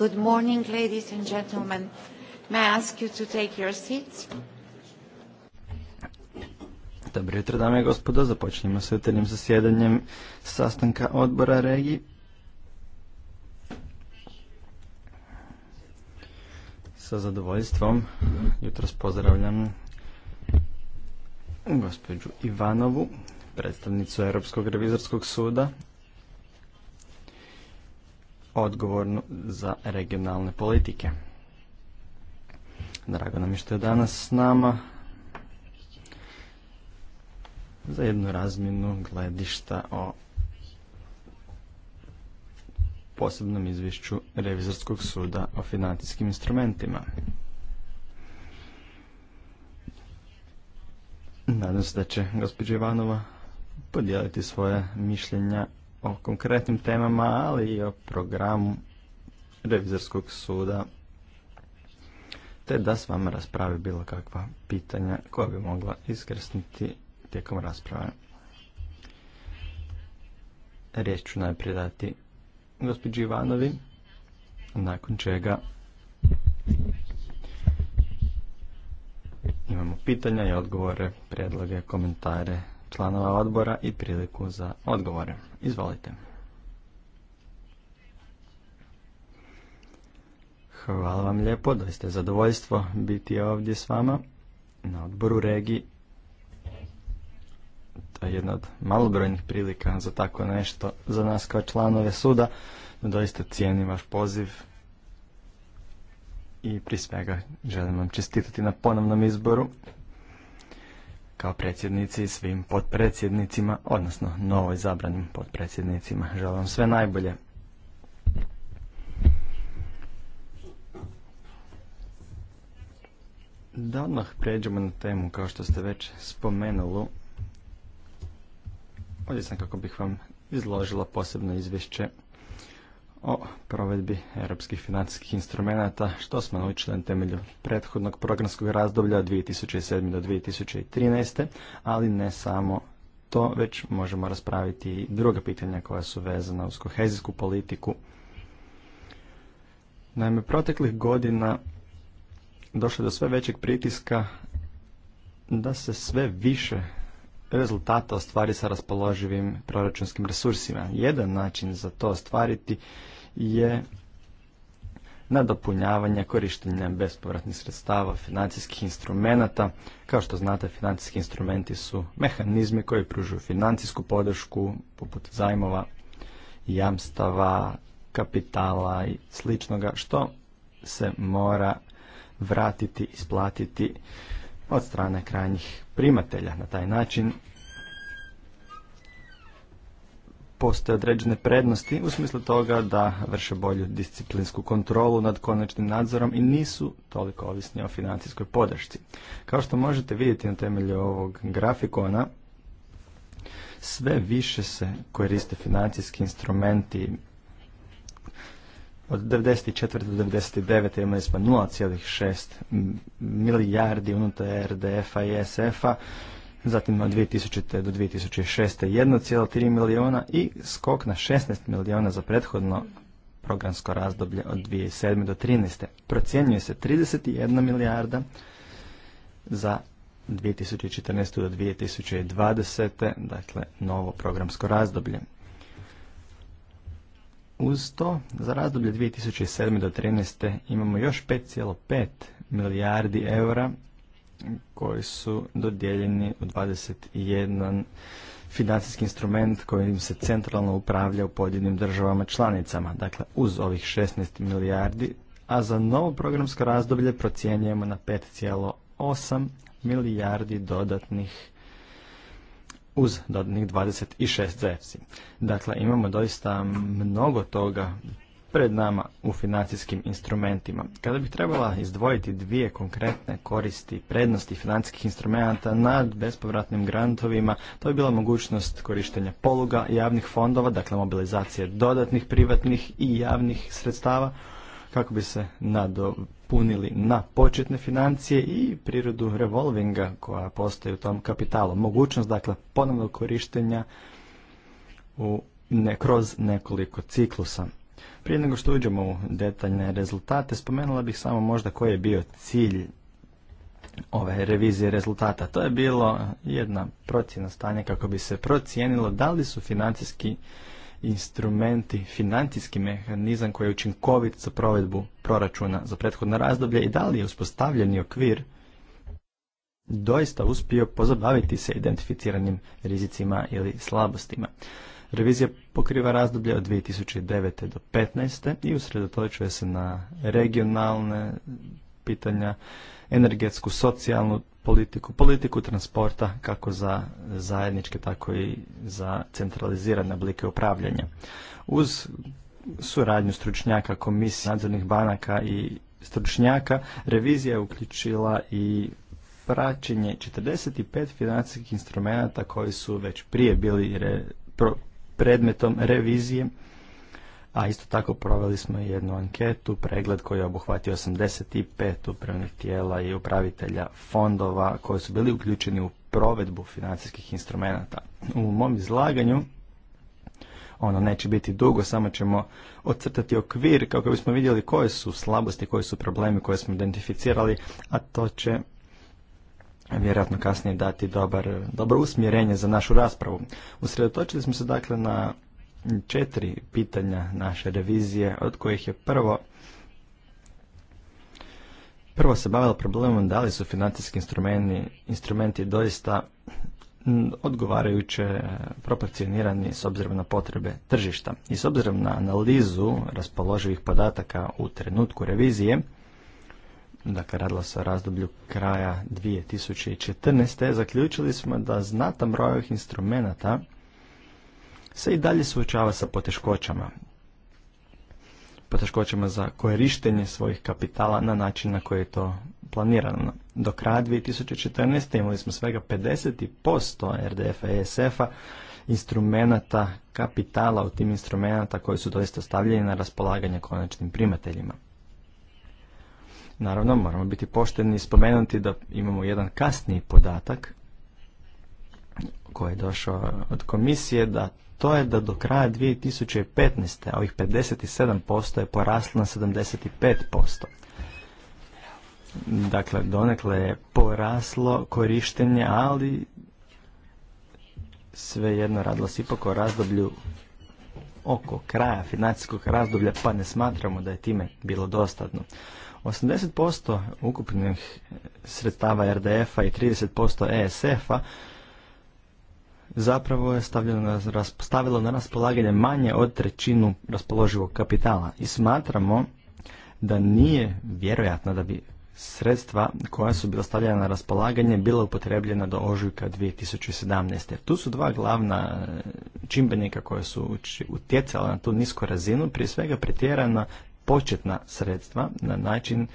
Good morning, ladies and gentlemen. May I ask you to take your seats? Dobro jutro, dame i gospodo. Započnimo s jutarnjim zasjedanjem sastanka odbora regiji. Sa zadovoljstvom jutros pozdravljam gospođu Ivanovu, predstavnicu Europskog revizorskog suda odgovornu za regionalne politike. Drago nam je što je danas s nama za jednu razmjenu gledišta o posebnom izvješću Revizorskog suda o financijskim instrumentima. Nadam se da će gospođa Ivanova podijeliti svoje mišljenja o konkretnim temama, ali i o programu revizorskog suda, te da s vama raspravi bilo kakva pitanja koja bi mogla iskrsniti tijekom rasprave. Riječ ću najprije dati gospođi Ivanovi, nakon čega imamo pitanja i odgovore, prijedloge, komentare članova odbora i priliku za odgovore. Izvolite. Hvala vam lijepo, doista ste zadovoljstvo biti ovdje s vama na odboru regi. To je jedna od malobrojnih prilika za tako nešto za nas kao članove suda. Doista cijenim vaš poziv i prije svega želim vam čestitati na ponovnom izboru kao predsjednici i svim potpredsjednicima, odnosno novoj zabranim potpredsjednicima. Želim vam sve najbolje. Da odmah pređemo na temu kao što ste već spomenuli. Ovdje sam kako bih vam izložila posebno izvješće o provedbi europskih financijskih instrumenata, što smo naučili na temelju prethodnog programskog razdoblja od 2007. do 2013. Ali ne samo to, već možemo raspraviti i druga pitanja koja su vezana uz kohezijsku politiku. Naime, proteklih godina došlo je do sve većeg pritiska da se sve više rezultata ostvari sa raspoloživim proračunskim resursima. Jedan način za to ostvariti je nadopunjavanje korištenja bespovratnih sredstava, financijskih instrumenata. Kao što znate, financijski instrumenti su mehanizmi koji pružuju financijsku podršku, poput zajmova, jamstava, kapitala i sličnoga, što se mora vratiti, isplatiti od strane krajnjih primatelja. Na taj način postoje određene prednosti u smislu toga da vrše bolju disciplinsku kontrolu nad konačnim nadzorom i nisu toliko ovisni o financijskoj podršci. Kao što možete vidjeti na temelju ovog grafikona, sve više se koriste financijski instrumenti od 94. do 99. imali smo 0,6 milijardi unutar RDF-a i SF-a, zatim od 2000. do 2006. 1,3 milijuna i skok na 16 milijuna za prethodno programsko razdoblje od 2007. do 2013. Procjenjuje se 31 milijarda za 2014. do 2020. dakle novo programsko razdoblje. Uz to, za razdoblje 2007. do 2013. imamo još 5,5 milijardi eura koji su dodijeljeni u 21 financijski instrument kojim se centralno upravlja u pojedinim državama članicama, dakle uz ovih 16 milijardi, a za novo programsko razdoblje procjenjujemo na 5,8 milijardi dodatnih uz dodatnih 26 šest Dakle, imamo doista mnogo toga pred nama u financijskim instrumentima. Kada bih trebala izdvojiti dvije konkretne koristi prednosti financijskih instrumenta nad bespovratnim grantovima, to je bila mogućnost korištenja poluga javnih fondova, dakle mobilizacije dodatnih privatnih i javnih sredstava, kako bi se na punili na početne financije i prirodu revolvinga koja postoji u tom kapitalu. Mogućnost dakle ponovnog korištenja u ne, kroz nekoliko ciklusa. Prije nego što uđemo u detaljne rezultate, spomenula bih samo možda koji je bio cilj ove revizije rezultata. To je bilo jedna procjena stanja kako bi se procijenilo da li su financijski instrumenti, financijski mehanizam koji je učinkovit za provedbu proračuna za prethodno razdoblje i da li je uspostavljeni okvir doista uspio pozabaviti se identificiranim rizicima ili slabostima. Revizija pokriva razdoblje od 2009. do 2015. i usredotočuje se na regionalne pitanja, energetsku, socijalnu politiku, politiku transporta kako za zajedničke, tako i za centralizirane oblike upravljanja. Uz suradnju stručnjaka, komisije nadzornih banaka i stručnjaka, revizija je uključila i praćenje 45 financijskih instrumenata koji su već prije bili predmetom revizije a isto tako proveli smo jednu anketu, pregled koji je obuhvatio 85 upravnih tijela i upravitelja fondova koji su bili uključeni u provedbu financijskih instrumenata. U mom izlaganju ono neće biti dugo, samo ćemo ocrtati okvir kako bismo vidjeli koje su slabosti, koji su problemi koje smo identificirali, a to će vjerojatno kasnije dati dobar, dobro usmjerenje za našu raspravu. Usredotočili smo se dakle na četiri pitanja naše revizije, od kojih je prvo prvo se bavilo problemom da li su financijski instrumenti, instrumenti doista odgovarajuće proporcionirani s obzirom na potrebe tržišta. I s obzirom na analizu raspoloživih podataka u trenutku revizije, dakle radilo se o razdoblju kraja 2014. zaključili smo da znatan broj ovih instrumenta se i dalje suočava sa poteškoćama. Poteškoćama za korištenje svojih kapitala na način na koji je to planirano. Do kraja 2014. imali smo svega 50% RDF-a i ESF-a instrumenata kapitala u tim instrumenata koji su doista stavljeni na raspolaganje konačnim primateljima. Naravno, moramo biti pošteni i spomenuti da imamo jedan kasniji podatak koji je došao od komisije da to je da do kraja 2015. ovih 57% je poraslo na 75%. Dakle, donekle je poraslo korištenje, ali svejedno radilo se ipak o razdoblju oko kraja financijskog razdoblja, pa ne smatramo da je time bilo dostatno. 80% ukupnih sredstava RDF-a i 30% ESF-a zapravo je stavljeno na, stavilo na raspolaganje manje od trećinu raspoloživog kapitala i smatramo da nije vjerojatno da bi sredstva koja su bila stavljena na raspolaganje bila upotrebljena do ožujka 2017. Tu su dva glavna e, čimbenika koje su utjecala na tu nisku razinu, prije svega pretjerana početna sredstva na način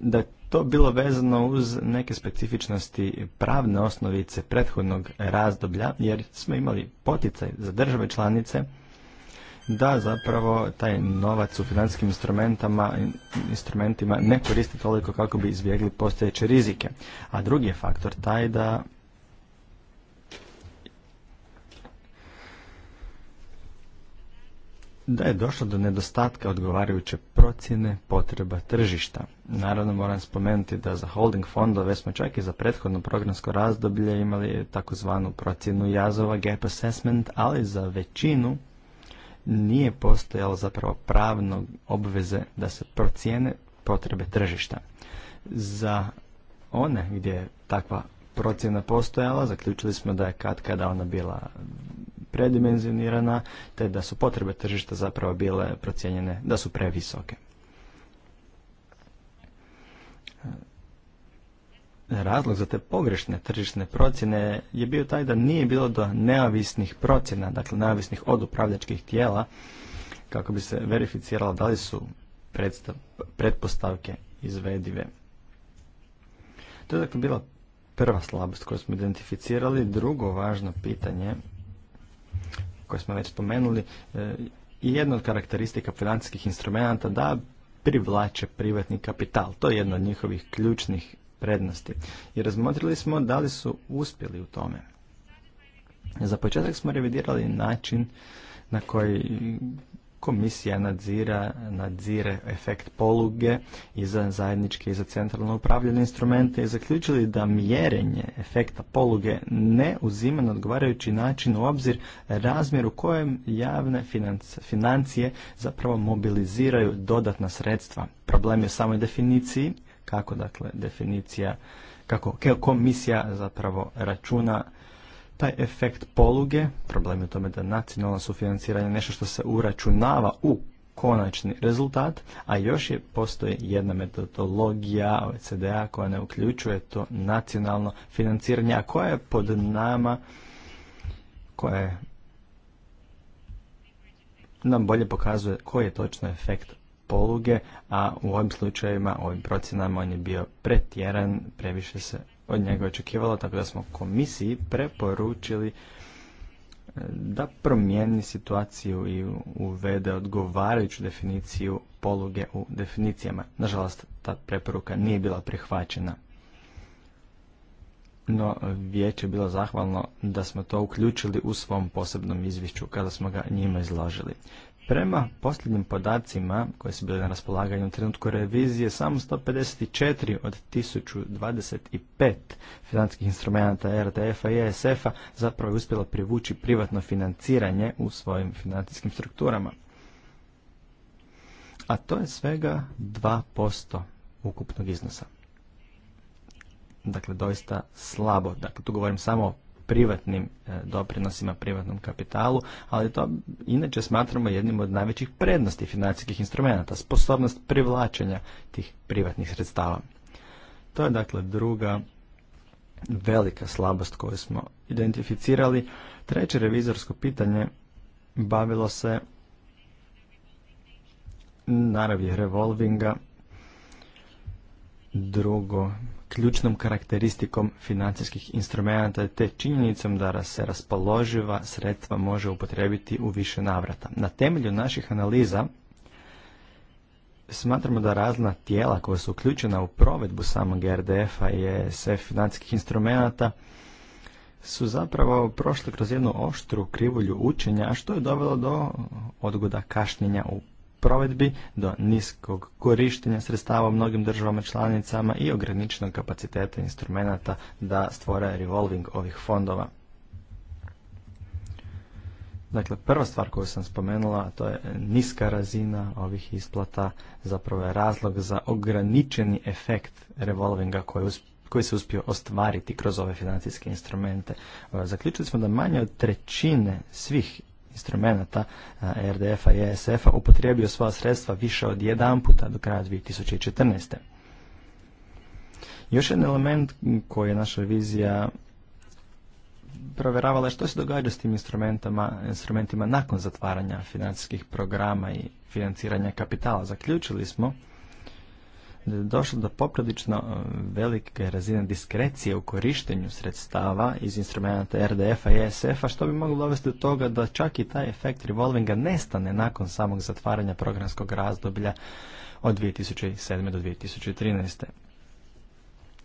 da to bilo vezano uz neke specifičnosti pravne osnovice prethodnog razdoblja, jer smo imali poticaj za države članice da zapravo taj novac u financijskim instrumentima ne koristi toliko kako bi izbjegli postojeće rizike. A drugi je faktor taj da da je došlo do nedostatka odgovarajuće procjene potreba tržišta. Naravno moram spomenuti da za holding fondove smo čak i za prethodno programsko razdoblje imali takozvanu procjenu jazova gap assessment, ali za većinu nije postojalo zapravo pravno obveze da se procjene potrebe tržišta. Za one gdje je takva procjena postojala, zaključili smo da je kad kada ona bila predimenzionirana, te da su potrebe tržišta zapravo bile procijenjene da su previsoke. Razlog za te pogrešne tržišne procjene je bio taj da nije bilo do neovisnih procjena, dakle neovisnih od upravljačkih tijela, kako bi se verificiralo da li su pretpostavke izvedive. To je dakle bila prva slabost koju smo identificirali. Drugo važno pitanje koje smo već spomenuli e, i jedna od karakteristika financijskih instrumenata da privlače privatni kapital. To je jedna od njihovih ključnih prednosti. I razmotrili smo da li su uspjeli u tome. Za početak smo revidirali način na koji komisija nadzira, nadzire efekt poluge i za zajedničke i za centralno upravljene instrumente i zaključili da mjerenje efekta poluge ne uzima na odgovarajući način u obzir razmjer u kojem javne financije zapravo mobiliziraju dodatna sredstva. Problem je u samoj definiciji, kako dakle definicija, kako komisija zapravo računa taj efekt poluge, problem je u tome da nacionalno sufinanciranje je nešto što se uračunava u konačni rezultat, a još je postoji jedna metodologija OECD-a koja ne uključuje to nacionalno financiranje, a koja je pod nama, koja je, nam bolje pokazuje koji je točno efekt poluge, a u ovim slučajevima, ovim procjenama on je bio pretjeran, previše se od njega očekivala, tako da smo komisiji preporučili e, da promijeni situaciju i uvede odgovarajuću definiciju poluge u definicijama. Nažalost, ta preporuka nije bila prihvaćena. No, vijeće je bilo zahvalno da smo to uključili u svom posebnom izvješću kada smo ga njima izložili. Prema posljednjim podacima koji su bile na raspolaganju u trenutku revizije, samo 154 od 1025 financijskih instrumenta RTF-a i ESF-a zapravo je uspjelo privući privatno financiranje u svojim financijskim strukturama. A to je svega 2% ukupnog iznosa. Dakle, doista slabo. Dakle, tu govorim samo o privatnim e, doprinosima, privatnom kapitalu, ali to inače smatramo jednim od najvećih prednosti financijskih instrumenta, sposobnost privlačenja tih privatnih sredstava. To je dakle druga velika slabost koju smo identificirali. Treće revizorsko pitanje bavilo se naravi revolvinga. Drugo ključnom karakteristikom financijskih instrumenata te činjenicom da se raspoloživa sredstva može upotrebiti u više navrata. Na temelju naših analiza smatramo da razna tijela koja su uključena u provedbu samog RDF-a i sve financijskih instrumenata su zapravo prošle kroz jednu oštru krivulju učenja, što je dovelo do odgoda kašnjenja u provedbi do niskog korištenja sredstava u mnogim državama članicama i ograničenog kapaciteta instrumenata da stvore revolving ovih fondova. Dakle, prva stvar koju sam spomenula, to je niska razina ovih isplata, zapravo je razlog za ograničeni efekt revolvinga koji, koji se uspio ostvariti kroz ove financijske instrumente. E, zaključili smo da manje od trećine svih instrumenta eh, RDF-a i ESF-a upotrijebio sva sredstva više od jedan puta do kraja 2014. Još jedan element koji je naša vizija provjeravala što se događa s tim instrumentima, instrumentima nakon zatvaranja financijskih programa i financiranja kapitala. Zaključili smo došlo do poprilično e, velike razine diskrecije u korištenju sredstava iz instrumenta RDF-a i ESF-a, što bi moglo dovesti do toga da čak i taj efekt revolvinga nestane nakon samog zatvaranja programskog razdoblja od 2007. do 2013.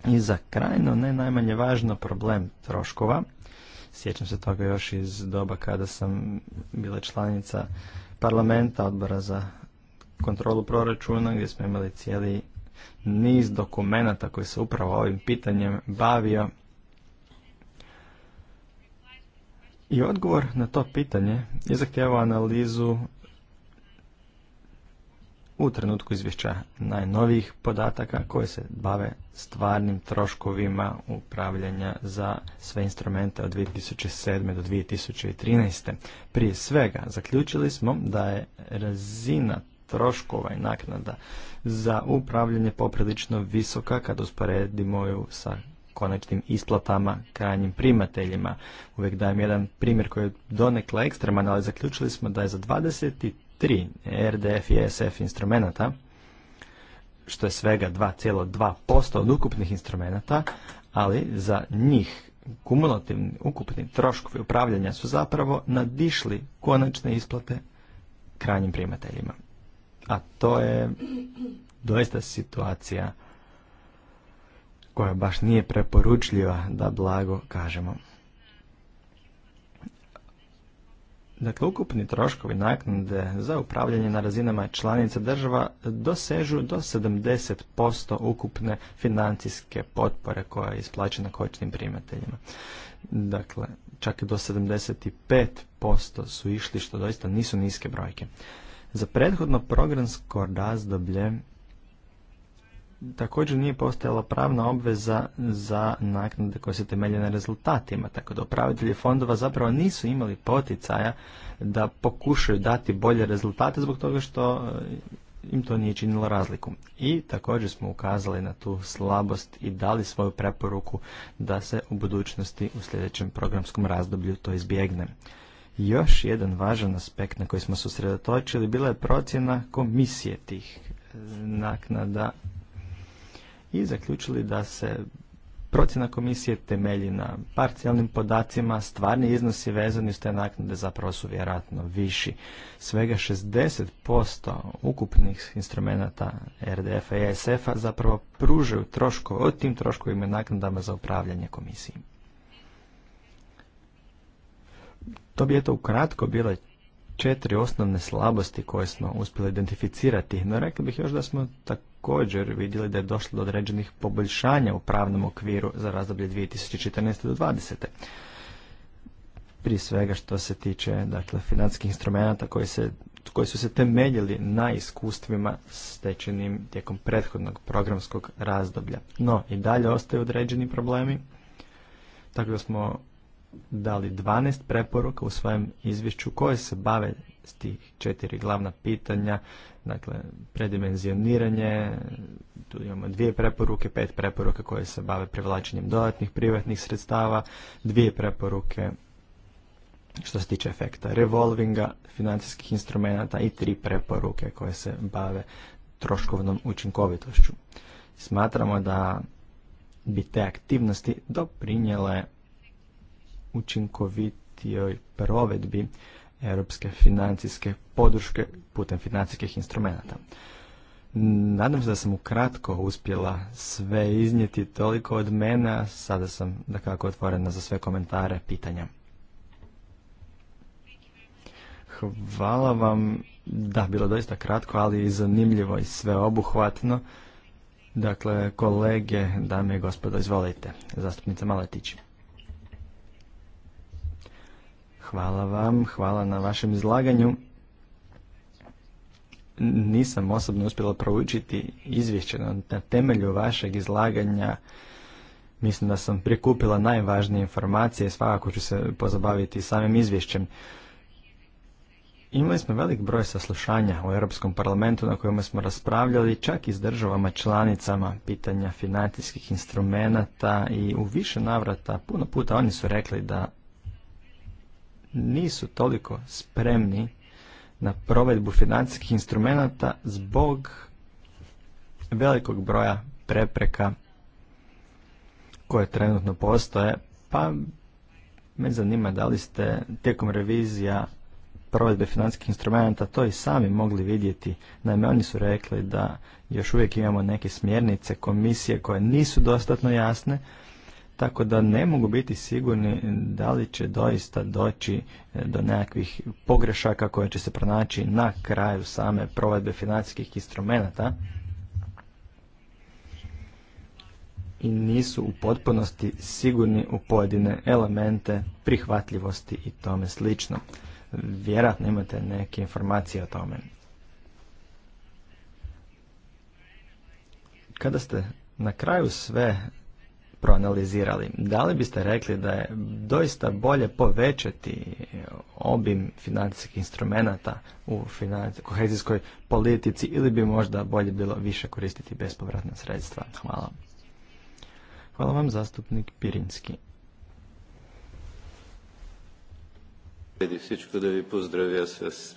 I za krajno, ne najmanje važno, problem troškova. Sjećam se toga još iz doba kada sam bila članica parlamenta, odbora za kontrolu proračuna, gdje smo imali cijeli niz dokumenta koji se upravo ovim pitanjem bavio. I odgovor na to pitanje je zahtjevao analizu u trenutku izvješća najnovijih podataka koje se bave stvarnim troškovima upravljanja za sve instrumente od 2007. do 2013. Prije svega zaključili smo da je razina troškova i naknada za upravljanje poprilično visoka kad usporedimo ju sa konačnim isplatama krajnjim primateljima. Uvijek dajem jedan primjer koji je donekle ekstreman, ali zaključili smo da je za 23 RDF i ESF instrumenta, što je svega 2,2% od ukupnih instrumenta, ali za njih kumulativni ukupni troškovi upravljanja su zapravo nadišli konačne isplate krajnjim primateljima a to je doista situacija koja baš nije preporučljiva da blago kažemo. Dakle, ukupni troškovi naknade za upravljanje na razinama članica država dosežu do 70% ukupne financijske potpore koja je isplaćena kočnim primateljima. Dakle, čak do 75% su išli, što doista nisu niske brojke. Za prethodno programsko razdoblje također nije postojala pravna obveza za naknade koje se temelje na rezultatima, tako da upravitelji fondova zapravo nisu imali poticaja da pokušaju dati bolje rezultate zbog toga što e, im to nije činilo razliku. I također smo ukazali na tu slabost i dali svoju preporuku da se u budućnosti u sljedećem programskom razdoblju to izbjegne. Još jedan važan aspekt na koji smo se usredotočili bila je procjena komisije tih e, naknada i zaključili da se procjena komisije temelji na parcijalnim podacima, stvarni iznosi vezani uz te naknade zapravo su vjerojatno viši. Svega 60% ukupnih instrumenta RDF-a i ESF-a zapravo pružaju troškove od tim troškovima naknadama za upravljanje komisiji. To bi eto ukratko bile četiri osnovne slabosti koje smo uspjeli identificirati, no rekli bih još da smo također vidjeli da je došlo do određenih poboljšanja u pravnom okviru za razdoblje 2014. do 2020. Prije svega što se tiče dakle, financijskih instrumenta koji, se, koji su se temeljili na iskustvima stečenim tijekom prethodnog programskog razdoblja. No, i dalje ostaju određeni problemi, tako da smo dali 12 preporuka u svojem izvješću koje se bave s tih četiri glavna pitanja, dakle predimenzioniranje, tu imamo dvije preporuke, pet preporuka koje se bave privlačenjem dodatnih privatnih sredstava, dvije preporuke što se tiče efekta revolvinga, financijskih instrumenata i tri preporuke koje se bave troškovnom učinkovitošću. Smatramo da bi te aktivnosti doprinjele učinkovitijoj provedbi europske financijske podrške putem financijskih instrumenata. Nadam se da sam ukratko uspjela sve iznijeti toliko od mene, sada sam da kako otvorena za sve komentare, pitanja. Hvala vam, da, bilo doista kratko, ali i zanimljivo i sveobuhvatno. Dakle, kolege, dame i gospodo, izvolite, zastupnica Maletići. Hvala vam, hvala na vašem izlaganju. Nisam osobno uspjela proučiti izvješće na temelju vašeg izlaganja. Mislim da sam prikupila najvažnije informacije, svakako ću se pozabaviti samim izvješćem. Imali smo velik broj saslušanja u Europskom parlamentu na kojima smo raspravljali čak i s državama članicama pitanja financijskih instrumenata i u više navrata puno puta oni su rekli da nisu toliko spremni na provedbu financijskih instrumenata zbog velikog broja prepreka koje trenutno postoje, pa me zanima da li ste tijekom revizija provedbe financijskih instrumenta to i sami mogli vidjeti. Naime, oni su rekli da još uvijek imamo neke smjernice komisije koje nisu dostatno jasne, tako da ne mogu biti sigurni da li će doista doći e, do nekakvih pogrešaka koje će se pronaći na kraju same provedbe financijskih instrumenata i nisu u potpunosti sigurni u pojedine elemente prihvatljivosti i tome slično. Vjerojatno imate neke informacije o tome. Kada ste na kraju sve proanalizirali. Da li biste rekli da je doista bolje povećati obim financijskih instrumenata u kohezijskoj politici ili bi možda bolje bilo više koristiti bespovratna sredstva? Hvala. Hvala vam zastupnik Pirinski. всичко да ви поздравя с е,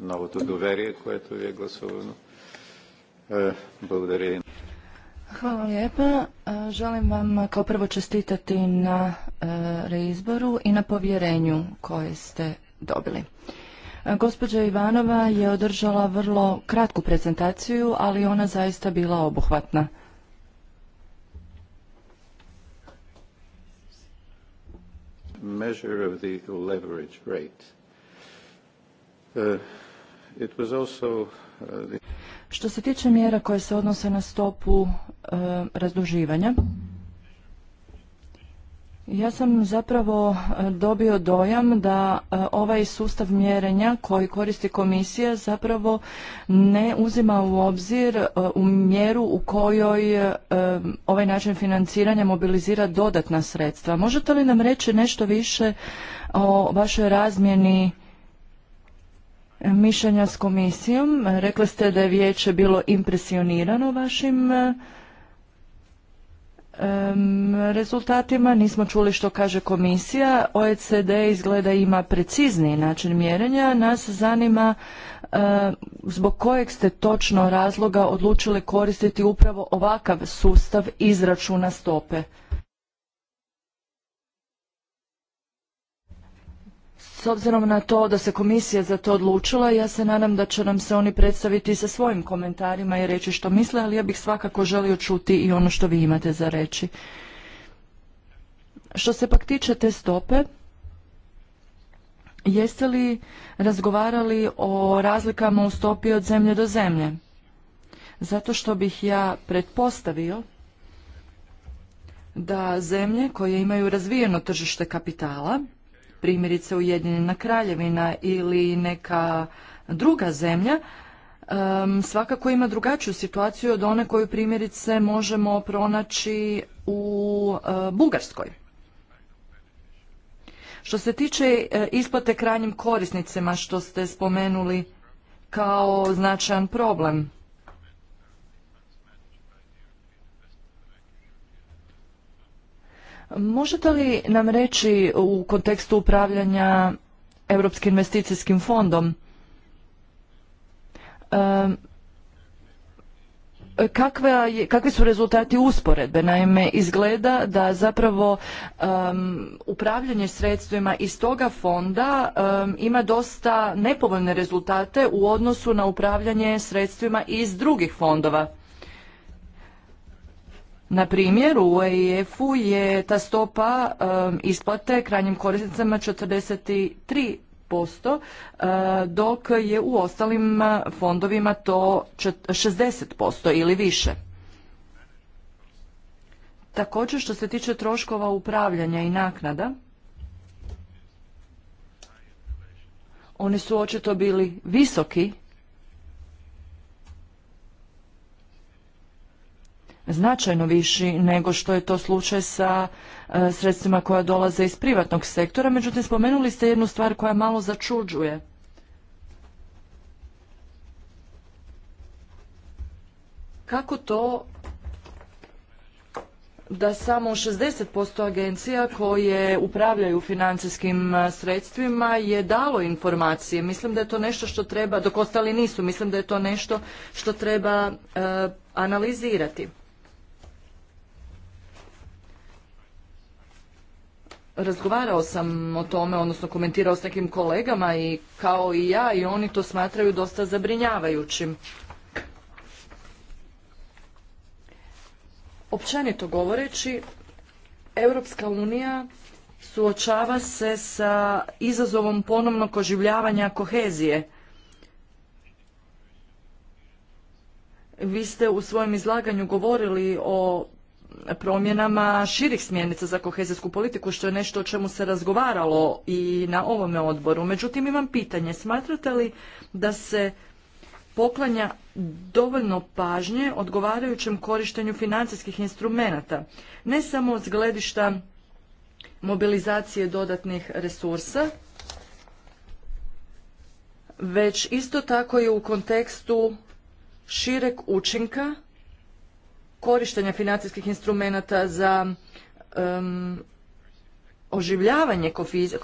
новото доверие, което ви е Е, Hvala lijepa. E, želim vam kao prvo čestitati na e, reizboru i na povjerenju koje ste dobili. E, gospođa Ivanova je održala vrlo kratku prezentaciju, ali ona zaista bila obuhvatna. measure of the leverage rate. it was also uh, što se tiče mjera koje se odnose na stopu e, razduživanja, ja sam zapravo e, dobio dojam da e, ovaj sustav mjerenja koji koristi komisija zapravo ne uzima u obzir u mjeru u kojoj ovaj način financiranja mobilizira dodatna sredstva. Možete li nam reći nešto više o vašoj razmjeni mišljenja s komisijom. Rekli ste da je vijeće bilo impresionirano vašim rezultatima. Nismo čuli što kaže komisija. OECD izgleda ima precizniji način mjerenja. Nas zanima eh, zbog kojeg ste točno razloga odlučili koristiti upravo ovakav sustav izračuna stope. S obzirom na to da se komisija za to odlučila, ja se nadam da će nam se oni predstaviti sa svojim komentarima i reći što misle, ali ja bih svakako želio čuti i ono što vi imate za reći. Što se pak tiče te stope, jeste li razgovarali o razlikama u stopi od zemlje do zemlje? Zato što bih ja pretpostavio da zemlje koje imaju razvijeno tržište kapitala primjerice Ujedinjena kraljevina ili neka druga zemlja, svakako ima drugačiju situaciju od one koju primjerice možemo pronaći u e, Bugarskoj. Što se tiče e, isplate krajnjim korisnicima, što ste spomenuli kao značajan problem, Možete li nam reći u kontekstu upravljanja Europskim investicijskim fondom kakvi su rezultati usporedbe? Naime, izgleda da zapravo upravljanje sredstvima iz toga fonda ima dosta nepovoljne rezultate u odnosu na upravljanje sredstvima iz drugih fondova. Na primjer, u EIF-u je ta stopa isplate krajnjim korisnicama 43%, dok je u ostalim fondovima to 60% ili više. Također što se tiče troškova upravljanja i naknada, oni su očito bili visoki značajno viši nego što je to slučaj sa e, sredstvima koja dolaze iz privatnog sektora. Međutim, spomenuli ste jednu stvar koja malo začuđuje. Kako to da samo 60% agencija koje upravljaju financijskim e, sredstvima je dalo informacije. Mislim da je to nešto što treba, dok ostali nisu, mislim da je to nešto što treba e, analizirati. Razgovarao sam o tome, odnosno komentirao s nekim kolegama i kao i ja i oni to smatraju dosta zabrinjavajućim. Općenito govoreći, Europska unija suočava se sa izazovom ponovnog oživljavanja kohezije. Vi ste u svojem izlaganju govorili o promjenama širih smjernica za kohezijsku politiku, što je nešto o čemu se razgovaralo i na ovome odboru. Međutim, imam pitanje. Smatrate li da se poklanja dovoljno pažnje odgovarajućem korištenju financijskih instrumenata, ne samo s gledišta mobilizacije dodatnih resursa, već isto tako i u kontekstu šireg učinka korištenja financijskih instrumenata za oživljavanje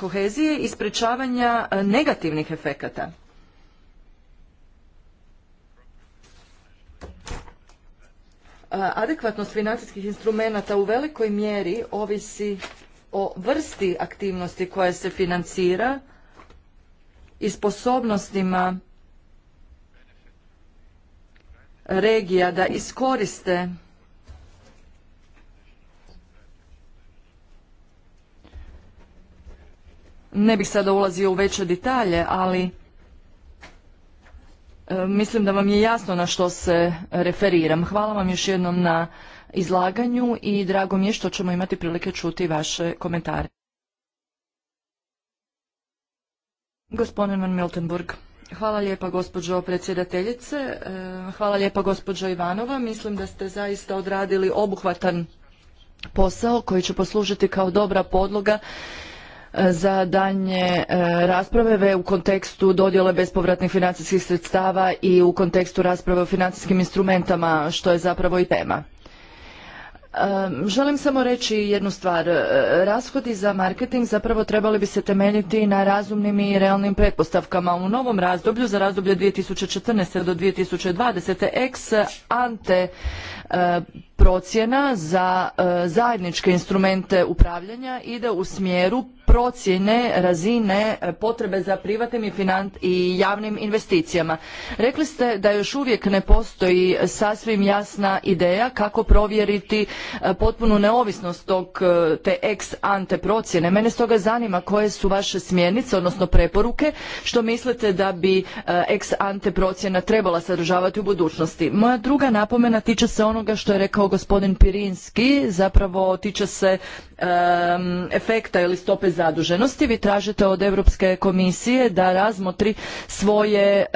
kohezije i sprečavanja e, negativnih efekata. E, adekvatnost financijskih instrumenata u velikoj mjeri ovisi o vrsti aktivnosti koja se financira i sposobnostima regija da iskoriste Ne bih sada ulazio u veće detalje, ali e, mislim da vam je jasno na što se referiram. Hvala vam još jednom na izlaganju i drago mi je što ćemo imati prilike čuti vaše komentare. Gospodin Van Miltenburg. Hvala lijepa gospođo predsjedateljice, e, hvala lijepa gospođo Ivanova. Mislim da ste zaista odradili obuhvatan posao koji će poslužiti kao dobra podloga E, za daljnje e, rasprave u kontekstu dodjele bespovratnih financijskih sredstava i u kontekstu rasprave o financijskim instrumentama što je zapravo i tema. E, želim samo reći jednu stvar. Rashodi za marketing zapravo trebali bi se temeljiti na razumnim i realnim pretpostavkama. U novom razdoblju, za razdoblje 2014. do 2020. ex ante procjena za zajedničke instrumente upravljanja ide u smjeru procjene razine e, potrebe za privatnim i, javnim investicijama. Rekli ste da još uvijek ne postoji sasvim jasna ideja kako provjeriti e, potpunu neovisnost tog e, te ex ante procjene. Mene stoga zanima koje su vaše smjernice, odnosno preporuke, što mislite da bi ex ante procjena trebala sadržavati u budućnosti. Moja druga napomena tiče se onoga što je rekao gospodin Pirinski, zapravo tiče se efekta ili stope zaduženosti vi tražite od europske komisije da razmotri svoje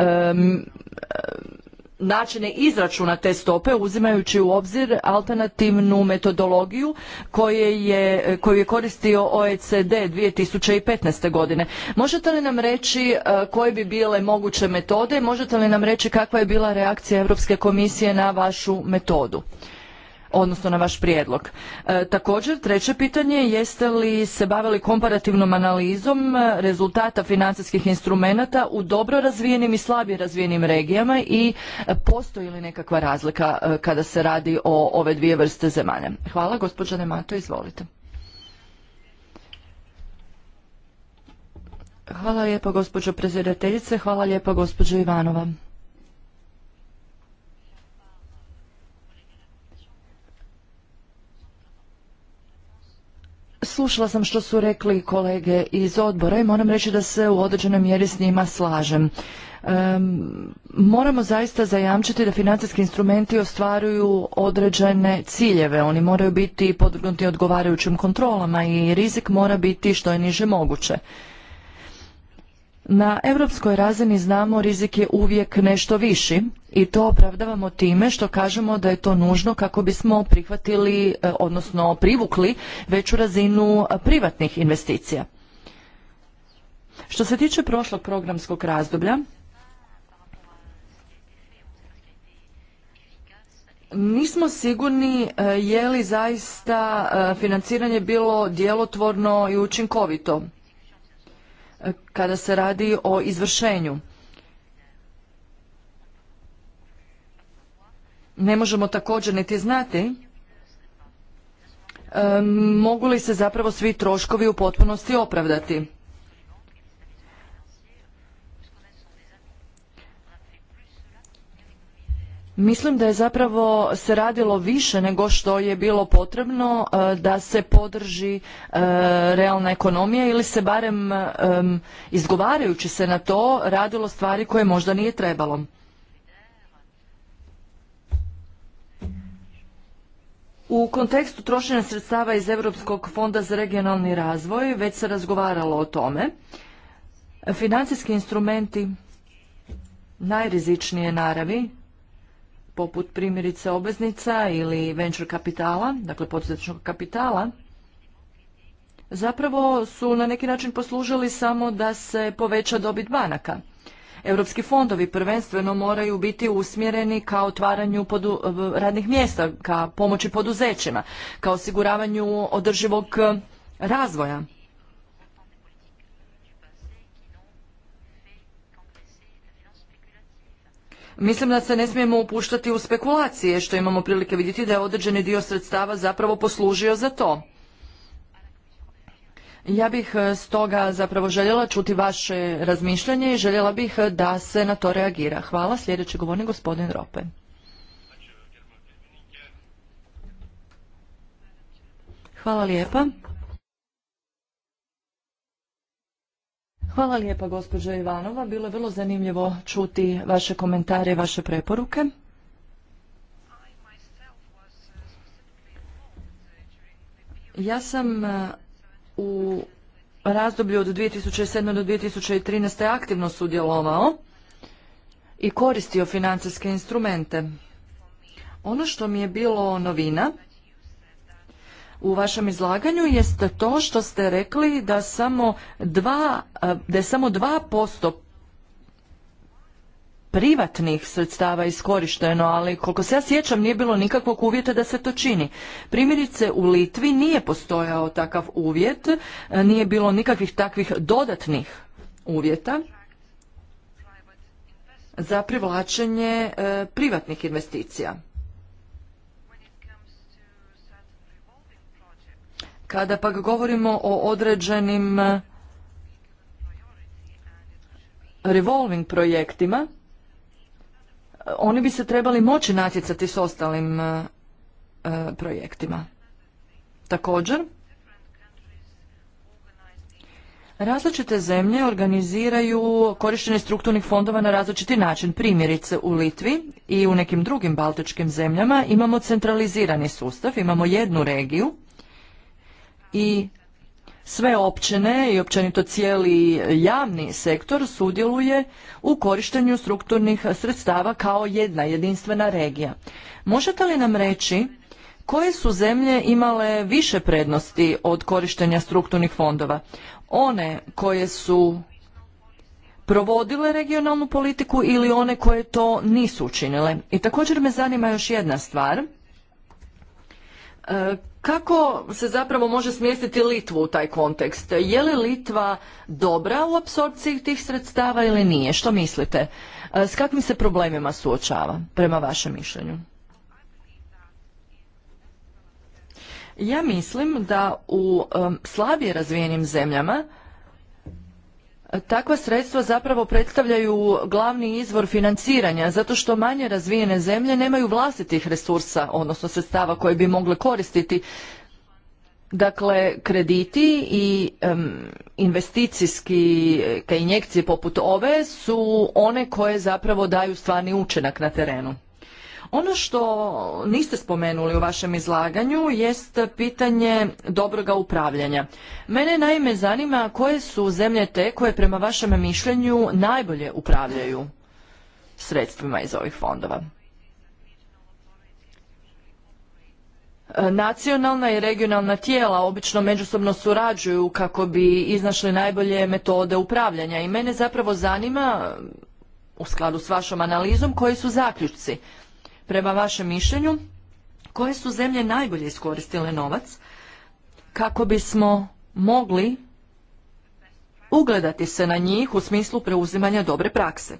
načine izračuna te stope uzimajući u obzir alternativnu metodologiju koju je koristio OECD 2015. godine. Možete li nam reći e, koje bi bile moguće metode? Možete li nam reći kakva je bila reakcija Europske komisije na vašu metodu? odnosno na vaš prijedlog. E, također, treće pitanje, jeste li se bavili komparativnom analizom e, rezultata financijskih instrumenata u dobro razvijenim i slabije razvijenim regijama i e, postoji li nekakva razlika kada se radi o ove dvije vrste zemalja? Hvala, gospođa Nemato, izvolite. Hvala lijepa gospođo predsjedateljice, hvala lijepa gospođo Ivanova. Slušala sam što su rekli kolege iz odbora i moram reći da se u određenoj mjeri s njima slažem. moramo zaista zajamčiti da financijski instrumenti ostvaruju određene ciljeve. Oni moraju biti podvrgnuti odgovarajućim kontrolama i rizik mora biti što je niže moguće. Na europskoj razini znamo rizik je uvijek nešto viši i to opravdavamo time što kažemo da je to nužno kako bismo prihvatili, e, odnosno privukli veću razinu e, privatnih investicija. Što se tiče prošlog programskog razdoblja, nismo sigurni e, je li zaista financiranje bilo djelotvorno i učinkovito kada se radi o izvršenju. Ne možemo također niti znati e, mogu li se zapravo svi troškovi u potpunosti opravdati Mislim da je zapravo se radilo više nego što je bilo potrebno e, da se podrži e, realna ekonomija ili se barem e, izgovarajući se na to radilo stvari koje možda nije trebalo. U kontekstu trošenja sredstava iz Europskog fonda za regionalni razvoj već se razgovaralo o tome. Financijski instrumenti najrizičnije naravi poput primjerice obveznica ili venture kapitala, dakle poduzetničkog kapitala, zapravo su na neki način poslužili samo da se poveća dobit banaka. Europski fondovi prvenstveno moraju biti usmjereni ka otvaranju radnih mjesta, ka pomoći poduzećima, ka osiguravanju održivog razvoja. Mislim da se ne smijemo upuštati u spekulacije što imamo prilike vidjeti da je određeni dio sredstava zapravo poslužio za to. Ja bih e, stoga zapravo željela čuti vaše razmišljanje i željela bih e, da se na to reagira. Hvala. Sljedeći govornik gospodin Rope. Hvala lijepa. Hvala lijepa gospođo Ivanova. Bilo je vrlo zanimljivo čuti vaše komentare i vaše preporuke. Ja sam e, u razdoblju od 2007. do 2013. aktivno sudjelovao i koristio financijske instrumente. Ono što mi je bilo novina u vašem izlaganju jest to što ste rekli da samo dva, e, da je samo 2% privatnih sredstava iskorišteno, ali koliko se ja sjećam nije bilo nikakvog uvjeta da se to čini. Primjerice u Litvi nije postojao takav uvjet, e, nije bilo nikakvih takvih dodatnih uvjeta za privlačenje e, privatnih investicija. Kada pak govorimo o određenim e, revolving projektima, e, oni bi se trebali moći natjecati s ostalim e, projektima. Također, različite zemlje organiziraju korištenje strukturnih fondova na različiti način. Primjerice u Litvi i u nekim drugim baltičkim zemljama imamo centralizirani sustav, imamo jednu regiju i sve općine i općenito cijeli javni sektor sudjeluje u korištenju strukturnih sredstava kao jedna jedinstvena regija. Možete li nam reći koje su zemlje imale više prednosti od korištenja strukturnih fondova? One koje su provodile regionalnu politiku ili one koje to nisu učinile? I također me zanima još jedna stvar e, kako se zapravo može smjestiti Litvu u taj kontekst? Je li Litva dobra u apsorpciji tih sredstava ili nije? Što mislite? E, s kakvim se problemima suočava, prema vašem mišljenju? Ja mislim da u slabije razvijenim zemljama Takva sredstva zapravo predstavljaju glavni izvor financiranja, zato što manje razvijene zemlje nemaju vlastitih resursa, odnosno sredstava koje bi mogle koristiti. Dakle, krediti i investicijski ka e, injekcije poput ove su one koje zapravo daju stvarni učinak na terenu. Ono što niste spomenuli u vašem izlaganju jest pitanje dobroga upravljanja. Mene naime zanima koje su zemlje te koje prema vašem mišljenju najbolje upravljaju sredstvima iz ovih fondova. Nacionalna i regionalna tijela obično međusobno surađuju kako bi iznašli najbolje metode upravljanja i mene zapravo zanima u skladu s vašom analizom koji su zaključci Prema vašem mišljenju, koje su zemlje najbolje iskoristile novac kako bismo mogli ugledati se na njih u smislu preuzimanja dobre prakse?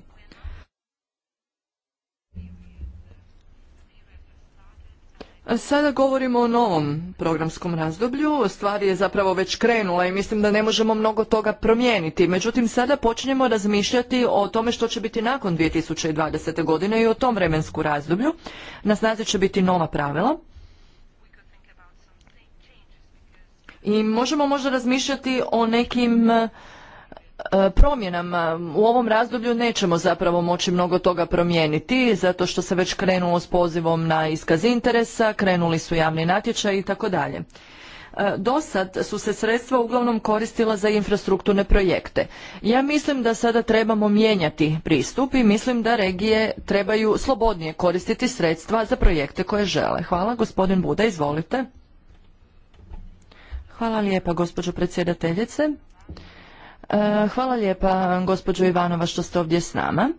Sada govorimo o novom programskom razdoblju, stvari je zapravo već krenula i mislim da ne možemo mnogo toga promijeniti. Međutim, sada počinjemo razmišljati o tome što će biti nakon 2020. godine i o tom vremensku razdoblju. Na snazi će biti nova pravila. I možemo možda razmišljati o nekim E, promjenama. U ovom razdoblju nećemo zapravo moći mnogo toga promijeniti, zato što se već krenulo s pozivom na iskaz interesa, krenuli su javni natječaj i tako dalje. E, do sad su se sredstva uglavnom koristila za infrastrukturne projekte. Ja mislim da sada trebamo mijenjati pristup i mislim da regije trebaju slobodnije koristiti sredstva za projekte koje žele. Hvala, gospodin Buda, izvolite. Hvala lijepa, gospođo predsjedateljice. E, hvala lijepa gospođo Ivanova što ste ovdje s nama.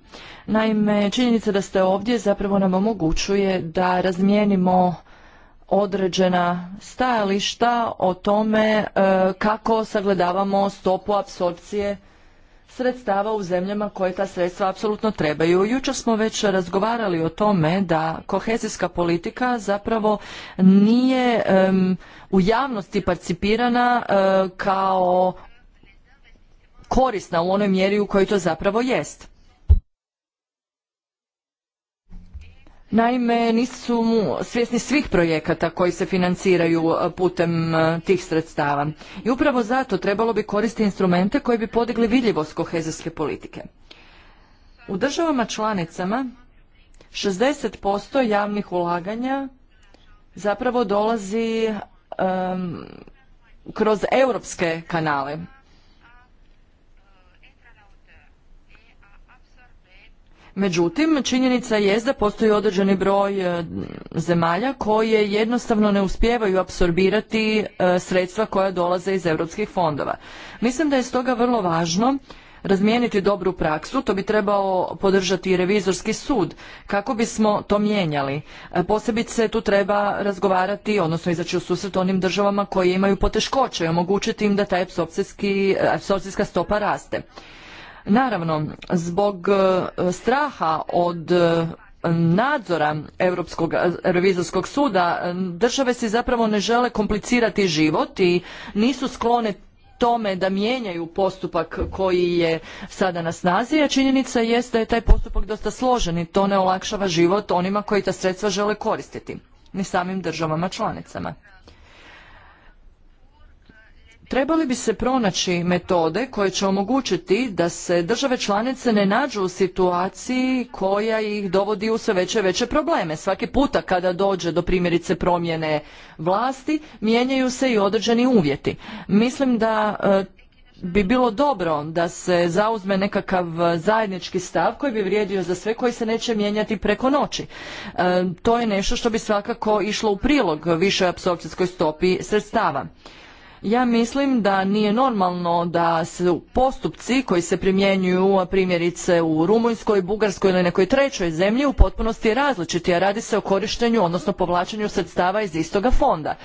Naime, činjenica da ste ovdje zapravo nam omogućuje da razmijenimo određena stajališta o tome e, kako sagledavamo stopu apsorpcije sredstava u zemljama koje ta sredstva apsolutno trebaju. Jučer smo već razgovarali o tome da kohezijska politika zapravo nije u javnosti participirana e, kao korisna u onoj mjeri u kojoj to zapravo jest. Naime, nisu svjesni svih projekata koji se financiraju e, putem e, tih sredstava. I upravo zato trebalo bi koristiti instrumente koji bi podigli vidljivost kohezijske politike. U državama članicama 60% javnih ulaganja zapravo dolazi kroz europske kanale Međutim, činjenica je da postoji određeni broj e, zemalja koje jednostavno ne uspijevaju apsorbirati e, sredstva koja dolaze iz europskih fondova. Mislim da je stoga vrlo važno razmijeniti dobru praksu, to bi trebao podržati i revizorski sud, kako bismo to mijenjali. E, posebice tu treba razgovarati, odnosno izaći u susret onim državama koje imaju poteškoće i omogućiti im da ta apsorpcijska stopa raste. Naravno, zbog e, straha od e, nadzora Europskog e, revizorskog suda države si zapravo ne žele komplicirati život i nisu sklone tome da mijenjaju postupak koji je sada na snazi, a činjenica jest da je taj postupak dosta složen i to ne olakšava život onima koji ta sredstva žele koristiti, ni samim državama članicama. Trebali bi se pronaći metode koje će omogućiti da se države članice ne nađu u situaciji koja ih dovodi u sve veće veće probleme. Svaki puta kada dođe do primjerice promjene vlasti, mijenjaju se i određeni uvjeti. Mislim da e, bi bilo dobro da se zauzme nekakav zajednički stav koji bi vrijedio za sve koji se neće mijenjati preko noći. E, to je nešto što bi svakako išlo u prilog višoj apsorpcijskoj stopi sredstava. Ja mislim da nije normalno da su postupci koji se primjenjuju primjerice u Rumunjskoj, Bugarskoj ili nekoj trećoj zemlji u potpunosti različiti, a radi se o korištenju, odnosno povlačenju sredstava iz istoga fonda.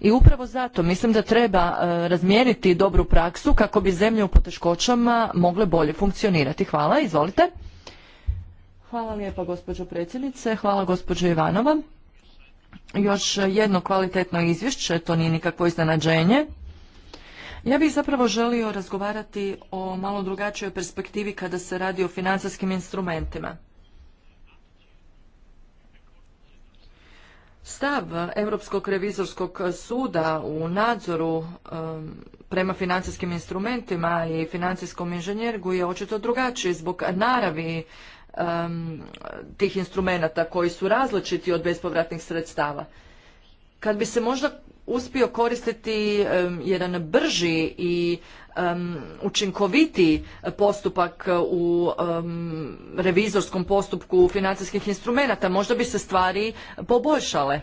I upravo zato mislim da treba e, razmijeniti dobru praksu kako bi zemlje u poteškoćama mogle bolje funkcionirati. Hvala, izvolite. Hvala lijepa gospođo predsjednice, hvala gospođo Ivanova još jedno kvalitetno izvješće, to nije nikakvo iznenađenje. Ja bih zapravo želio razgovarati o malo drugačijoj perspektivi kada se radi o financijskim instrumentima. Stav Europskog revizorskog suda u nadzoru prema financijskim instrumentima i financijskom inženjergu je očito drugačiji zbog naravi um, tih instrumenata koji su različiti od bespovratnih sredstava. Kad bi se možda uspio koristiti jedan brži i um, učinkovitiji postupak u revizorskom postupku financijskih instrumenata, možda bi se stvari poboljšale.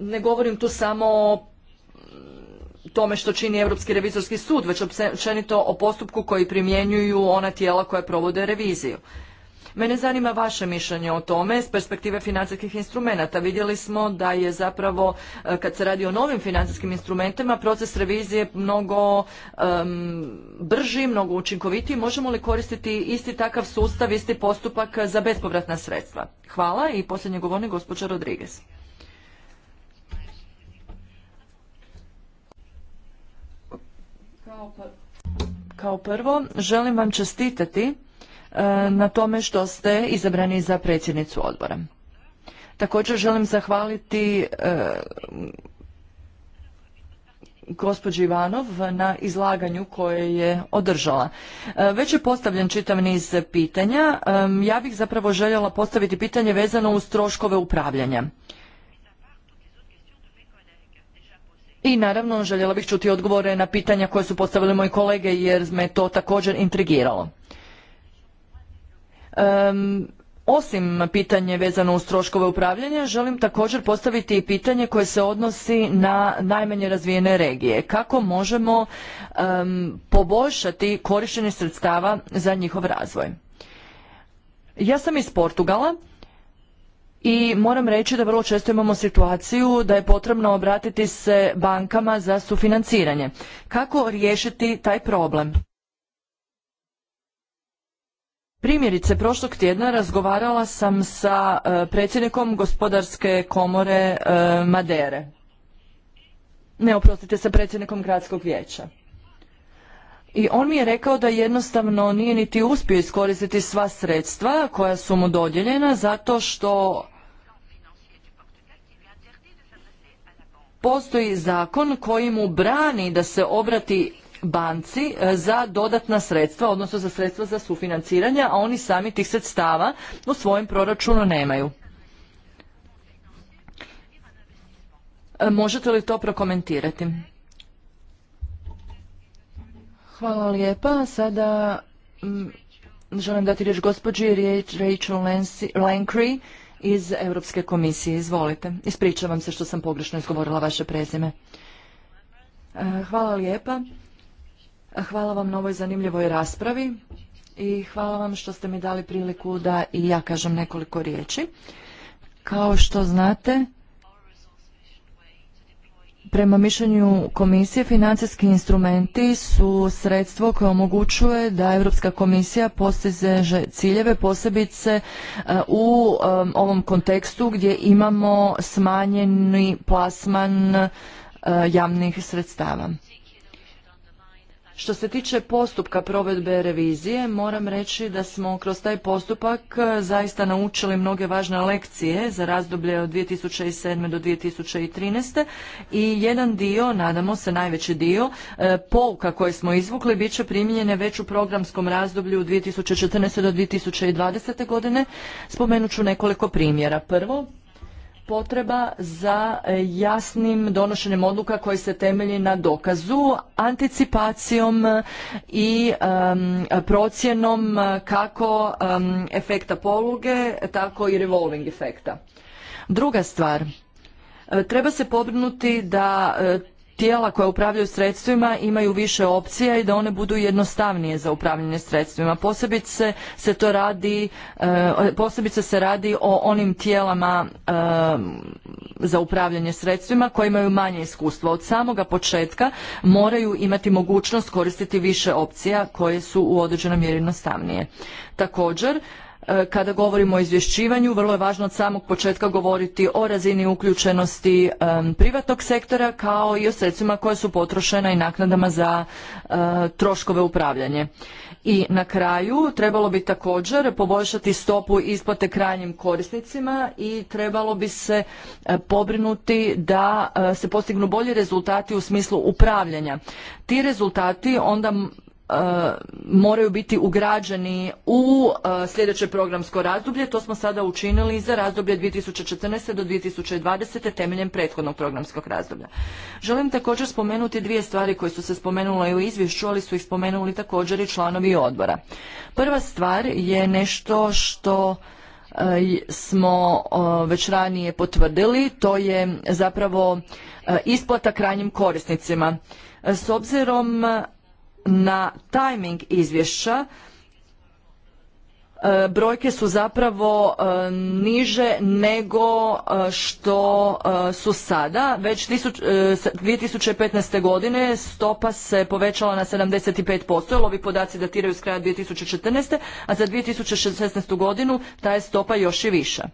Ne govorim tu samo o tome što čini Europski revizorski sud, već općenito o postupku koji primjenjuju ona tijela koja provode reviziju. Mene zanima vaše mišljenje o tome s perspektive financijskih instrumenata. Vidjeli smo da je zapravo e, kad se radi o novim financijskim instrumentima proces revizije mnogo brži, mnogo učinkovitiji. Možemo li koristiti isti takav sustav, isti postupak za bespovratna sredstva? Hvala i posljednje govornik gospođa Rodriguez. Kao prvo, želim vam čestitati e, na tome što ste izabrani za predsjednicu odbora. Također želim zahvaliti e, gospođi Ivanov na izlaganju koje je održala. E, već je postavljen čitav niz pitanja. Ja bih zapravo željela postaviti pitanje vezano uz troškove upravljanja. I naravno željela bih čuti odgovore na pitanja koje su postavili moji kolege jer me to također intrigiralo. osim pitanje vezano uz troškove upravljanja, želim također postaviti i pitanje koje se odnosi na najmanje razvijene regije. Kako možemo poboljšati korištenje sredstava za njihov razvoj? Ja sam iz Portugala i moram reći da vrlo često imamo situaciju da je potrebno obratiti se bankama za sufinanciranje. Kako riješiti taj problem? Primjerice, prošlog tjedna razgovarala sam sa e, predsjednikom gospodarske komore e, Madere. Ne, oprostite, sa predsjednikom gradskog vijeća. I on mi je rekao da jednostavno nije niti uspio iskoristiti sva sredstva koja su mu dodijeljena zato što postoji zakon koji mu brani da se obrati banci e, za dodatna sredstva, odnosno za sredstva za sufinanciranje, a oni sami tih sredstava u svojem proračunu nemaju. E, možete li to prokomentirati? Hvala lijepa. Sada želim dati riječ gospođi Rachel Lankree iz Europske komisije. Izvolite. Ispričavam se što sam pogrešno izgovorila vaše prezime. E, hvala lijepa. Hvala vam na ovoj zanimljivoj raspravi i hvala vam što ste mi dali priliku da i ja kažem nekoliko riječi. Kao što znate, Prema mišljenju komisije, financijski instrumenti su sredstvo koje omogućuje da Europska komisija postiže ciljeve posebice e, u ovom kontekstu gdje imamo smanjeni plasman e, javnih sredstava. Što se tiče postupka provedbe revizije, moram reći da smo kroz taj postupak e, zaista naučili mnoge važne lekcije za razdoblje od 2007. do 2013. i jedan dio, nadamo se najveći dio, e, pouka koje smo izvukli bit će primijenjene već u programskom razdoblju 2014. do 2020. godine. Spomenut ću nekoliko primjera. Prvo, potreba za e, jasnim donošenjem odluka koji se temelji na dokazu, anticipacijom e, i procjenom e, kako efekta poluge, tako i revolving efekta. Druga stvar, treba se pobrinuti da tijela koja upravljaju sredstvima imaju više opcija i da one budu jednostavnije za upravljanje sredstvima. Posebice se to radi, eh, posebice se radi o onim tijelama eh, za upravljanje sredstvima koji imaju manje iskustva. Od samoga početka moraju imati mogućnost koristiti više opcija koje su u određenom mjeri jednostavnije. Također, E, kada govorimo o izvješćivanju, vrlo je važno od samog početka govoriti o razini uključenosti privatnog sektora kao i o sredstvima koja su potrošena i naknadama za e, troškove upravljanje. I na kraju trebalo bi također poboljšati stopu isplate krajnjim korisnicima i trebalo bi se e, pobrinuti da se postignu bolji rezultati u smislu upravljanja. Ti rezultati onda E, moraju biti ugrađeni u e, sljedeće programsko razdoblje. To smo sada učinili za razdoblje 2014. do 2020. temeljem prethodnog programskog razdoblja. Želim također spomenuti dvije stvari koje su se spomenule i u izvješću, ali su ih spomenuli također i članovi odbora. Prva stvar je nešto što e, smo već ranije potvrdili, to je zapravo isplata krajnjim korisnicima. S obzirom na tajming izvješća, e, brojke su zapravo e, niže nego e, što su sada. Već 2015. godine stopa se povećala na 75%, jer ovi podaci datiraju s kraja 2014. a za 2016. godinu ta je stopa još i viša.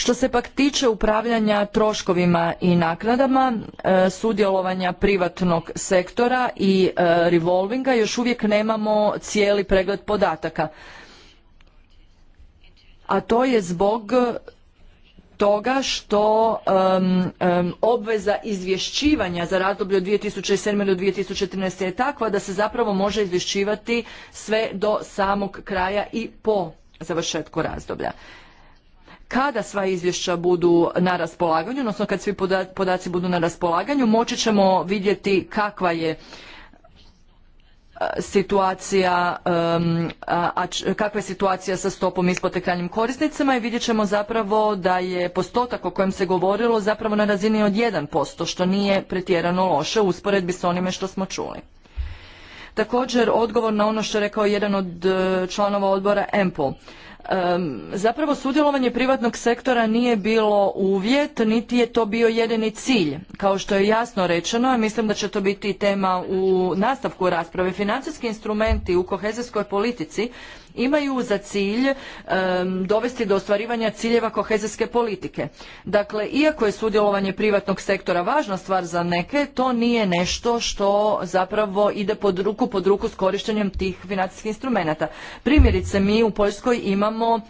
Što se pak tiče upravljanja troškovima i naknadama, e, sudjelovanja privatnog sektora i e, revolvinga, još uvijek nemamo cijeli pregled podataka. A to je zbog toga što obveza izvješćivanja za razdoblje od 2007. do 2013. je takva da se zapravo može izvješćivati sve do samog kraja i po završetku razdoblja kada sva izvješća budu na raspolaganju, odnosno kad svi podaci budu na raspolaganju, moći ćemo vidjeti kakva je e, situacija, a kakva je situacija sa stopom isplate krajnjim i vidjet ćemo zapravo da je postotak o kojem se govorilo zapravo na razini od 1%, što nije pretjerano loše u usporedbi s onime što smo čuli. Također, odgovor na ono što je rekao jedan od e, članova odbora EMPO zapravo sudjelovanje privatnog sektora nije bilo uvjet, niti je to bio jedini cilj. Kao što je jasno rečeno, a mislim da će to biti tema u nastavku rasprave, financijski instrumenti u kohezijskoj politici imaju za cilj dovesti do ostvarivanja ciljeva kohezijske politike. Dakle, iako je sudjelovanje privatnog sektora važna stvar za neke, to nije nešto što zapravo ide pod ruku pod ruku s korištenjem tih financijskih instrumenata. Primjerice, mi u Poljskoj imamo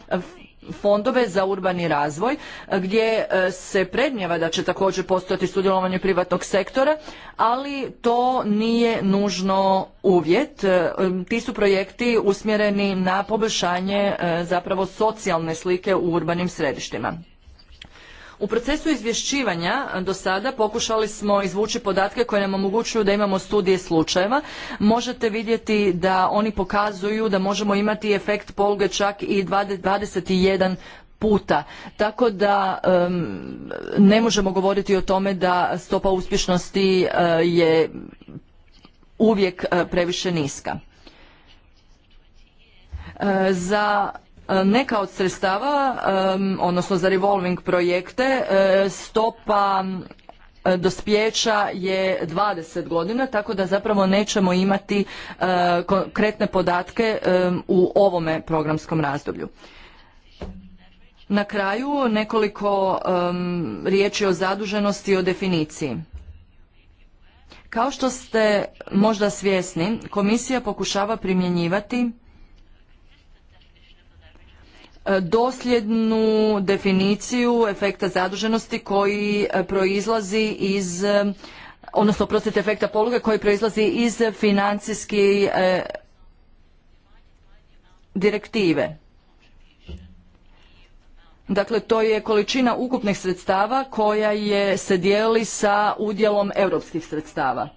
fondove za urbani razvoj gdje e, se predmjeva da će također postojati sudjelovanje privatnog sektora, ali to nije nužno uvjet. E, ti su projekti usmjereni na poboljšanje e, zapravo socijalne slike u urbanim središtima. U procesu izvješćivanja e, do sada pokušali smo izvući podatke koje nam omogućuju da imamo studije slučajeva. Možete vidjeti da oni pokazuju da možemo imati efekt poluge čak i 21 puta. Tako da ne možemo govoriti o tome da stopa uspješnosti e, je uvijek e, previše niska. za E, neka od sredstava, e, odnosno za revolving projekte, e, stopa dospjeća je 20 godina, tako da zapravo nećemo imati konkretne podatke u ovome programskom razdoblju. Na kraju nekoliko riječi o zaduženosti i o definiciji. Kao što ste možda svjesni, komisija pokušava primjenjivati E, dosljednu definiciju efekta zaduženosti koji e, proizlazi iz e, odnosno prostite efekta poluge koji proizlazi iz financijske direktive. Dakle, to je količina ukupnih sredstava koja je, se dijeli sa udjelom europskih sredstava.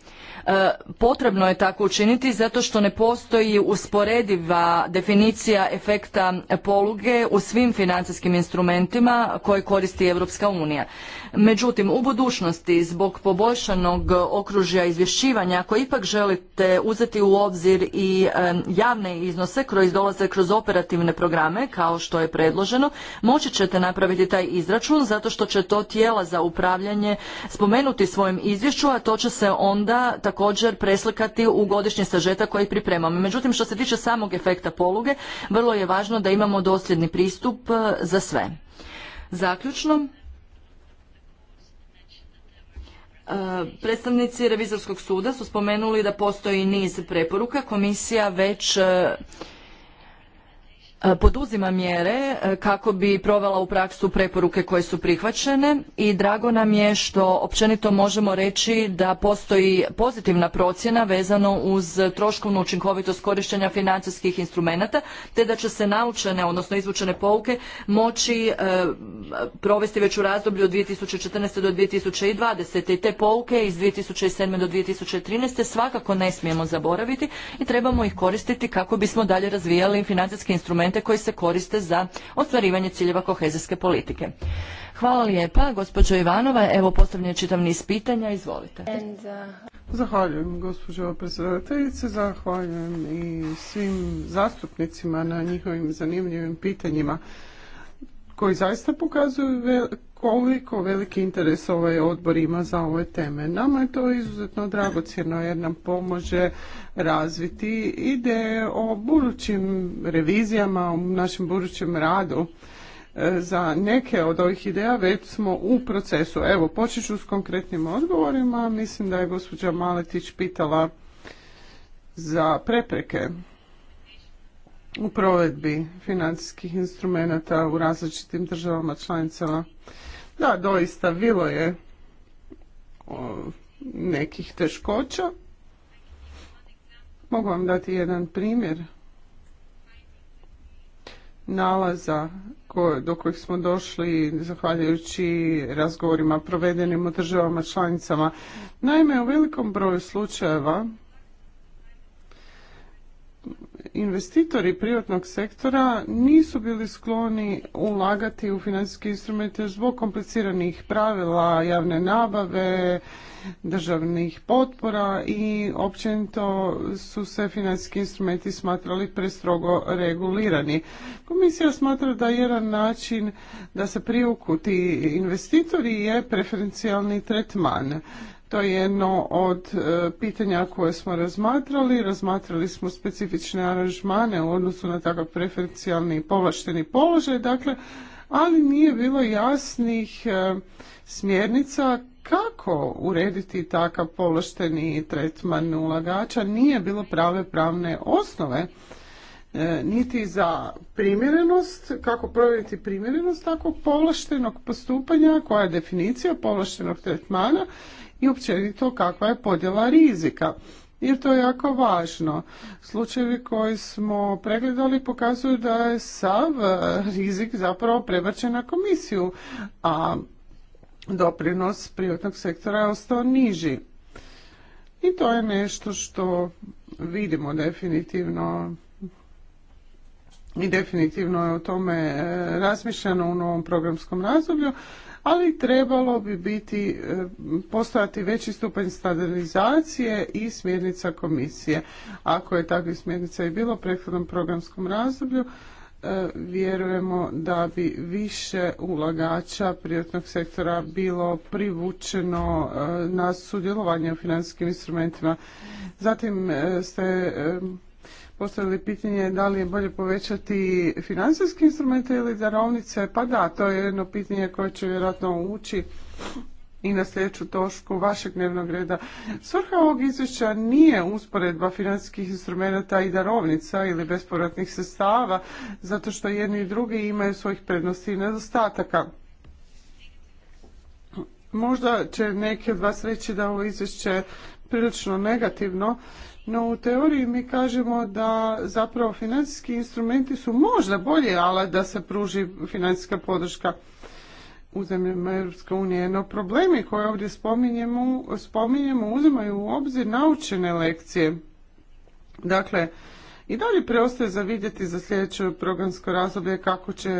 E, potrebno je tako učiniti zato što ne postoji usporediva definicija efekta poluge u svim financijskim instrumentima koje koristi Europska unija. Međutim, u budućnosti zbog poboljšanog okružja izvješćivanja, ako ipak želite uzeti u obzir i e, javne iznose koji dolaze kroz operativne programe, kao što je predloženo, moći ćete napraviti taj izračun zato što će to tijela za upravljanje spomenuti svojem izvješću, a to će se onda također preslikati u godišnji sažetak koji pripremamo. Međutim, što se tiče samog efekta poluge, vrlo je važno da imamo dosljedni pristup e, za sve. Zaključno, e, Predstavnici revizorskog suda su spomenuli da postoji niz preporuka. Komisija već e, E, poduzima mjere e, kako bi provela u praksu preporuke koje su prihvaćene i drago nam je što općenito možemo reći da postoji pozitivna procjena vezano uz troškovnu učinkovitost korištenja financijskih instrumenata te da će se naučene odnosno izvučene pouke moći e, provesti već u razdoblju od 2014. do 2020. i te pouke iz 2007. do 2013. svakako ne smijemo zaboraviti i trebamo ih koristiti kako bismo dalje razvijali financijske instrumente instrumente koji se koriste za ostvarivanje ciljeva kohezijske politike. Hvala lijepa, gospođo Ivanova, evo postavljen je čitav niz pitanja, izvolite. Uh, zahvaljujem gospođo predsjedateljice, zahvaljujem i svim zastupnicima na njihovim zanimljivim pitanjima koji zaista pokazuju koliko veliki interes ovaj odbor ima za ove teme. Nama je to izuzetno dragocjeno jer nam pomože razviti ideje o budućim revizijama, o našem budućem radu. E, za neke od ovih ideja već smo u procesu. Evo, počet ću s konkretnim odgovorima. Mislim da je gospođa Maletić pitala za prepreke u provedbi financijskih instrumenata u različitim državama članicama. Da, doista bilo je nekih teškoća. Mogu vam dati jedan primjer nalaza do kojih smo došli zahvaljujući razgovorima provedenim u državama članicama. Naime, u velikom broju slučajeva investitori privatnog sektora nisu bili skloni ulagati u financijske instrumente zbog kompliciranih pravila javne nabave, državnih potpora i općenito su se financijski instrumenti smatrali prestrogo regulirani. Komisija smatra da jedan način da se privuku ti investitori je preferencijalni tretman to je jedno od e, pitanja koje smo razmatrali. Razmatrali smo specifične aranžmane u odnosu na takav preferencijalni i povlašteni položaj, dakle, ali nije bilo jasnih e, smjernica kako urediti takav povlašteni tretman ulagača. Nije bilo prave pravne osnove e, niti za primjerenost, kako provjeriti primjerenost takvog povlaštenog postupanja, koja je definicija povlaštenog tretmana i općenito kakva je podjela rizika jer to je jako važno. Slučajevi koji smo pregledali pokazuju da je sav e, rizik zapravo prebačen na komisiju, a doprinos privatnog sektora je ostao niži. I to je nešto što vidimo definitivno i definitivno je o tome e, razmišljano u novom programskom razdoblju, ali trebalo bi biti e, postojati veći stupanj standardizacije i smjernica komisije. Ako je takvih smjernica i bilo u prethodnom programskom razdoblju, e, vjerujemo da bi više ulagača privatnog sektora bilo privučeno na sudjelovanje u financijskim instrumentima. Zatim ste postavili pitanje da li je bolje povećati financijske instrumente ili darovnice. Pa da, to je jedno pitanje koje će vjerojatno ući i na sljedeću točku vašeg dnevnog reda. Svrha ovog izvješća nije usporedba financijskih instrumenta i darovnica ili bespovratnih sredstava, zato što jedni i drugi imaju svojih prednosti i nedostataka. Možda će neki od vas reći da ovo izvješće prilično negativno, no u teoriji mi kažemo da zapravo financijski instrumenti su možda bolji ali da se pruži financijska podrška u zemljama Europske unije. No problemi koje ovdje spominjemo, spominjemo uzimaju u obzir naučene lekcije. Dakle, i dalje preostaje za vidjeti za sljedeće programsko razdoblje kako će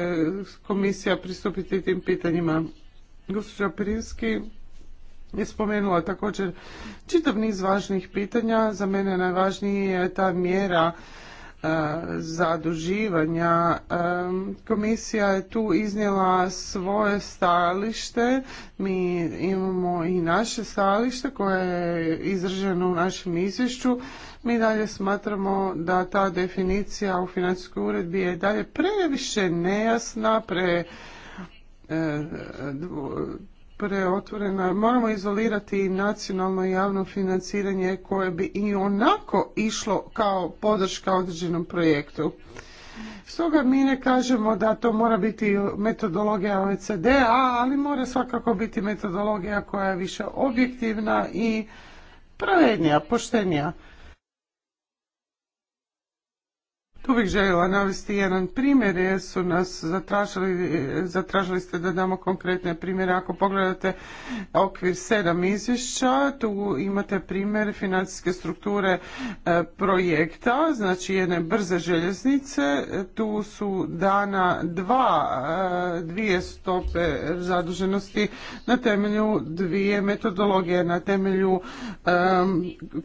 komisija pristupiti tim pitanjima. Gospođa Pirinski je spomenula također čitav niz važnih pitanja. Za mene najvažniji je ta mjera e, zaduživanja. E, komisija je tu iznijela svoje stajalište, mi imamo i naše stajalište koje je izraženo u našem izvješću. Mi dalje smatramo da ta definicija u financijskoj uredbi je dalje previše nejasna, pre e, potpore otvorena. Moramo izolirati nacionalno i javno financiranje koje bi i onako išlo kao podrška određenom projektu. Stoga mi ne kažemo da to mora biti metodologija oecd ali mora svakako biti metodologija koja je više objektivna i pravednija, poštenija. Tu bih željela navesti jedan primjer jer su nas zatražili, zatražili ste da damo konkretne primjere. Ako pogledate okvir sedam izvješća, tu imate primjer financijske strukture e, projekta, znači jedne brze željeznice. Tu su dana dva, e, dvije stope zaduženosti na temelju dvije metodologije. Na temelju e,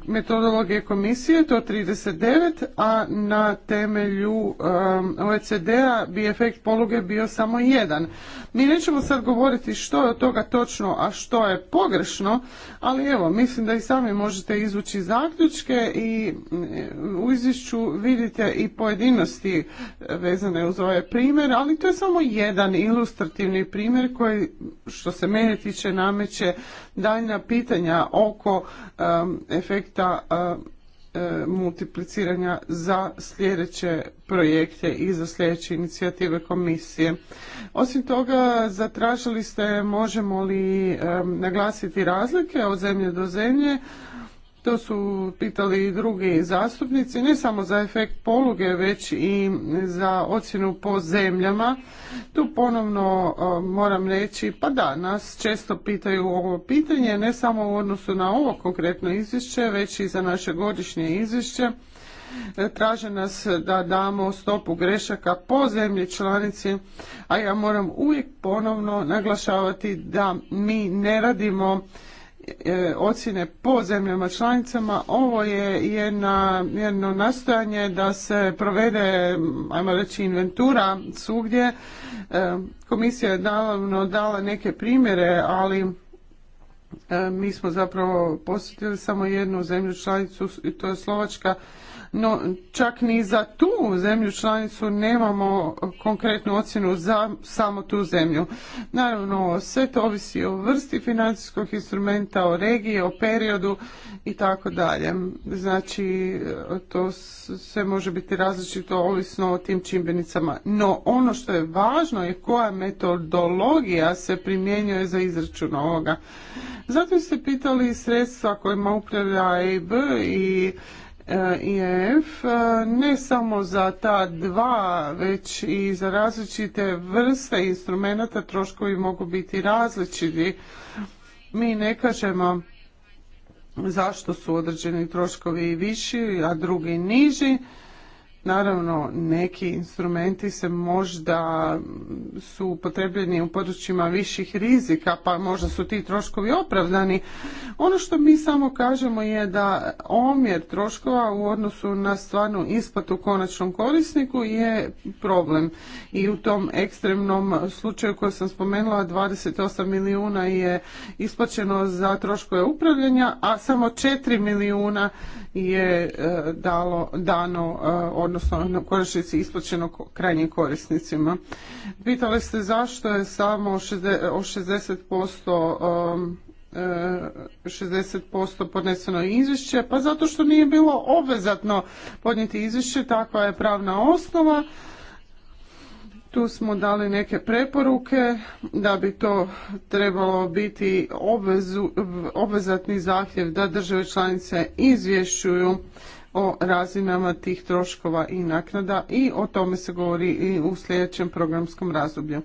metodologije komisije to 39, a na temelju temelju um, OECD-a bi efekt poluge bio samo jedan. Mi nećemo sad govoriti što je od toga točno, a što je pogrešno, ali evo, mislim da i sami možete izvući zaključke i mm, u izvješću vidite i pojedinosti vezane uz ovaj primjer, ali to je samo jedan ilustrativni primjer koji, što se mene tiče, nameće daljna pitanja oko um, efekta um, E, multipliciranja za sljedeće projekte i za sljedeće inicijative komisije. Osim toga, zatražili ste možemo li e, naglasiti razlike od zemlje do zemlje, to su pitali i drugi zastupnici, ne samo za efekt poluge, već i za ocjenu po zemljama. Tu ponovno e, moram reći, pa da, nas često pitaju ovo pitanje, ne samo u odnosu na ovo konkretno izvješće, već i za naše godišnje izvješće. E, traže nas da damo stopu grešaka po zemlji članici, a ja moram uvijek ponovno naglašavati da mi ne radimo E, ocjene po zemljama članicama. Ovo je jedno nastojanje da se provede, ajmo reći, inventura svugdje. E, komisija je naravno dala neke primjere, ali e, mi smo zapravo posjetili samo jednu zemlju članicu i to je Slovačka no čak ni za tu zemlju članicu nemamo konkretnu ocjenu za samo tu zemlju. Naravno, sve to ovisi o vrsti financijskog instrumenta, o regiji, o periodu i tako dalje. Znači, to sve može biti različito ovisno o tim čimbenicama. No, ono što je važno je koja metodologija se primjenjuje za izračun ovoga. Zato ste pitali sredstva kojima upravlja EIB i E IEF e, ne samo za ta dva, već i za različite vrste instrumenta troškovi mogu biti različiti. Mi ne kažemo zašto su određeni troškovi viši, a drugi niži Naravno, neki instrumenti se možda su upotrebljeni u područjima viših rizika, pa možda su ti troškovi opravdani. Ono što mi samo kažemo je da omjer troškova u odnosu na stvarnu isplatu konačnom korisniku je problem. I u tom ekstremnom slučaju koji sam spomenula, 28 milijuna je isplaćeno za troškove upravljanja, a samo 4 milijuna je e, dalo, dano, e, odnosno na konačnici isplaćeno krajnjim korisnicima. Pitali ste zašto je samo o 60% 60% e, podneseno izvješće, pa zato što nije bilo obvezatno podnijeti izvješće, takva je pravna osnova, tu smo dali neke preporuke da bi to trebalo biti obvezu, obvezatni zahtjev da države članice izvješćuju o razinama tih troškova i naknada i o tome se govori i u sljedećem programskom razdoblju.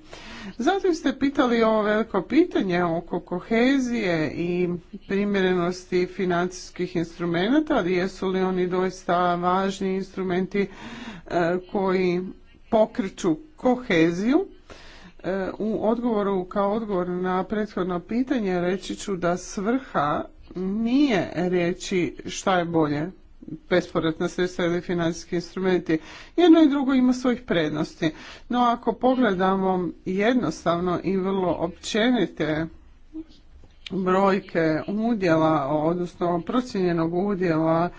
Zatim ste pitali ovo veliko pitanje oko kohezije i primjerenosti financijskih instrumenata, jesu li oni doista važni instrumenti e, koji pokreću koheziju. E, u odgovoru, kao odgovor na prethodno pitanje reći ću da svrha nije reći šta je bolje, bespovratna sredstva ili financijski instrumenti. Jedno i drugo ima svojih prednosti. No ako pogledamo jednostavno i vrlo općenite brojke udjela, odnosno procjenjenog udjela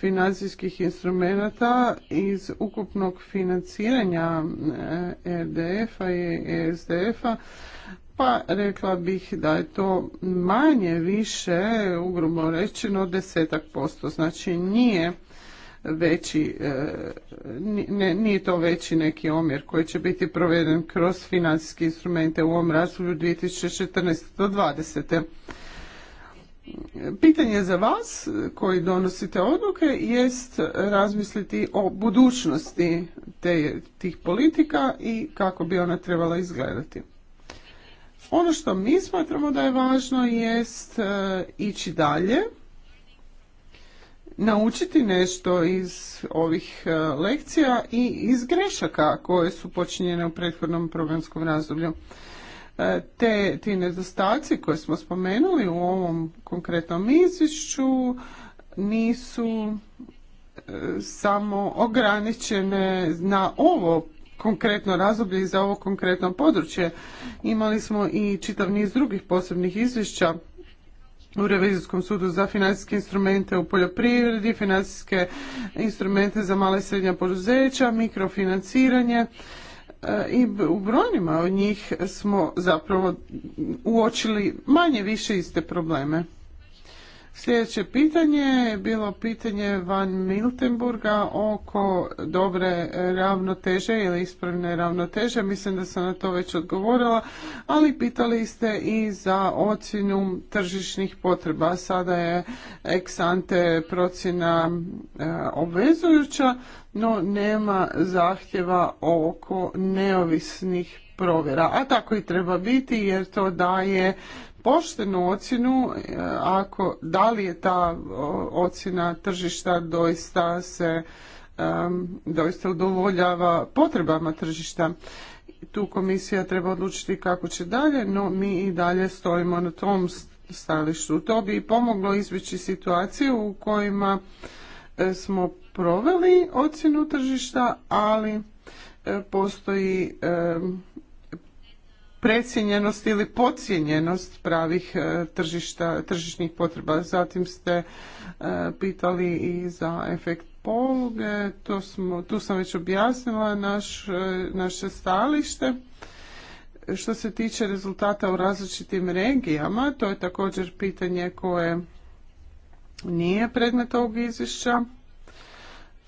financijskih instrumenata iz ukupnog financiranja e, RDF-a i ESDF-a pa rekla bih da je to manje više, ugrubo rečeno, desetak posto. Znači nije veći, e, nije to veći neki omjer koji će biti proveden kroz financijske instrumente u ovom razdoblju 2014. do 2020. Pitanje za vas koji donosite odluke jest razmisliti o budućnosti te, tih politika i kako bi ona trebala izgledati. Ono što mi smatramo da je važno jest e, ići dalje, naučiti nešto iz ovih e, lekcija i iz grešaka koje su počinjene u prethodnom programskom razdoblju. E, te, ti nedostaci koje smo spomenuli u ovom konkretnom izvješću nisu e, samo ograničene na ovo konkretno razdoblje i za ovo konkretno područje. Imali smo i čitav niz drugih posebnih izvješća u Revizijskom sudu za financijske instrumente u poljoprivredi, financijske instrumente za male i srednja poduzeća, mikrofinanciranje E, i u brojnima od njih smo zapravo uočili manje više iste probleme. Sljedeće pitanje je bilo pitanje Van Miltenburga oko dobre ravnoteže ili ispravne ravnoteže. Mislim da sam na to već odgovorila, ali pitali ste i za ocjenu tržišnih potreba. Sada je ex ante procjena e, obvezujuća, no nema zahtjeva oko neovisnih provjera. A tako i treba biti jer to daje poštenu ocjenu e, ako da li je ta ocjena tržišta doista se doista udovoljava potrebama tržišta. Tu komisija treba odlučiti kako će dalje, no mi i dalje stojimo na tom stalištu. To bi pomoglo izbjeći situaciju u kojima e, smo proveli ocjenu tržišta, ali e, postoji precijenjenost ili podcijenjenost pravih e, tržišta, tržišnih potreba. Zatim ste e, pitali i za efekt poluge, to smo, tu sam već objasnila naš, e, naše stalište. Što se tiče rezultata u različitim regijama, to je također pitanje koje nije predmet ovog izvješća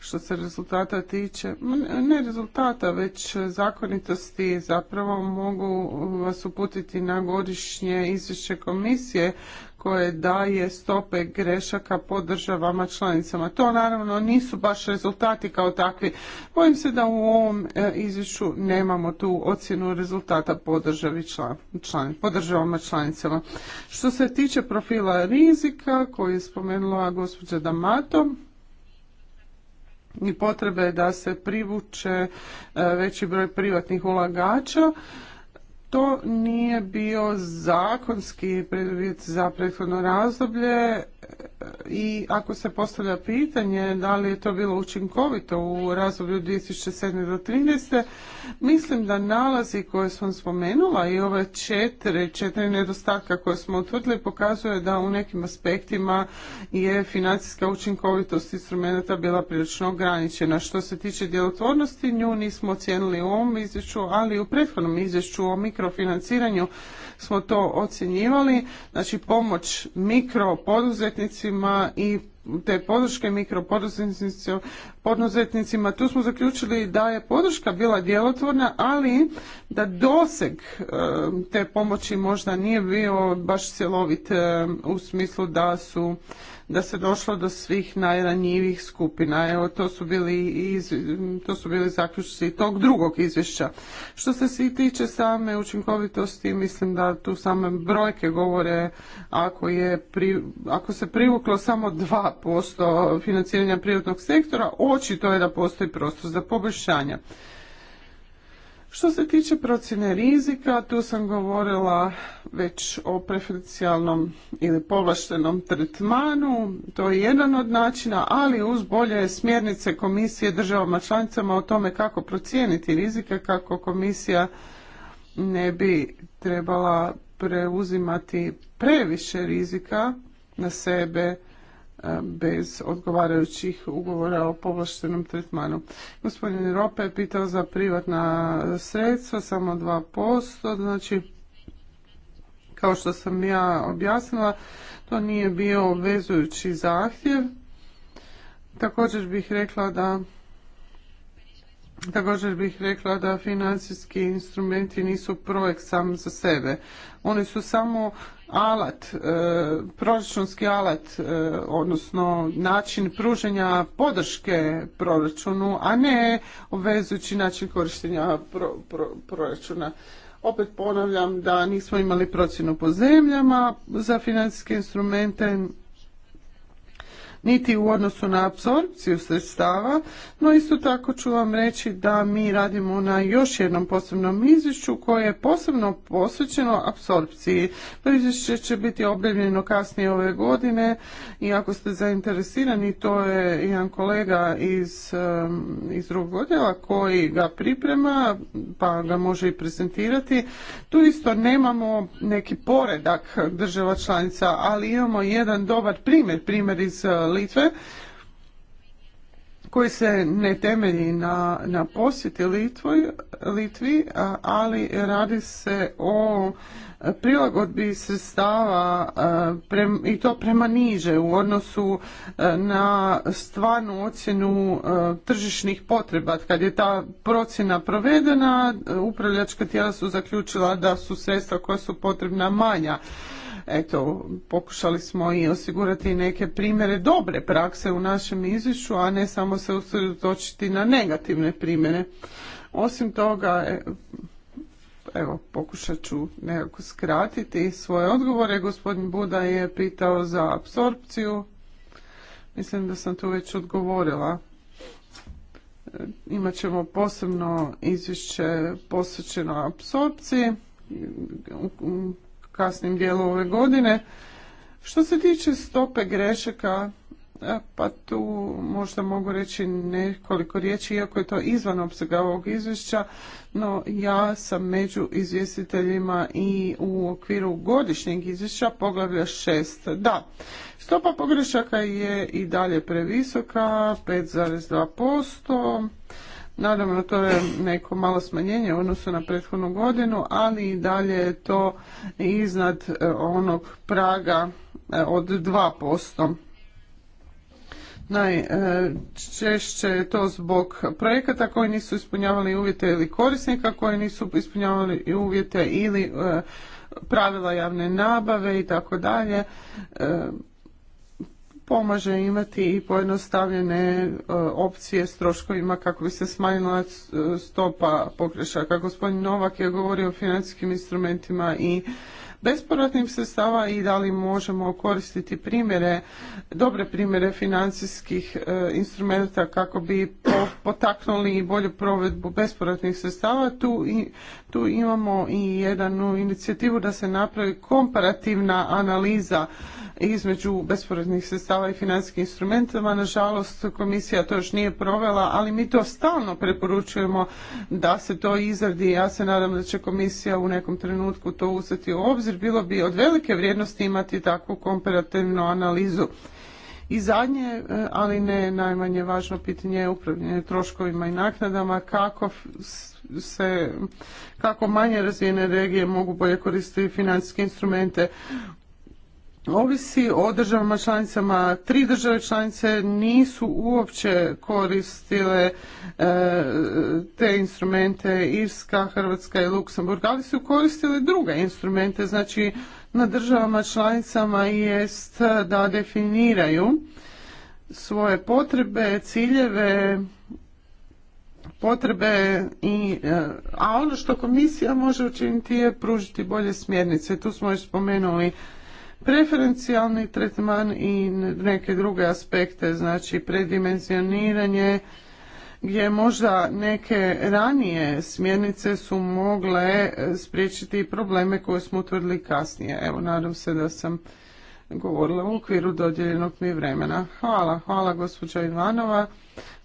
što se rezultata tiče, ne rezultata, već zakonitosti zapravo mogu vas uputiti na godišnje izvješće komisije koje daje stope grešaka po državama članicama. To naravno nisu baš rezultati kao takvi. Bojim se da u ovom e, izvješću nemamo tu ocjenu rezultata po, član, državama članicama. Što se tiče profila rizika koji je spomenula gospođa Damato, i potrebe da se privuče e, veći broj privatnih ulagača to nije bio zakonski preduvjet za prethodno razdoblje e, i ako se postavlja pitanje da li je to bilo učinkovito u razdoblju 2007. do 2013. mislim da nalazi koje sam spomenula i ove četiri, četiri nedostatka koje smo utvrdili pokazuje da u nekim aspektima je financijska učinkovitost instrumenta bila prilično ograničena. Što se tiče djelotvornosti, nju nismo ocijenili u ovom izvješću, ali u prethodnom izvješću o mikro mikrofinanciranju smo to ocjenjivali, znači pomoć mikropoduzetnicima i te podrške mikropoduzetnicima, tu smo zaključili da je podrška bila djelotvorna, ali da doseg e, te pomoći možda nije bio baš cjelovit e, u smislu da su da se došlo do svih najranjivih skupina. Evo, to su bili, iz, to su bili zaključci tog drugog izvješća. Što se svi tiče same učinkovitosti, mislim da tu same brojke govore ako, je ako se privuklo samo 2% financiranja privatnog sektora, očito je da postoji prostor za poboljšanja. Što se tiče procjene rizika, tu sam govorila već o preferencijalnom ili povlaštenom tretmanu. To je jedan od načina, ali uz bolje smjernice komisije državama članicama o tome kako procijeniti rizike, kako komisija ne bi trebala preuzimati previše rizika na sebe bez odgovarajućih ugovora o povlaštenom tretmanu. Gospodin Rope je pitao za privatna sredstva, samo 2%, znači kao što sam ja objasnila, to nije bio obvezujući zahtjev. Također bih rekla da Također bih rekla da financijski instrumenti nisu projekt sam za sebe. Oni su samo alat, e, proračunski alat, e, odnosno način pruženja podrške proračunu, a ne obvezujući način korištenja pro, proračuna. Opet ponavljam da nismo imali procjenu po zemljama za financijske instrumente, niti u odnosu na apsorpciju sredstava, no isto tako ću vam reći da mi radimo na još jednom posebnom izvješću koje je posebno posvećeno apsorpciji. To izvješće će biti objavljeno kasnije ove godine i ako ste zainteresirani, to je jedan kolega iz, iz drugog odjela koji ga priprema, pa ga može i prezentirati. Tu isto nemamo neki poredak država članica, ali imamo jedan dobar primjer, primjer iz Litve koji se ne temelji na, na posjeti Litvoj, Litvi, ali radi se o prilagodbi sredstava i to prema niže u odnosu na stvarnu ocjenu tržišnih potreba. Kad je ta procjena provedena, upravljačka tijela su zaključila da su sredstva koja su potrebna manja. Eto, pokušali smo i osigurati neke primjere dobre prakse u našem izvješću, a ne samo se usredotočiti na negativne primjere. Osim toga, e, evo, pokušat ću nekako skratiti svoje odgovore. Gospodin Buda je pitao za apsorpciju. Mislim da sam tu već odgovorila. E, imat ćemo posebno izvješće posvećeno apsorpciji kasnim dijelu ove godine. Što se tiče stope grešaka, e, pa tu možda mogu reći nekoliko riječi, iako je to izvan opsega ovog izvješća, no ja sam među izvjestiteljima i u okviru godišnjeg izvješća poglavlja šest. Da, stopa pogrešaka je i dalje previsoka, 5,2%, Naravno, to je neko malo smanjenje u odnosu na prethodnu godinu, ali i dalje je to iznad e, onog praga e, od 2%. Najčešće je to zbog projekata koji nisu ispunjavali uvjete ili korisnika koji nisu ispunjavali uvjete ili e, pravila javne nabave i tako dalje pomaže imati i pojednostavljene e, opcije s troškovima kako bi se smanjila e, stopa pogrešaka. Gospodin Novak je govorio o financijskim instrumentima i besporatnim sredstava i da li možemo koristiti primjere, dobre primjere financijskih instrumenata instrumenta kako bi potaknuli i bolju provedbu besporatnih sredstava. Tu, i, tu imamo i jednu inicijativu da se napravi komparativna analiza između bespovratnih sredstava i financijskih instrumentama. Nažalost, komisija to još nije provela, ali mi to stalno preporučujemo da se to izradi. Ja se nadam da će komisija u nekom trenutku to uzeti u obzir. Bilo bi od velike vrijednosti imati takvu komparativnu analizu. I zadnje, e, ali ne najmanje važno pitanje je upravljanje troškovima i naknadama, kako se kako manje razvijene regije mogu bolje koristiti financijske instrumente ovisi o državama članicama. Tri države članice nisu uopće koristile e, te instrumente, Irska, Hrvatska i Luksemburg, ali su koristile druge instrumente. Znači, na državama članicama jest da definiraju svoje potrebe, ciljeve, potrebe i e, a ono što komisija može učiniti je pružiti bolje smjernice. Tu smo još spomenuli preferencijalni tretman i neke druge aspekte, znači predimenzioniranje, gdje možda neke ranije smjernice su mogle e, spriječiti probleme koje smo utvrdili kasnije. Evo, nadam se da sam govorila u okviru dodijeljenog mi vremena. Hvala, hvala gospođa Ivanova.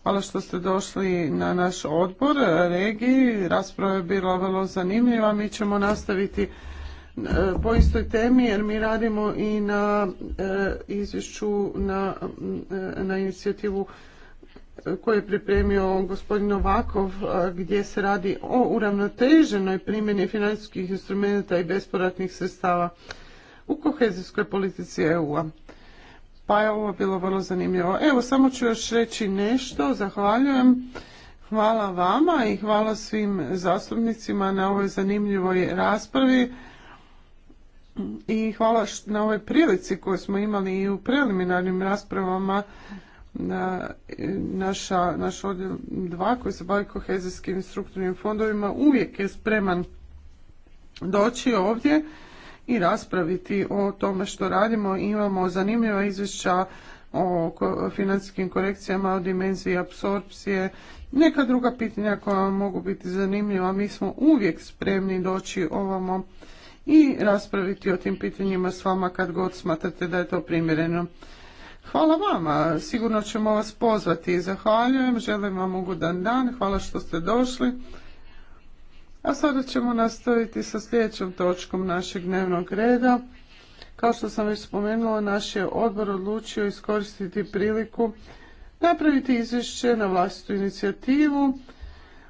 Hvala što ste došli na naš odbor regiji. Rasprava je bila vrlo zanimljiva. Mi ćemo nastaviti po istoj temi jer mi radimo i na e, izvješću na, e, inicijativu e, koju je pripremio gospodin Novakov gdje se radi o uravnoteženoj primjeni financijskih instrumenta i besporatnih sredstava u kohezijskoj politici EU-a. Pa je ovo bilo vrlo zanimljivo. Evo, samo ću još reći nešto. Zahvaljujem. Hvala vama i hvala svim zastupnicima na ovoj zanimljivoj raspravi i hvala na ovoj prilici koju smo imali i u preliminarnim raspravama na naša, naš odjel dva koji se bavi kohezijskim strukturnim fondovima uvijek je spreman doći ovdje i raspraviti o tome što radimo. Imamo zanimljiva izvješća o financijskim korekcijama, o dimenziji apsorpcije, neka druga pitanja koja mogu biti zanimljiva. Mi smo uvijek spremni doći ovamo i raspraviti o tim pitanjima s vama kad god smatrate da je to primjereno. Hvala vama, sigurno ćemo vas pozvati. Zahvaljujem, želim vam ugodan dan, hvala što ste došli. A sada ćemo nastaviti sa sljedećom točkom našeg dnevnog reda. Kao što sam već spomenula, naš je odbor odlučio iskoristiti priliku napraviti izvješće na vlastitu inicijativu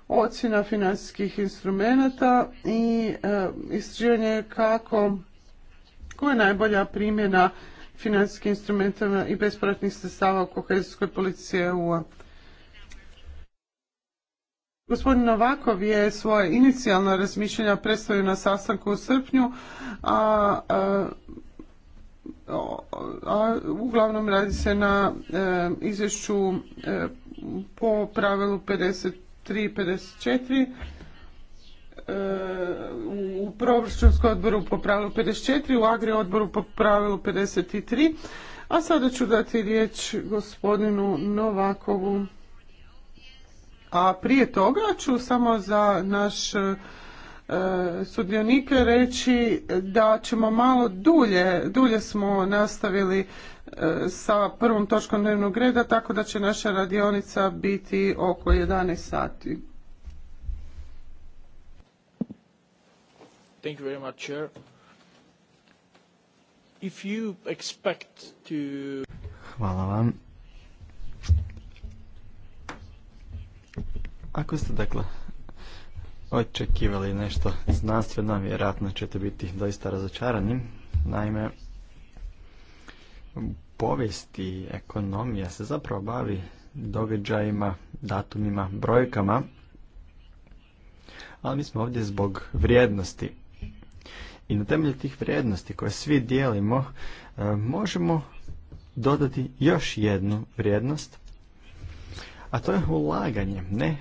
ocjena financijskih instrumenata i e, istraživanje kako koja je najbolja primjena financijskih instrumenta i bespovratnih sredstava u kohezijskoj politici EU-a. Gospodin Novakov je svoje inicijalno razmišljanja predstavio na sastanku u srpnju, a, e, uglavnom radi se na e, izvješću po pravilu 50 3.54 četiri e, u proračunskom odboru po pravilu 54, u agri odboru po pravilu 53. A sada ću dati riječ gospodinu Novakovu. A prije toga ću samo za naš e, sudionike reći da ćemo malo dulje, dulje smo nastavili sa prvom točkom dnevnog reda, tako da će naša radionica biti oko 11 sati. Thank you very to... Hvala vam. Ako ste dakle očekivali nešto znanstveno, vjerojatno ćete biti doista razočarani. Naime, povijesti ekonomija se zapravo bavi događajima, datumima, brojkama, ali mi smo ovdje zbog vrijednosti. I na temelju tih vrijednosti koje svi dijelimo, e, možemo dodati još jednu vrijednost, a to je ulaganje, ne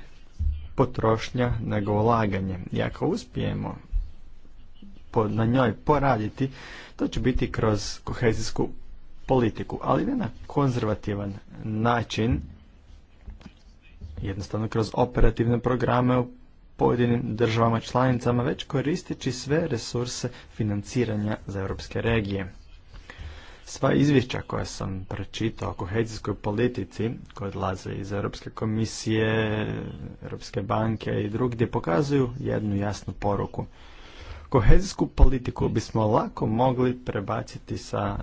potrošnja, nego ulaganje. I ako uspijemo na njoj poraditi, to će biti kroz kohezijsku politiku, ali ne na konzervativan način, jednostavno kroz operativne programe u pojedinim državama članicama, već koristeći sve resurse financiranja za europske regije. Sva izvješća koja sam pročitao o kohezijskoj politici, koje odlaze iz Europske komisije, Europske banke i drugdje, pokazuju jednu jasnu poruku – Kohezijsku politiku bismo lako mogli prebaciti sa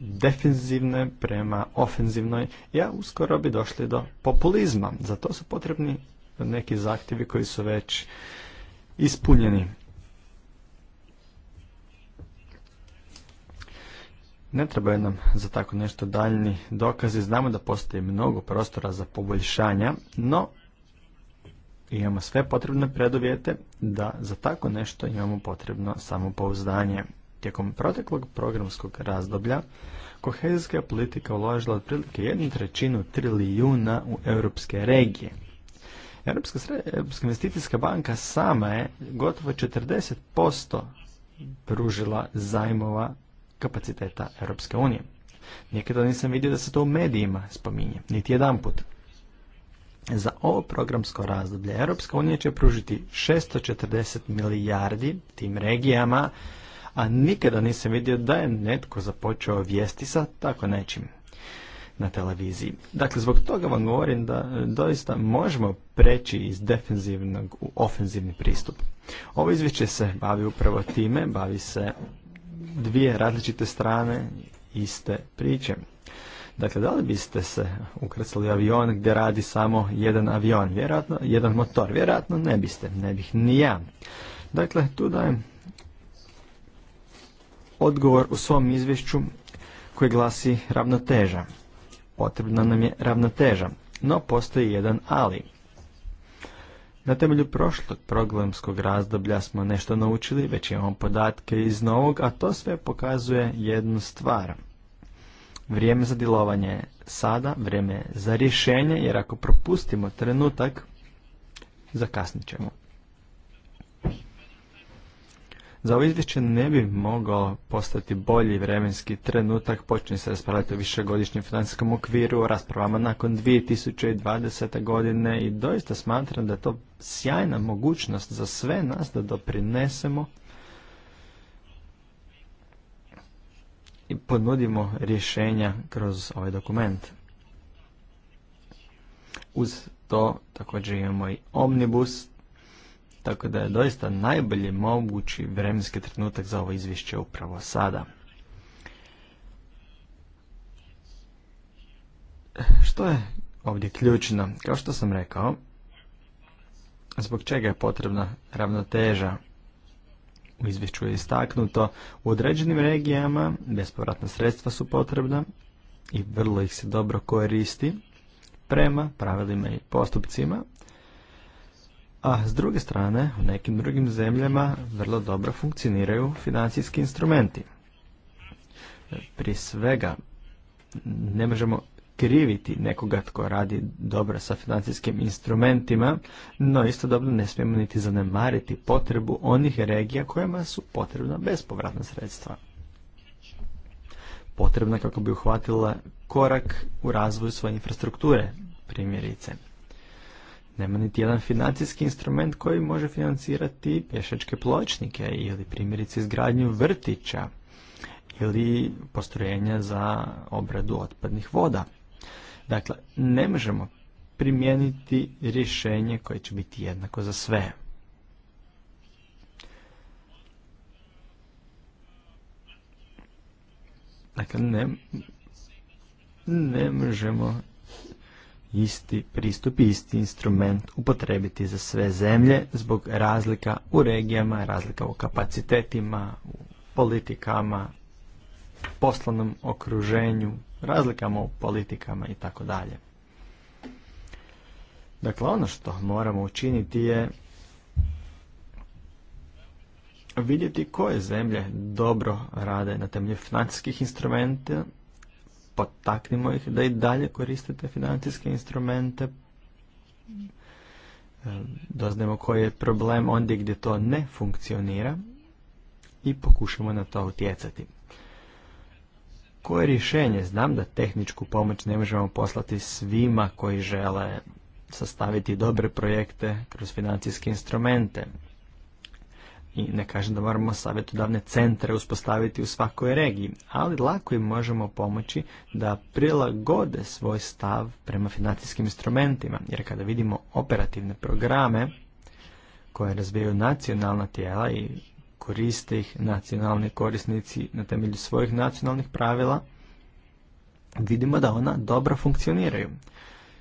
defenzivne prema ofenzivnoj, ja uskoro bi došli do populizma. Za to su potrebni neki zahtjevi koji su već ispunjeni. Ne trebaju nam za tako nešto daljni dokazi. Znamo da postoji mnogo prostora za poboljšanja, no imamo sve potrebne preduvjete da za tako nešto imamo potrebno samopouzdanje. Tijekom proteklog programskog razdoblja kohezijska politika uložila otprilike jednu trećinu trilijuna u europske regije. Europska, investicijska banka sama je gotovo 40% pružila zajmova kapaciteta Europske unije. Nikada nisam vidio da se to u medijima spominje, niti jedan put. Za ovo programsko razdoblje Europska unija će pružiti 640 milijardi tim regijama, a nikada nisam vidio da je netko započeo vijesti sa tako nečim na televiziji. Dakle, zbog toga vam govorim da doista možemo preći iz defensivnog u ofenzivni pristup. Ovo izvješće se bavi upravo time, bavi se dvije različite strane iste priče. Dakle, da li biste se ukrcali avion gdje radi samo jedan avion, vjerojatno, jedan motor? Vjerojatno ne biste, ne bih ni ja. Dakle, tu dajem odgovor u svom izvješću koji glasi ravnoteža. Potrebna nam je ravnoteža, no postoji jedan ali. Na temelju prošlog problemskog razdoblja smo nešto naučili, već imamo podatke iz novog, a to sve pokazuje jednu stvar – Vrijeme za djelovanje sada, vrijeme je za rješenje, jer ako propustimo trenutak, zakasnit ćemo. Za ovo izvješće ne bi mogao postati bolji vremenski trenutak, počne se raspravljati o višegodišnjem financijskom okviru, o raspravama nakon 2020. godine i doista smatram da je to sjajna mogućnost za sve nas da doprinesemo ponudimo rješenja kroz ovaj dokument. Uz to također imamo i omnibus, tako da je doista najbolji mogući vremenski trenutak za ovo izvješće upravo sada. Što je ovdje ključno? Kao što sam rekao, zbog čega je potrebna ravnoteža u izvješću je istaknuto u određenim regijama bespovratna sredstva su potrebna i vrlo ih se dobro koristi prema pravilima i postupcima, a s druge strane u nekim drugim zemljama vrlo dobro funkcioniraju financijski instrumenti. Prije svega ne možemo kriviti nekoga tko radi dobro sa financijskim instrumentima, no istodobno ne smijemo niti zanemariti potrebu onih regija kojima su potrebna bespovratna sredstva. Potrebna kako bi uhvatila korak u razvoju svoje infrastrukture, primjerice. Nema niti jedan financijski instrument koji može financirati pješačke pločnike ili primjerice izgradnju vrtića ili postrojenja za obradu otpadnih voda. Dakle, ne možemo primijeniti rješenje koje će biti jednako za sve. Dakle, ne, ne možemo isti pristup i isti instrument upotrebiti za sve zemlje zbog razlika u regijama, razlika u kapacitetima, u politikama, poslovnom okruženju, razlikama u politikama i tako dalje. Dakle, ono što moramo učiniti je vidjeti koje zemlje dobro rade na temelju financijskih instrumenta, potaknimo ih da i dalje koristite financijske instrumente, doznemo koji je problem ondje gdje to ne funkcionira i pokušamo na to utjecati koje rješenje? Znam da tehničku pomoć ne možemo poslati svima koji žele sastaviti dobre projekte kroz financijske instrumente. I ne kažem da moramo savjetodavne centre uspostaviti u svakoj regiji, ali lako im možemo pomoći da prilagode svoj stav prema financijskim instrumentima, jer kada vidimo operativne programe koje razvijaju nacionalna tijela i koriste ih nacionalni korisnici na temelju svojih nacionalnih pravila, vidimo da ona dobro funkcioniraju.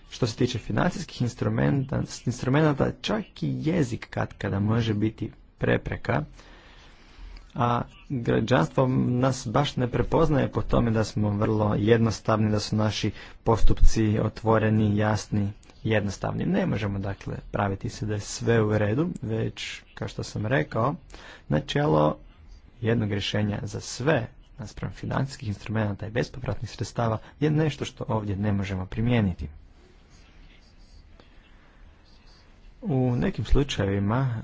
Što se tiče financijskih instrumenta, instrumenta čak i jezik kad kada može biti prepreka, a građanstvo nas baš ne prepoznaje po tome da smo vrlo jednostavni, da su naši postupci otvoreni, jasni jednostavnim. Ne možemo dakle praviti se da je sve u redu, već kao što sam rekao, načelo jednog rješenja za sve naspram financijskih instrumenta i bespovratnih sredstava je nešto što ovdje ne možemo primijeniti. U nekim slučajevima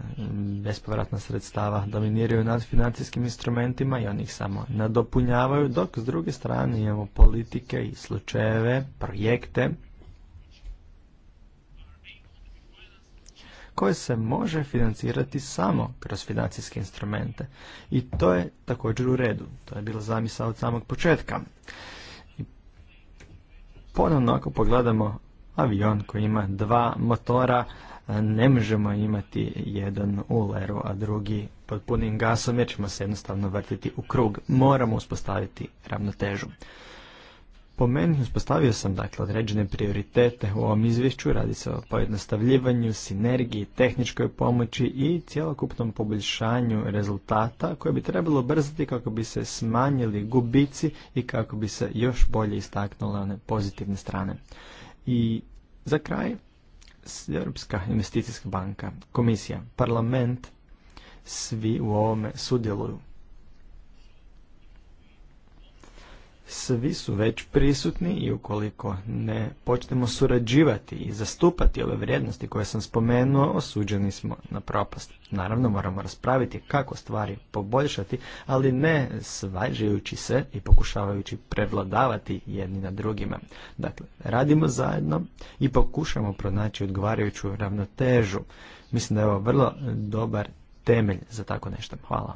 bespovratna sredstava dominiraju nad financijskim instrumentima i oni ih samo nadopunjavaju, dok s druge strane imamo politike i slučajeve, projekte koje se može financirati samo kroz financijske instrumente. I to je također u redu. To je bilo zamisa od samog početka. ponovno ako pogledamo avion koji ima dva motora, ne možemo imati jedan u leru, a drugi pod punim gasom jer ćemo se jednostavno vrtiti u krug. Moramo uspostaviti ravnotežu. Po meni uspostavio sam dakle određene prioritete u ovom izvješću, radi se o pojednostavljivanju, sinergiji, tehničkoj pomoći i cjelokupnom poboljšanju rezultata koje bi trebalo brzati kako bi se smanjili gubici i kako bi se još bolje istaknule one pozitivne strane. I za kraj, Europska investicijska banka, komisija, parlament, svi u ovome sudjeluju. svi su već prisutni i ukoliko ne počnemo surađivati i zastupati ove vrijednosti koje sam spomenuo, osuđeni smo na propast. Naravno moramo raspraviti kako stvari poboljšati, ali ne svađajući se i pokušavajući prevladavati jedni na drugima. Dakle, radimo zajedno i pokušamo pronaći odgovarajuću ravnotežu. Mislim da je ovo vrlo dobar temelj za tako nešto. Hvala.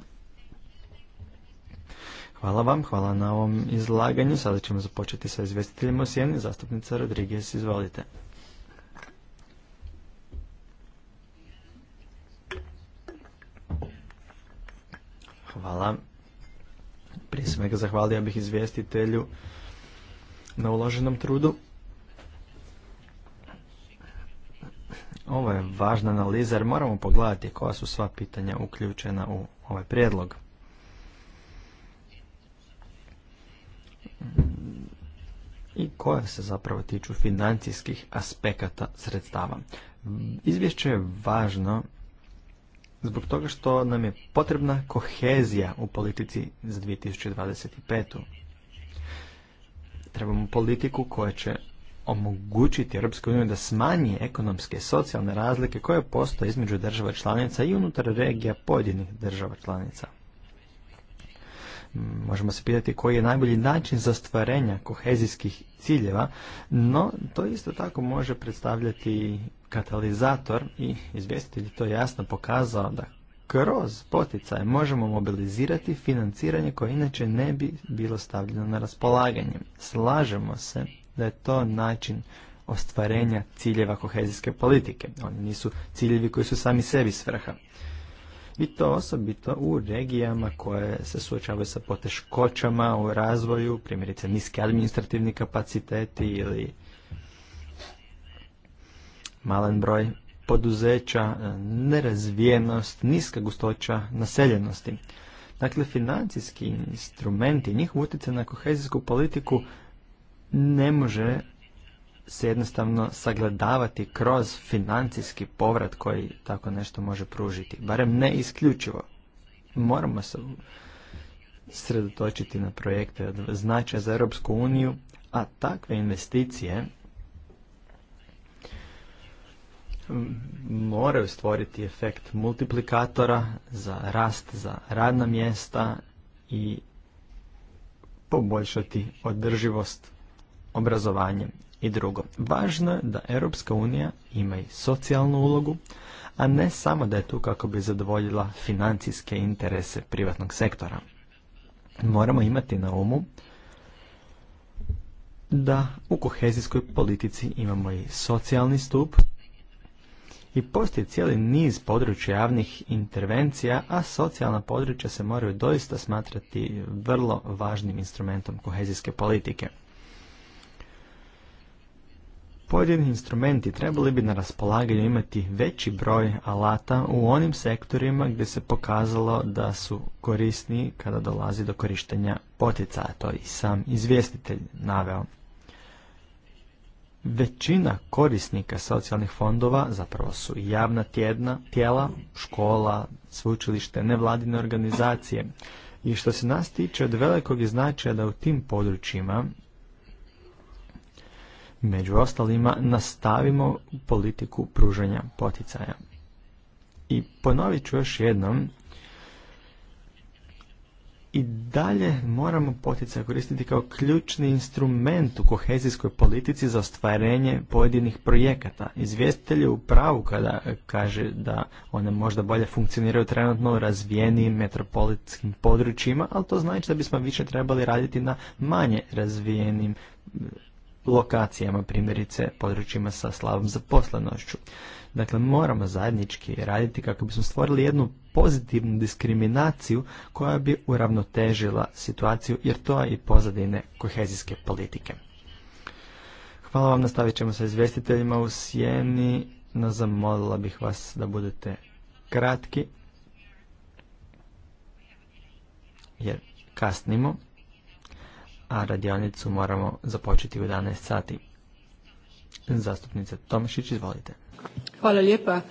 Hvala vam, hvala na ovom izlaganju. Sada ćemo započeti sa izvestiteljima o sjeni. Zastupnica Rodriguez, izvolite. Hvala. Prije svega zahvalio bih izvjestitelju na uloženom trudu. Ovo je važna analiza jer moramo pogledati koja su sva pitanja uključena u ovaj prijedlog. i koja se zapravo tiču financijskih aspekata sredstava. Izvješće je važno zbog toga što nam je potrebna kohezija u politici za 2025. Trebamo politiku koja će omogućiti Europskoj uniji da smanji ekonomske i socijalne razlike koje postoje između država članica i unutar regija pojedinih država članica. Možemo se pitati koji je najbolji način za zastvarenja kohezijskih ciljeva, no to isto tako može predstavljati katalizator i izvjestitelj to jasno pokazao da kroz poticaje možemo mobilizirati financiranje koje inače ne bi bilo stavljeno na raspolaganje. Slažemo se da je to način ostvarenja ciljeva kohezijske politike. Oni nisu ciljevi koji su sami sebi svrha i to osobito u regijama koje se suočavaju sa poteškoćama u razvoju, primjerice niske administrativni kapaciteti ili malen broj poduzeća, nerazvijenost, niska gustoća naseljenosti. Dakle, financijski instrumenti, njihov utjecaj na kohezijsku politiku ne može se jednostavno sagledavati kroz financijski povrat koji tako nešto može pružiti. Barem ne isključivo. Moramo se sredotočiti na projekte od značaja za Europsku uniju, a takve investicije moraju stvoriti efekt multiplikatora za rast, za radna mjesta i poboljšati održivost obrazovanje i drugo, važno je da Europska unija ima i socijalnu ulogu, a ne samo da je tu kako bi zadovoljila financijske interese privatnog sektora. Moramo imati na umu da u kohezijskoj politici imamo i socijalni stup i postoji cijeli niz područja javnih intervencija, a socijalna područja se moraju doista smatrati vrlo važnim instrumentom kohezijske politike pojedini instrumenti trebali bi na raspolaganju imati veći broj alata u onim sektorima gdje se pokazalo da su korisni kada dolazi do korištenja poticaja, to i sam izvjestitelj naveo. Većina korisnika socijalnih fondova zapravo su javna tjedna, tijela, škola, sveučilište, nevladine organizacije. I što se nas tiče od velikog značaja da u tim područjima među ostalima nastavimo politiku pružanja poticaja. I ponovit ću još jednom, i dalje moramo poticaj koristiti kao ključni instrument u kohezijskoj politici za ostvarenje pojedinih projekata. Izvjestitelj je u pravu kada kaže da one možda bolje funkcioniraju trenutno u razvijenim metropolitskim područjima, ali to znači da bismo više trebali raditi na manje razvijenim lokacijama, primjerice područjima sa slabom zaposlenošću. Dakle, moramo zajednički raditi kako bismo stvorili jednu pozitivnu diskriminaciju koja bi uravnotežila situaciju, jer to je i pozadine kohezijske politike. Hvala vam, nastavit ćemo sa izvjestiteljima u Sjeni. No, zamolila bih vas da budete kratki, jer kasnimo a radionicu moramo započeti u 11 sati. Zastupnice Tomašić, izvolite. Hvala lijepa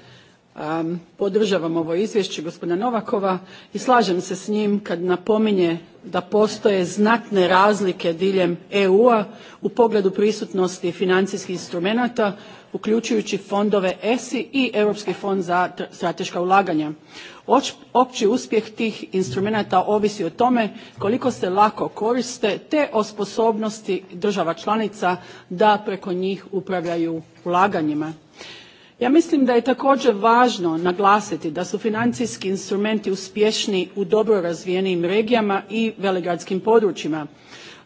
podržavam ovo izvješće gospodina Novakova i slažem se s njim kad napominje da postoje znatne razlike diljem EU-a u pogledu prisutnosti financijskih instrumenata uključujući fondove ESI i Europski fond za strateška ulaganja. Opći uspjeh tih instrumenata ovisi o tome koliko se lako koriste te o sposobnosti država članica da preko njih upravljaju ulaganjima. Ja mislim da je također važno naglasiti da su financijski instrumenti uspješni u dobro razvijenim regijama i velegradskim područjima,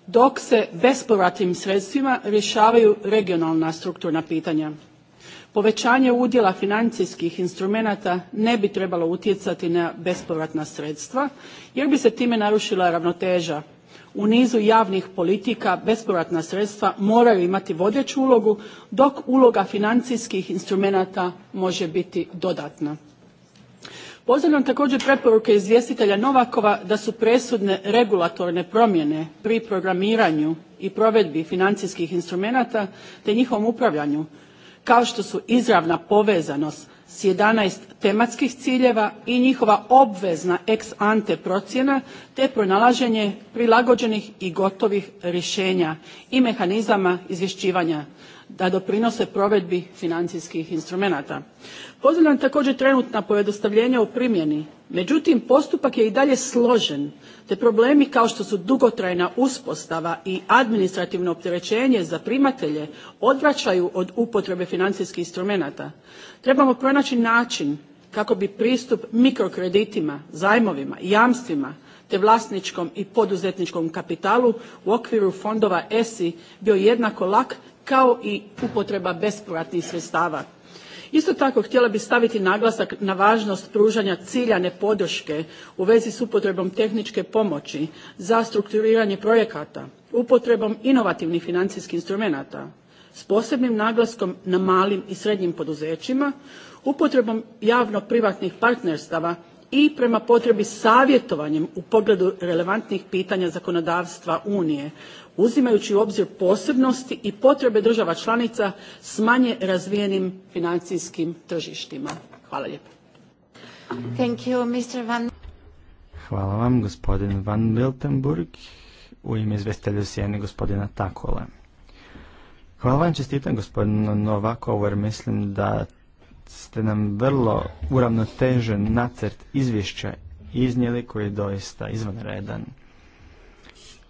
dok se bespovratnim sredstvima rješavaju regionalna strukturna pitanja. Povećanje udjela financijskih instrumenata ne bi trebalo utjecati na bespovratna sredstva jer bi se time narušila ravnoteža u nizu javnih politika bespovratna sredstva moraju imati vodeću ulogu dok uloga financijskih instrumenata može biti dodatna. Pozdravljam također preporuke izvjestitelja Novakova da su presudne regulatorne promjene pri programiranju i provedbi financijskih instrumenata te njihovom upravljanju kao što su izravna povezanost s 11 tematskih ciljeva i njihova obvezna ex ante procjena te pronalaženje prilagođenih i gotovih rješenja i mehanizama izvješćivanja da doprinose provedbi financijskih instrumenata. Pozdravljam također trenutna pojednostavljenja u primjeni, međutim postupak je i dalje složen te problemi kao što su dugotrajna uspostava i administrativno opterećenje za primatelje odvraćaju od upotrebe financijskih instrumenata. Trebamo pronaći način kako bi pristup mikrokreditima, zajmovima, jamstvima te vlasničkom i poduzetničkom kapitalu u okviru fondova ESI bio jednako lak kao i upotreba bespovratnih sredstava. Isto tako htjela bih staviti naglasak na važnost pružanja ciljane podrške u vezi s upotrebom tehničke pomoći za strukturiranje projekata, upotrebom inovativnih financijskih instrumenata s posebnim naglaskom na malim i srednjim poduzećima, upotrebom javno-privatnih partnerstava i prema potrebi savjetovanjem u pogledu relevantnih pitanja zakonodavstva Unije uzimajući u obzir posebnosti i potrebe država članica s manje razvijenim financijskim tržištima. Hvala lijepa. Hvala vam, gospodin Van Miltenburg, u ime izvestelju sjeni gospodina Takole. Hvala vam, čestitam gospodin Novakover, jer mislim da ste nam vrlo uravnotežen nacrt izvješća iznijeli koji je doista izvanredan.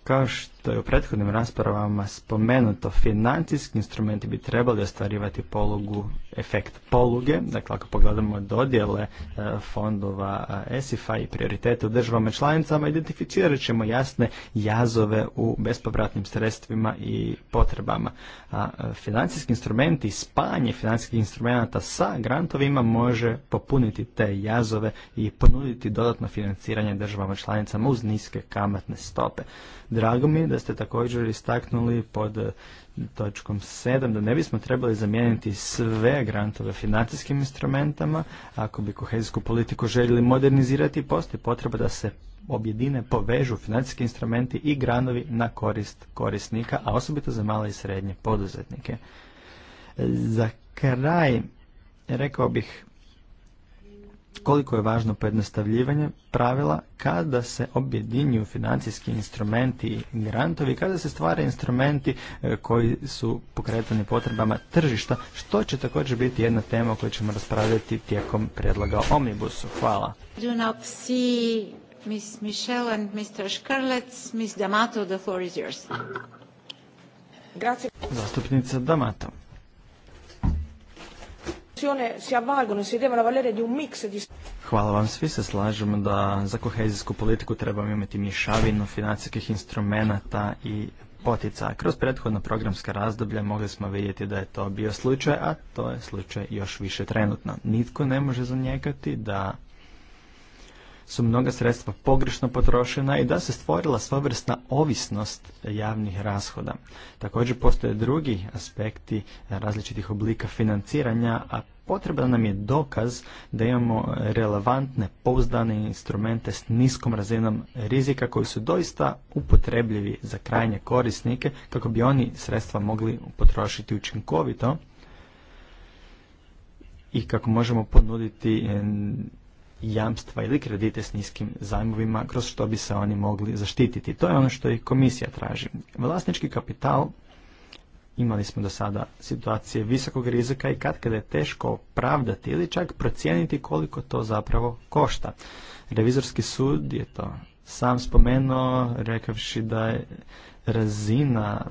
Kao što što je u prethodnim raspravama spomenuto, financijski instrumenti bi trebali ostvarivati polugu, efekt poluge, dakle ako pogledamo dodjele e, fondova e, esifa i prioritete u državama članicama, identificirat ćemo jasne jazove u bespovratnim sredstvima i potrebama. A e, financijski instrumenti, spanje financijskih instrumenta sa grantovima može popuniti te jazove i ponuditi dodatno financiranje državama članicama uz niske kamatne stope. Drago mi je da da ste također istaknuli pod eh, točkom 7 da ne bismo trebali zamijeniti sve grantove financijskim instrumentama. Ako bi kohezijsku politiku željeli modernizirati, postoji potreba da se objedine, povežu financijski instrumenti i granovi na korist korisnika, a osobito za male i srednje poduzetnike. Za kraj, rekao bih, koliko je važno pojednostavljivanje pravila kada se objedinjuju financijski instrumenti i grantovi, kada se stvare instrumenti e, koji su pokretani potrebama tržišta, što će također biti jedna tema o kojoj ćemo raspravljati tijekom predloga o Omnibusu. Hvala. Miss Zastupnica D'Amato si avvalgono e valere di un mix di... Hvala vam, svi se slažemo da za kohezijsku politiku trebamo imati mješavinu financijskih instrumenata i potica. Kroz prethodno programska razdoblja mogli smo vidjeti da je to bio slučaj, a to je slučaj još više trenutno. Nitko ne može zanijekati da su mnoga sredstva pogrešno potrošena i da se stvorila svovrsna ovisnost javnih rashoda. Također postoje drugi aspekti različitih oblika financiranja, a potreban nam je dokaz da imamo relevantne, pouzdane instrumente s niskom razinom rizika koji su doista upotrebljivi za krajnje korisnike kako bi oni sredstva mogli potrošiti učinkovito i kako možemo ponuditi jamstva ili kredite s niskim zajmovima kroz što bi se oni mogli zaštititi. To je ono što i komisija traži. Vlasnički kapital Imali smo do sada situacije visokog rizika i kad kada je teško opravdati ili čak procijeniti koliko to zapravo košta. Revizorski sud je to sam spomenuo rekavši da je razina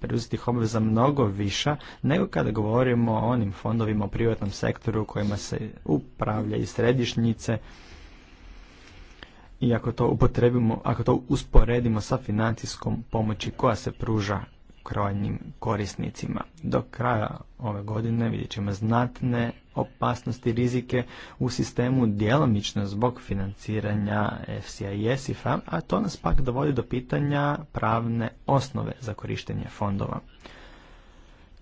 preuzetih obveza mnogo viša nego kada govorimo o onim fondovima u privatnom sektoru kojima se upravlja i središnjice i ako to upotrebimo, ako to usporedimo sa financijskom pomoći koja se pruža krajnjim korisnicima. Do kraja ove godine vidjet ćemo znatne opasnosti rizike u sistemu djelomično zbog financiranja FCI i ESIF-a, a to nas pak dovodi do pitanja pravne osnove za korištenje fondova.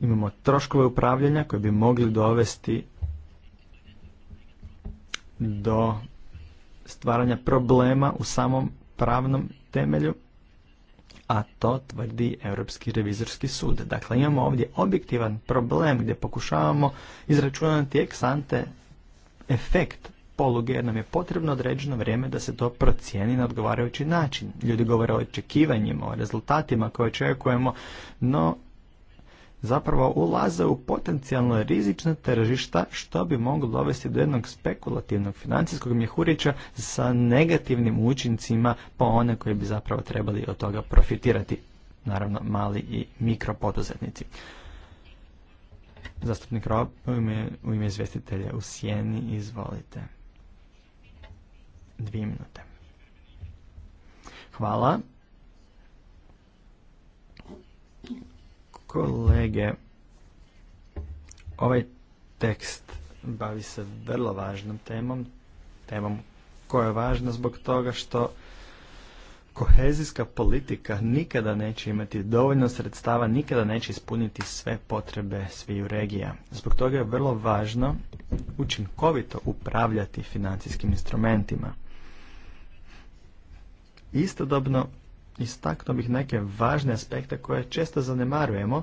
Imamo troškove upravljanja koje bi mogli dovesti do stvaranja problema u samom pravnom temelju a to tvrdi Europski revizorski sud. Dakle, imamo ovdje objektivan problem gdje pokušavamo izračunati eksante efekt poluge jer nam je potrebno određeno vrijeme da se to procijeni na odgovarajući način. Ljudi govore o očekivanjima, o rezultatima koje očekujemo, no zapravo ulaze u potencijalno rizična tržišta što bi moglo dovesti do jednog spekulativnog financijskog mjehurića sa negativnim učincima po one koji bi zapravo trebali od toga profitirati, naravno mali i mikropoduzetnici. Zastupnik Rob u ime, u ime izvjestitelja u Sjeni, izvolite. Dvije minute. Hvala. kolege. Ovaj tekst bavi se vrlo važnom temom, temom koja je važna zbog toga što kohezijska politika nikada neće imati dovoljno sredstava, nikada neće ispuniti sve potrebe sviju regija. Zbog toga je vrlo važno učinkovito upravljati financijskim instrumentima. Istodobno istaknuo bih neke važne aspekte koje često zanemarujemo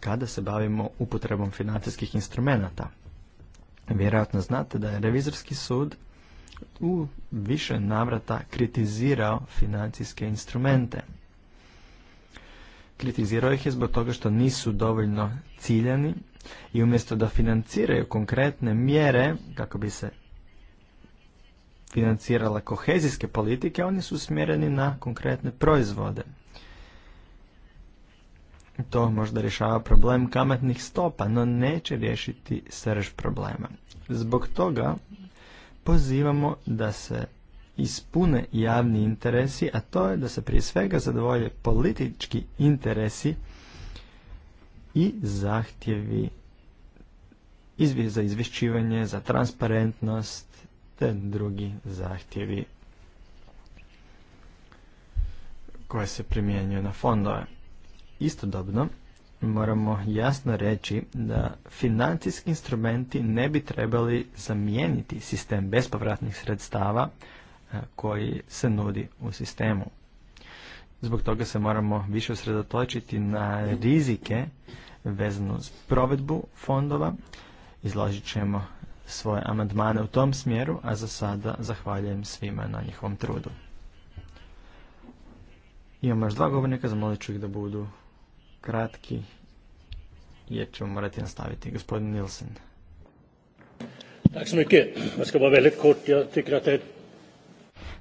kada se bavimo upotrebom financijskih instrumenata. Vjerojatno znate da je revizorski sud u više navrata kritizirao financijske instrumente. Kritizirao ih je zbog toga što nisu dovoljno ciljani i umjesto da financiraju konkretne mjere kako bi se financirala kohezijske politike, oni su usmjereni na konkretne proizvode. To možda rješava problem kamatnih stopa, no neće riješiti srž problema. Zbog toga pozivamo da se ispune javni interesi, a to je da se prije svega zadovolje politički interesi i zahtjevi za izvješćivanje, za transparentnost, te drugi zahtjevi koje se primjenjuju na fondove. Istodobno, moramo jasno reći da financijski instrumenti ne bi trebali zamijeniti sistem bespovratnih sredstava e, koji se nudi u sistemu. Zbog toga se moramo više usredotočiti na rizike vezano s provedbu fondova. Izložit ćemo svoje amandmane u tom smjeru, a za sada zahvaljujem svima na njihovom trudu. Imamo još dva govornika, zamolit ću ih da budu kratki, jer ćemo morati nastaviti. Gospodin Nilsen.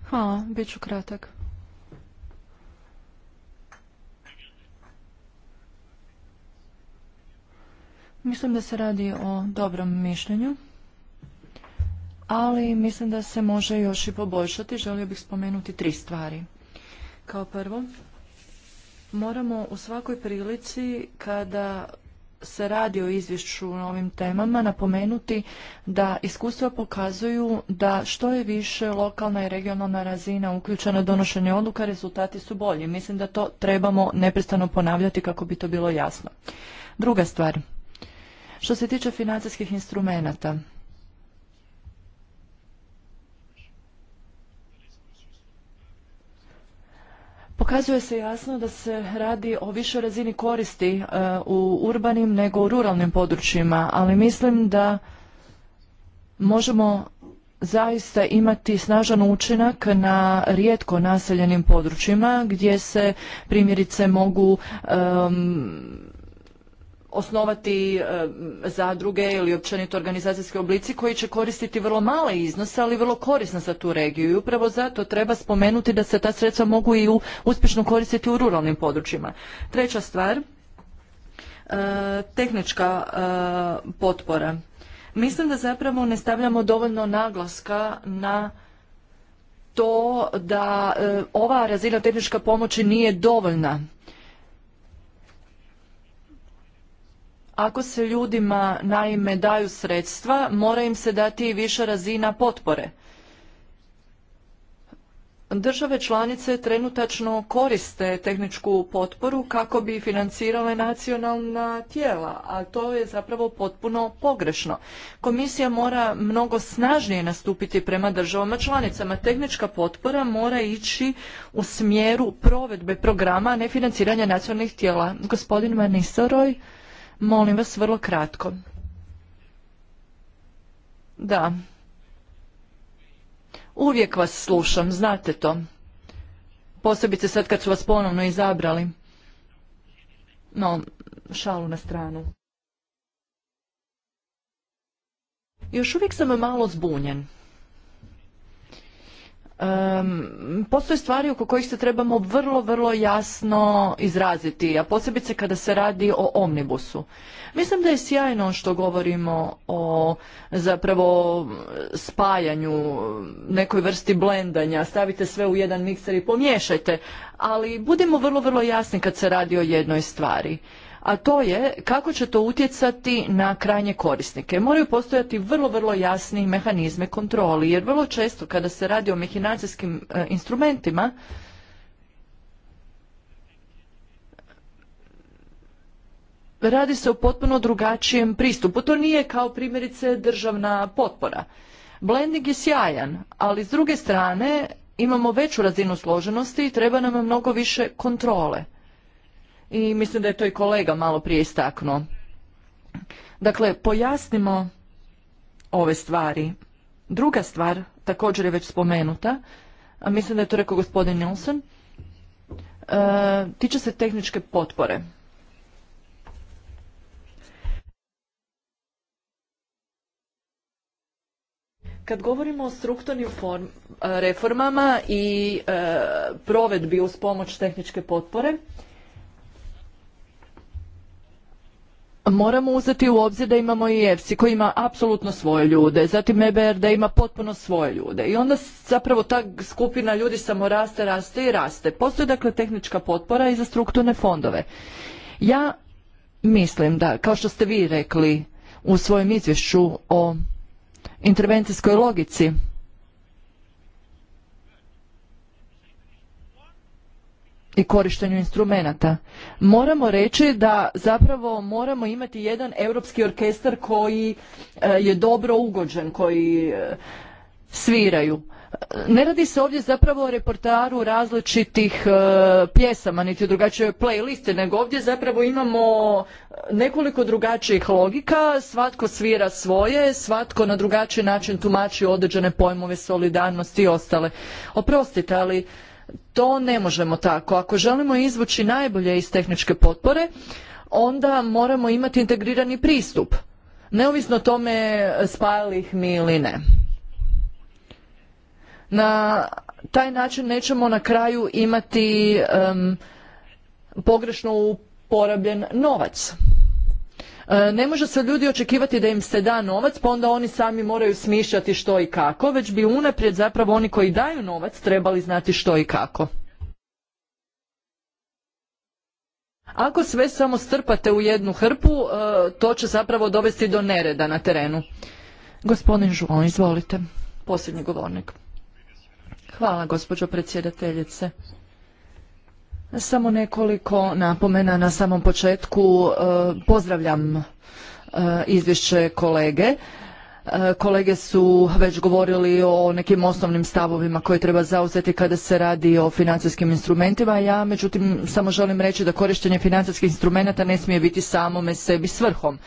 Hvala, bit ću kratak. Mislim da se radi o dobrom mišljenju ali mislim da se može još i poboljšati. Želio bih spomenuti tri stvari. Kao prvo, moramo u svakoj prilici kada se radi o izvješću na ovim temama napomenuti da iskustva pokazuju da što je više lokalna i regionalna razina uključena donošenje odluka, rezultati su bolji. Mislim da to trebamo neprestano ponavljati kako bi to bilo jasno. Druga stvar, što se tiče financijskih instrumenata, Pokazuje se jasno da se radi o višoj razini koristi e, u urbanim nego u ruralnim područjima, ali mislim da možemo zaista imati snažan učinak na rijetko naseljenim područjima gdje se primjerice mogu osnovati e, zadruge ili općenito organizacijske oblici koji će koristiti vrlo male iznose, ali vrlo korisna za tu regiju. I upravo zato treba spomenuti da se ta sredstva mogu i uspješno koristiti u ruralnim područjima. Treća stvar, e, tehnička e, potpora. Mislim da zapravo ne stavljamo dovoljno naglaska na to da ova razina tehnička pomoći nije dovoljna Ako se ljudima naime daju sredstva, mora im se dati i viša razina potpore. Države članice trenutačno koriste tehničku potporu kako bi financirale nacionalna tijela, a to je zapravo potpuno pogrešno. Komisija mora mnogo snažnije nastupiti prema državama članicama. Tehnička potpora mora ići u smjeru provedbe programa, a ne financiranja nacionalnih tijela. Gospodin Manisaroj. Molim vas vrlo kratko. Da. Uvijek vas slušam, znate to. Posebice sad kad su vas ponovno izabrali. No, šalu na stranu. Još uvijek sam malo zbunjen. Um, postoje stvari oko kojih se trebamo vrlo, vrlo jasno izraziti, a posebice kada se radi o omnibusu. Mislim da je sjajno što govorimo o zapravo spajanju, nekoj vrsti blendanja, stavite sve u jedan mikser i pomiješajte, ali budimo vrlo, vrlo jasni kad se radi o jednoj stvari a to je kako će to utjecati na krajnje korisnike. Moraju postojati vrlo, vrlo jasni mehanizme kontroli, jer vrlo često kada se radi o mehinacijskim eh, instrumentima, radi se o potpuno drugačijem pristupu. To nije kao primjerice državna potpora. Blending je sjajan, ali s druge strane imamo veću razinu složenosti i treba nam mnogo više kontrole i mislim da je to i kolega malo prije istaknuo. Dakle, pojasnimo ove stvari. Druga stvar, također je već spomenuta, a mislim da je to rekao gospodin Nilsen, e, tiče se tehničke potpore. Kad govorimo o strukturnim e, reformama i e, provedbi uz pomoć tehničke potpore, moramo uzeti u obzir da imamo i EFSI koji ima apsolutno svoje ljude, zatim EBR da ima potpuno svoje ljude i onda zapravo ta skupina ljudi samo raste, raste i raste. Postoji dakle tehnička potpora i za strukturne fondove. Ja mislim da, kao što ste vi rekli u svojem izvješću o intervencijskoj logici, i korištenju instrumenata. Moramo reći da zapravo moramo imati jedan europski orkestar koji e, je dobro ugođen, koji e, sviraju. Ne radi se ovdje zapravo o reportaru različitih e, pjesama, niti o drugačijoj playliste, nego ovdje zapravo imamo nekoliko drugačijih logika, svatko svira svoje, svatko na drugačiji način tumači određene pojmove solidarnosti i ostale. Oprostite, ali to ne možemo tako. Ako želimo izvući najbolje iz tehničke potpore, onda moramo imati integrirani pristup. Neovisno o tome spajali ih mi ili ne. Na taj način nećemo na kraju imati pogrešno uporabljen novac. E, ne može se ljudi očekivati da im se da novac, pa onda oni sami moraju smišljati što i kako, već bi unaprijed zapravo oni koji daju novac trebali znati što i kako. Ako sve samo strpate u jednu hrpu, e, to će zapravo dovesti do nereda na terenu. Gospodin Žuon, izvolite. Posljednji govornik. Hvala, gospođo predsjedateljice. Samo nekoliko napomena na samom početku. E, pozdravljam e, izvješće kolege. E, kolege su već govorili o nekim osnovnim stavovima koje treba zauzeti kada se radi o financijskim instrumentima. Ja međutim samo želim reći da korištenje financijskih instrumenata ne smije biti samome sebi svrhom.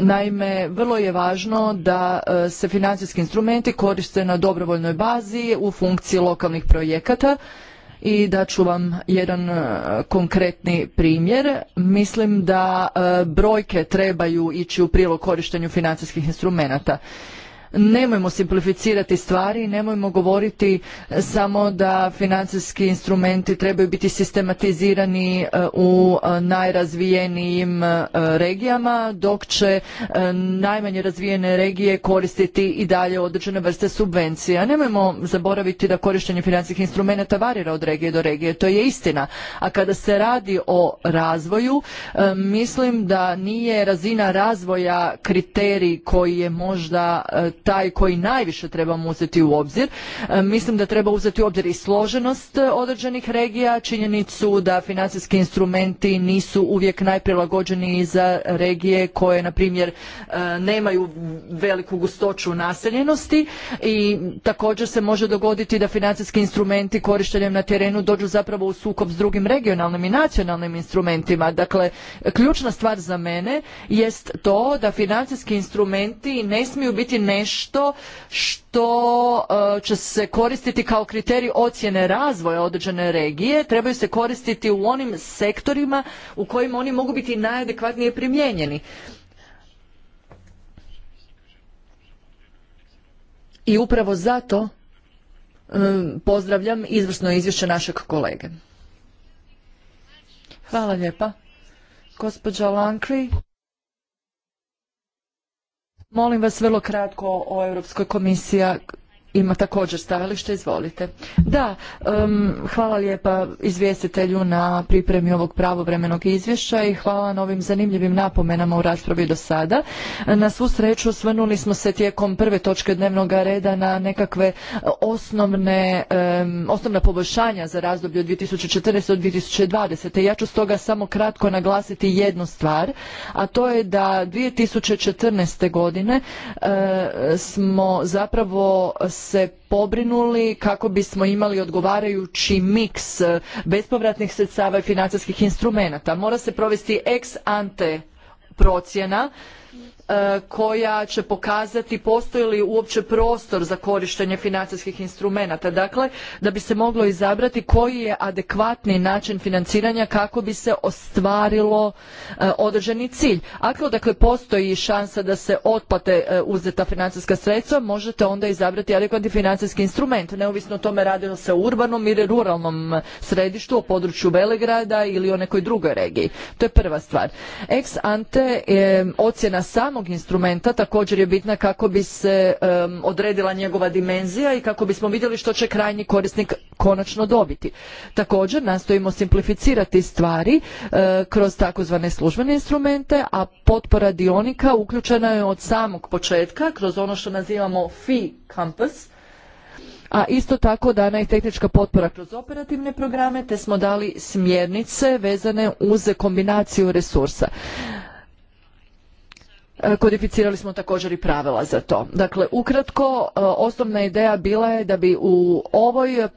Naime, vrlo je važno da se financijski instrumenti koriste na dobrovoljnoj bazi u funkciji lokalnih projekata i dat ću vam jedan e, konkretni primjer. Mislim da e, brojke trebaju ići u prilog korištenju financijskih instrumenata. Nemojmo simplificirati stvari i nemojmo govoriti e, samo da financijski instrumenti trebaju biti sistematizirani e, u e, najrazvijenijim regijama, dok će najmanje razvijene regije koristiti i dalje određene vrste subvencija. Nemojmo zaboraviti da korištenje financijskih instrumenata varira od regije do regije, to je istina. A kada se radi o razvoju, mislim da nije razina razvoja kriterij koji je možda taj koji najviše trebamo uzeti u obzir. E, mislim da treba uzeti u obzir i složenost e, određenih regija, činjenicu da financijski instrumenti nisu uvijek najprilagođeni za regije koje, na primjer, e, nemaju veliku gustoću naseljenosti i također se može dogoditi da financijski instrumenti korištenjem na terenu dođu zapravo u sukob s drugim regionalnim i nacionalnim instrumentima. Dakle, ključna stvar za mene jest to da financijski instrumenti ne smiju biti nešto nešto što e, će se koristiti kao kriterij ocjene razvoja određene regije, trebaju se koristiti u onim sektorima u kojima oni mogu biti najadekvatnije primijenjeni. I upravo zato e, pozdravljam izvrsno izvješće našeg kolege. Hvala lijepa. Gospođa Lankri. Molim vas vrlo kratko o Europskoj komisiji ima također stajalište, izvolite. Da, hvala lijepa izvjestitelju na pripremi ovog pravovremenog izvješća i hvala na ovim zanimljivim napomenama u raspravi do sada. Na svu sreću osvrnuli smo se tijekom prve točke dnevnog reda na nekakve osnovne, osnovna poboljšanja za razdoblje od 2014. do 2020. Ja ću stoga samo kratko naglasiti jednu stvar, a to je da 2014. godine eh, smo zapravo se pobrinuli kako bismo imali odgovarajući miks e, bespovratnih sredstava i financijskih instrumenata. Mora se provesti ex ante procjena E, koja će pokazati postoji li uopće prostor za korištenje financijskih instrumenata. Dakle, da bi se moglo izabrati koji je adekvatni način financiranja kako bi se ostvarilo e, određeni cilj. Ako dakle postoji šansa da se otplate e, uzeta financijska sredstva, možete onda izabrati adekvatni financijski instrument. Neovisno o tome radilo se o urbanom ili ruralnom središtu, o području Belegrada ili o nekoj drugoj regiji. To je prva stvar. Ex ante ocjena sam samog instrumenta također je bitna kako bi se odredila njegova dimenzija i kako bismo vidjeli što će krajnji korisnik konačno dobiti. Također nastojimo simplificirati stvari e, kroz takozvane službene instrumente, a potpora dionika uključena je od samog početka kroz ono što nazivamo fee campus, a isto tako dana je tehnička potpora kroz operativne programe te smo dali smjernice vezane uz kombinaciju resursa. E, kodificirali smo također i pravila za to. Dakle, ukratko, e, osnovna ideja bila je da bi u ovoj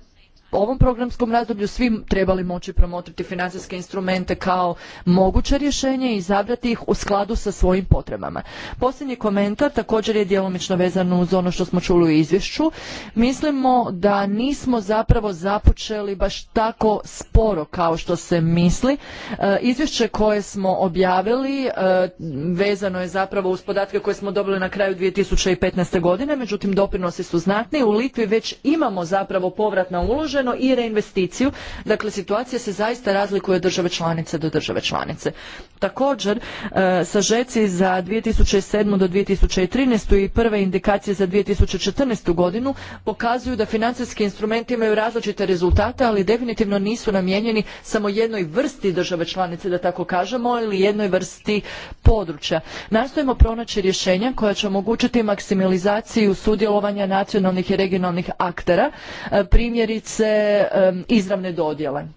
ovom programskom razdoblju svi trebali moći promotriti financijske instrumente kao moguće rješenje i izabrati ih u skladu sa svojim potrebama. Posljednji komentar također je djelomično vezan uz ono što smo čuli u izvješću. Mislimo da nismo zapravo započeli baš tako sporo kao što se misli. E, izvješće koje smo objavili e, vezano je zapravo uz podatke koje smo dobili na kraju 2015. godine, međutim doprinosi su znatni. U Litvi već imamo zapravo povratna na sadržajno i reinvesticiju. Dakle, situacija se zaista razlikuje od države članice do države članice. Također, e, sažeci za 2007. do 2013. i prve indikacije za 2014. godinu pokazuju da financijski instrumenti imaju različite rezultate, ali definitivno nisu namijenjeni samo jednoj vrsti države članice, da tako kažemo, ili jednoj vrsti područja. Nastojimo pronaći rješenja koja će omogućiti maksimalizaciju sudjelovanja nacionalnih i regionalnih aktera, e, primjerice izravne dodjele. E,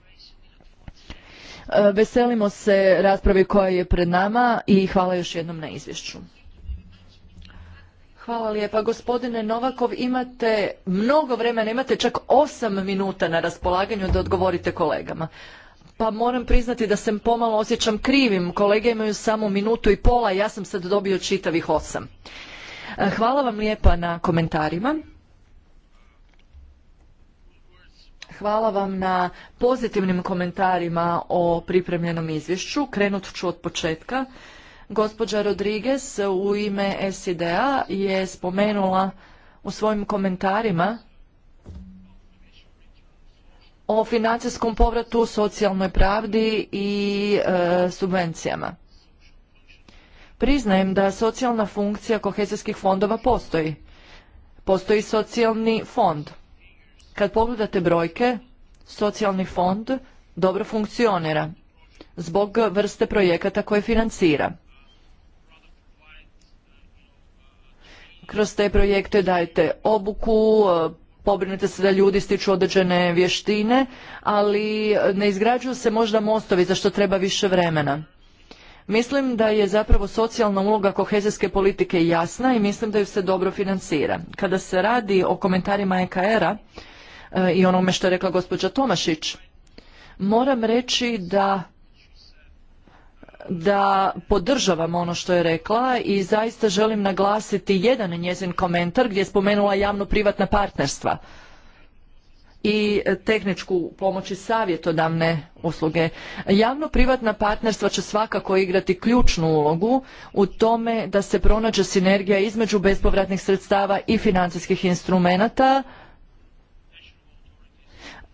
veselimo se raspravi koja je pred nama i hvala još jednom na izvješću. Hvala lijepa. Gospodine Novakov, imate mnogo vremena, imate čak osam minuta na raspolaganju da odgovorite kolegama. Pa moram priznati da se pomalo osjećam krivim. Kolege imaju samo minutu i pola, ja sam sad dobio čitavih osam. E, hvala vam lijepa na komentarima. Hvala vam na pozitivnim komentarima o pripremljenom izvješću. Krenut ću od početka. Gospođa Rodriguez u ime SID-a je spomenula u svojim komentarima o financijskom povratu, socijalnoj pravdi i e, subvencijama. Priznajem da socijalna funkcija kohezijskih fondova postoji. Postoji socijalni fond. Kad pogledate brojke, socijalni fond dobro funkcionira zbog vrste projekata koje financira. Kroz te projekte dajete obuku, pobrinite se da ljudi stiču određene vještine, ali ne izgrađuju se možda mostovi za što treba više vremena. Mislim da je zapravo socijalna uloga kohezijske politike jasna i mislim da ju se dobro financira. Kada se radi o komentarima EKR-a, E, i onome što je rekla gospođa Tomašić. Moram reći da da podržavam ono što je rekla i zaista želim naglasiti jedan njezin komentar gdje je spomenula javno-privatna partnerstva i tehničku pomoć i savjetodavne usluge. Javno-privatna partnerstva će svakako igrati ključnu ulogu u tome da se pronađe sinergija između bespovratnih sredstava i financijskih instrumenata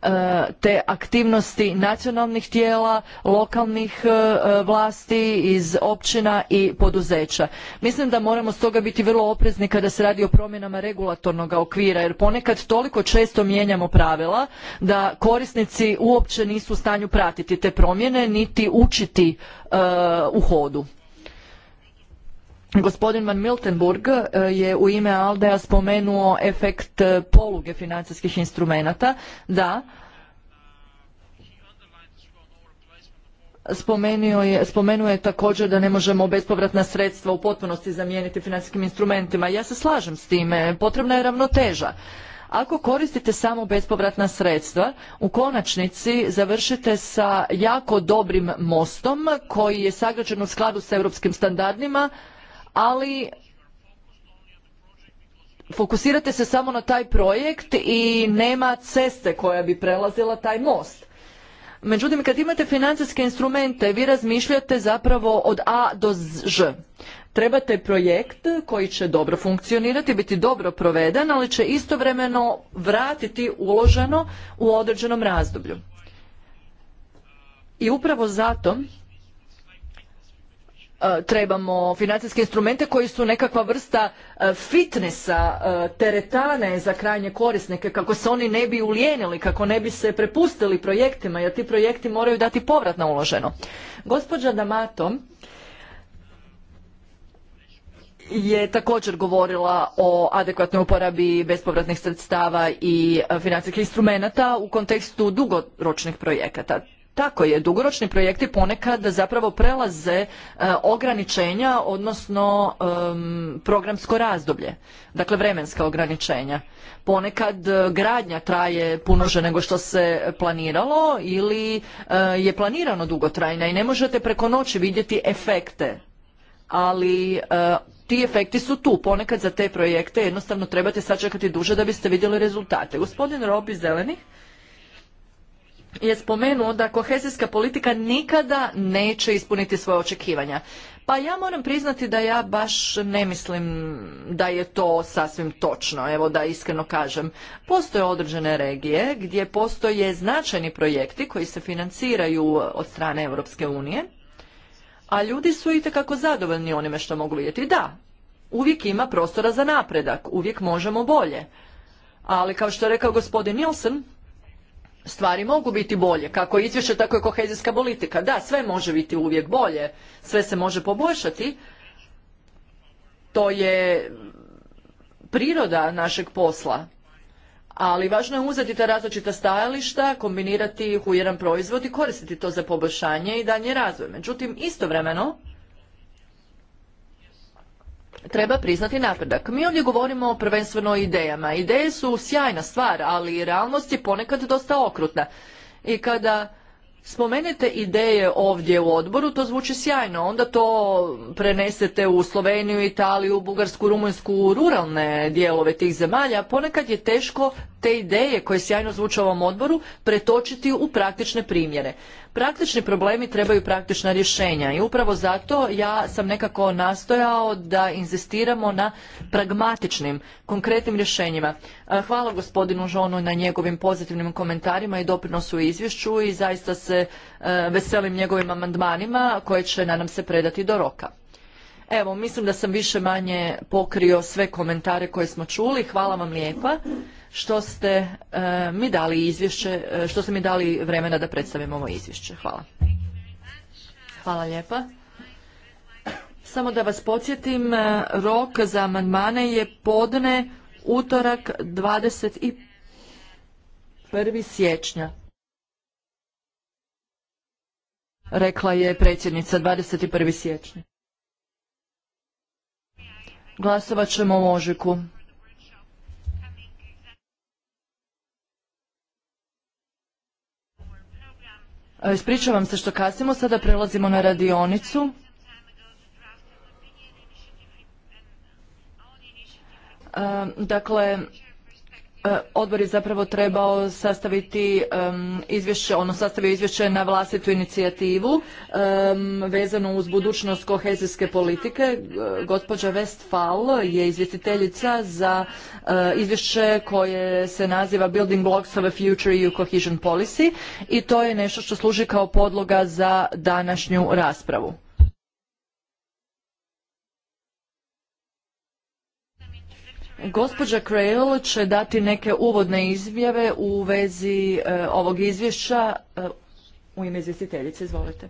E, te aktivnosti nacionalnih tijela, lokalnih e, e, vlasti iz općina i poduzeća. Mislim da moramo stoga biti vrlo oprezni kada se radi o promjenama regulatornog okvira jer ponekad toliko često mijenjamo pravila da korisnici uopće nisu u stanju pratiti te promjene niti učiti u hodu. Gospodin Van Miltenburg e, je u ime Aldea spomenuo efekt e, poluge financijskih instrumenata. Da, Spomenuo je, također da ne možemo bespovratna sredstva u potpunosti zamijeniti financijskim instrumentima. Ja se slažem s time, potrebna je ravnoteža. Ako koristite samo bespovratna sredstva, u konačnici završite sa jako dobrim mostom koji je sagrađen u skladu sa europskim standardima, ali fokusirate se samo na taj projekt i nema ceste koja bi prelazila taj most. Međutim, kad imate financijske instrumente, vi razmišljate zapravo od A do Ž. Trebate projekt koji će dobro funkcionirati, biti dobro proveden, ali će istovremeno vratiti uloženo u određenom razdoblju. I upravo zato E, trebamo financijske instrumente koji su nekakva vrsta e, fitnesa, e, teretane za krajnje korisnike, kako se oni ne bi ulijenili, kako ne bi se prepustili projektima, jer ti projekti moraju dati povrat na uloženo. Gospođa Damato je također govorila o adekvatnoj uporabi bespovratnih sredstava i financijskih instrumenata u kontekstu dugoročnih projekata. Tako je, dugoročni projekti ponekad zapravo prelaze e, ograničenja, odnosno programsko razdoblje, dakle vremenska ograničenja. Ponekad e, gradnja traje puno nego što se planiralo ili e, je planirano dugotrajna i ne možete preko noći vidjeti efekte, ali ti efekti su tu. Ponekad za te projekte jednostavno trebate sačekati duže da biste vidjeli rezultate. Gospodin Robi Zeleni je spomenuo da kohezijska politika nikada neće ispuniti svoje očekivanja. Pa ja moram priznati da ja baš ne mislim da je to sasvim točno, evo da iskreno kažem. Postoje određene regije gdje postoje značajni projekti koji se financiraju od strane Europske unije, a ljudi su itekako zadovoljni onime što mogu vidjeti. Da, uvijek ima prostora za napredak, uvijek možemo bolje. Ali kao što je rekao gospodin Nilsen, stvari mogu biti bolje, kako izvješće, tako i kohezijska politika. Da, sve može biti uvijek bolje, sve se može poboljšati. To je priroda našeg posla. Ali važno je uzeti ta različita stajališta, kombinirati ih u jedan proizvod i koristiti to za poboljšanje i daljnji razvoj. Međutim, istovremeno, treba priznati napredak. Mi ovdje govorimo prvenstveno o idejama. Ideje su sjajna stvar, ali realnost je ponekad dosta okrutna. I kada Spomenete ideje ovdje u odboru, to zvuči sjajno, onda to prenesete u Sloveniju, Italiju, Bugarsku, Rumunjsku, ruralne dijelove tih zemalja, ponekad je teško te ideje koje sjajno zvuče u ovom odboru pretočiti u praktične primjere. Praktični problemi trebaju praktična rješenja i upravo zato ja sam nekako nastojao da inzistiramo na pragmatičnim, konkretnim rješenjima. Hvala gospodinu Žonu na njegovim pozitivnim komentarima i doprinosu izvješću i zaista se se e, veselim njegovim amandmanima koje će nam se predati do roka. Evo, mislim da sam više manje pokrio sve komentare koje smo čuli. Hvala vam lijepa što ste e, mi dali izvješće, e, što ste mi dali vremena da predstavimo ovo izvješće. Hvala. Hvala lijepa. Samo da vas podsjetim, rok za amandmane je podne utorak 21. siječnja rekla je predsjednica 21. siječnja. Glasovat ćemo u ožiku. E, ispričavam se što kasnimo, sada prelazimo na radionicu. E, dakle, E, odbor je zapravo trebao sastaviti izvješće, ono sastavio izvješće na vlastitu inicijativu vezanu uz budućnost kohezijske politike. E, gospođa Westfall je izvjestiteljica za e, izvješće koje se naziva Building Blocks of a Future EU Cohesion Policy i to je nešto što služi kao podloga za današnju raspravu. Gospođa Crail će dati neke uvodne izjave u vezi e, ovog izvješća e, u ime izvjestiteljice. Izvolite.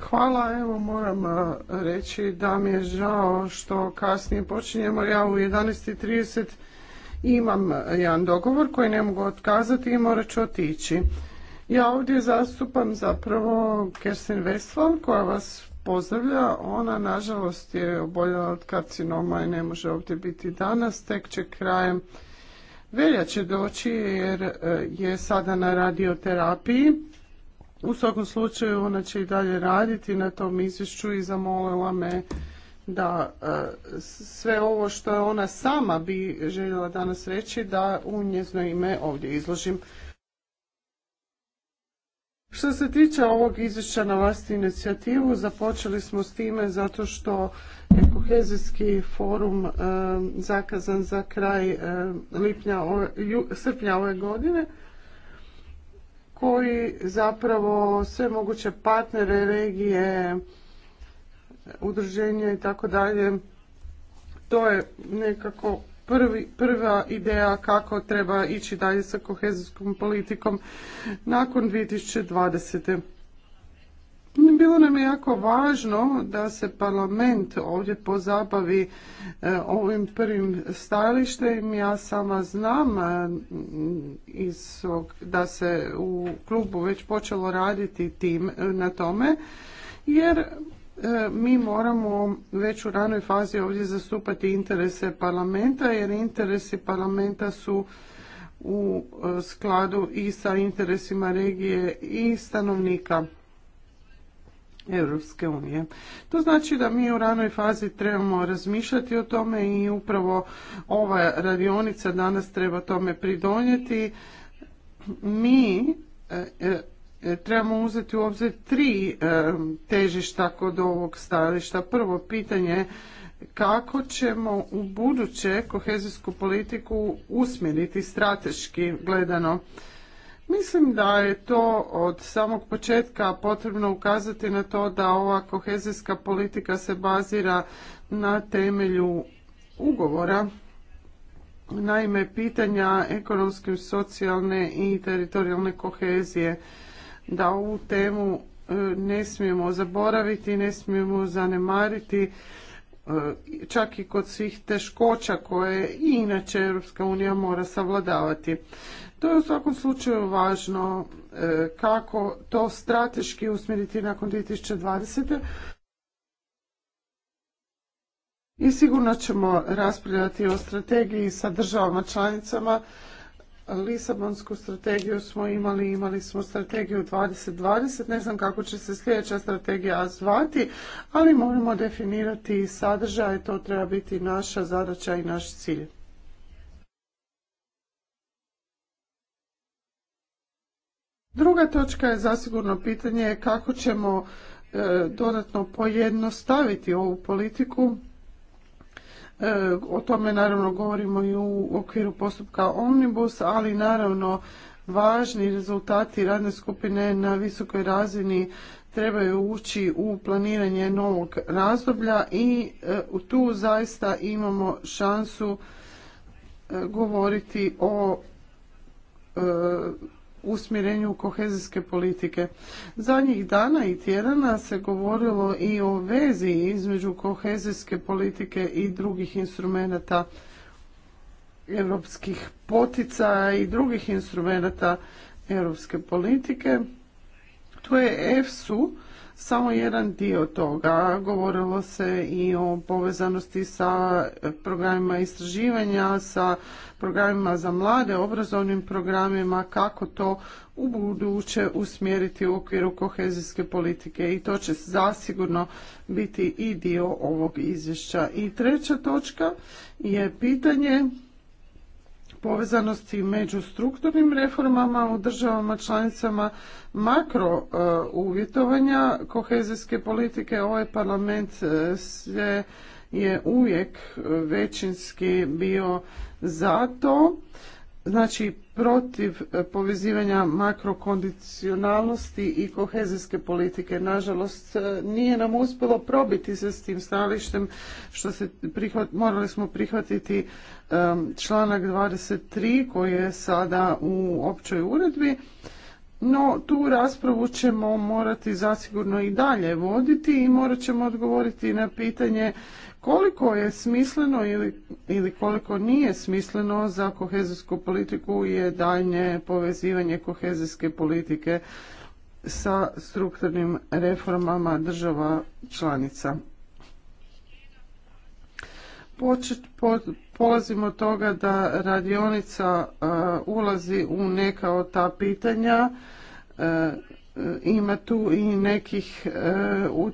Hvala, evo moram e, reći da mi je žao što kasnije počinjemo. Ja u 11.30 imam jedan dogovor koji ne mogu otkazati i morat ću otići. Ja ovdje zastupam zapravo Kerstin Westphal koja vas pozdravlja. Ona, nažalost, je oboljela od karcinoma i ne može ovdje biti danas. Tek će krajem veljače doći jer e, je sada na radioterapiji. U svakom slučaju ona će i dalje raditi na tom izvješću i zamolila me da e, sve ovo što je ona sama bi željela danas reći da u njezno ime ovdje izložim. Što se tiče ovog izvješća na vlastitu inicijativu, započeli smo s time zato što je kohezijski forum e, zakazan za kraj e, lipnja, srpnja ove godine koji zapravo sve moguće partnere, regije, udruženja i tako dalje, to je nekako prvi, prva ideja kako treba ići dalje sa kohezijskom politikom nakon 2020. Bilo nam je jako važno da se parlament ovdje pozabavi e, ovim prvim stajalištem. Ja sama znam e, iz, da se u klubu već počelo raditi tim e, na tome jer E, mi moramo već u ranoj fazi ovdje zastupati interese parlamenta jer interesi parlamenta su u e, skladu i sa interesima regije i stanovnika Europske unije. To znači da mi u ranoj fazi trebamo razmišljati o tome i upravo ova radionica danas treba tome pridonijeti. Mi e, trebamo uzeti u obzir tri e, težišta kod ovog stajališta. Prvo pitanje kako ćemo u buduće kohezijsku politiku usmjeriti strateški gledano. Mislim da je to od samog početka potrebno ukazati na to da ova kohezijska politika se bazira na temelju ugovora. Naime, pitanja ekonomske, socijalne i teritorijalne kohezije da ovu temu e, ne smijemo zaboraviti, ne smijemo zanemariti e, čak i kod svih teškoća koje i inače Europska unija mora savladavati. To je u svakom slučaju važno e, kako to strateški usmjeriti nakon 2020. I sigurno ćemo raspravljati o strategiji sa državama članicama Lisabonsku strategiju smo imali, imali smo strategiju 2020, ne znam kako će se sljedeća strategija zvati, ali moramo definirati sadržaj, to treba biti naša zadaća i naš cilj. Druga točka je zasigurno pitanje kako ćemo e, dodatno pojednostaviti ovu politiku E, o tome naravno govorimo i u okviru postupka Omnibus, ali naravno važni rezultati radne skupine na visokoj razini trebaju ući u planiranje novog razdoblja i e, tu zaista imamo šansu e, govoriti o usmjerenju kohezijske politike. Zadnjih dana i tjedana se govorilo i o vezi između kohezijske politike i drugih instrumenata europskih poticaja i drugih instrumenata europske politike. Tu je EFSU samo jedan dio toga. Govorilo se i o povezanosti sa programima istraživanja, sa programima za mlade, obrazovnim programima, kako to u buduće usmjeriti u okviru kohezijske politike i to će zasigurno biti i dio ovog izvješća. I treća točka je pitanje povezanosti među strukturnim reformama u državama članicama makro e, uvjetovanja kohezijske politike. Ovaj parlament e, se je uvijek većinski bio za to Znači, protiv e, povezivanja makrokondicionalnosti i kohezijske politike. Nažalost, e, nije nam uspjelo probiti se s tim stajalištem što se morali smo prihvatiti e, članak 23 koji je sada u općoj uredbi. No, tu raspravu ćemo morati zasigurno i dalje voditi i morat ćemo odgovoriti na pitanje koliko je smisleno ili, koliko nije smisleno za kohezijsku politiku je daljnje povezivanje kohezijske politike sa strukturnim reformama država članica. Počet, polazimo od toga da radionica ulazi u neka od ta pitanja. ima tu i nekih u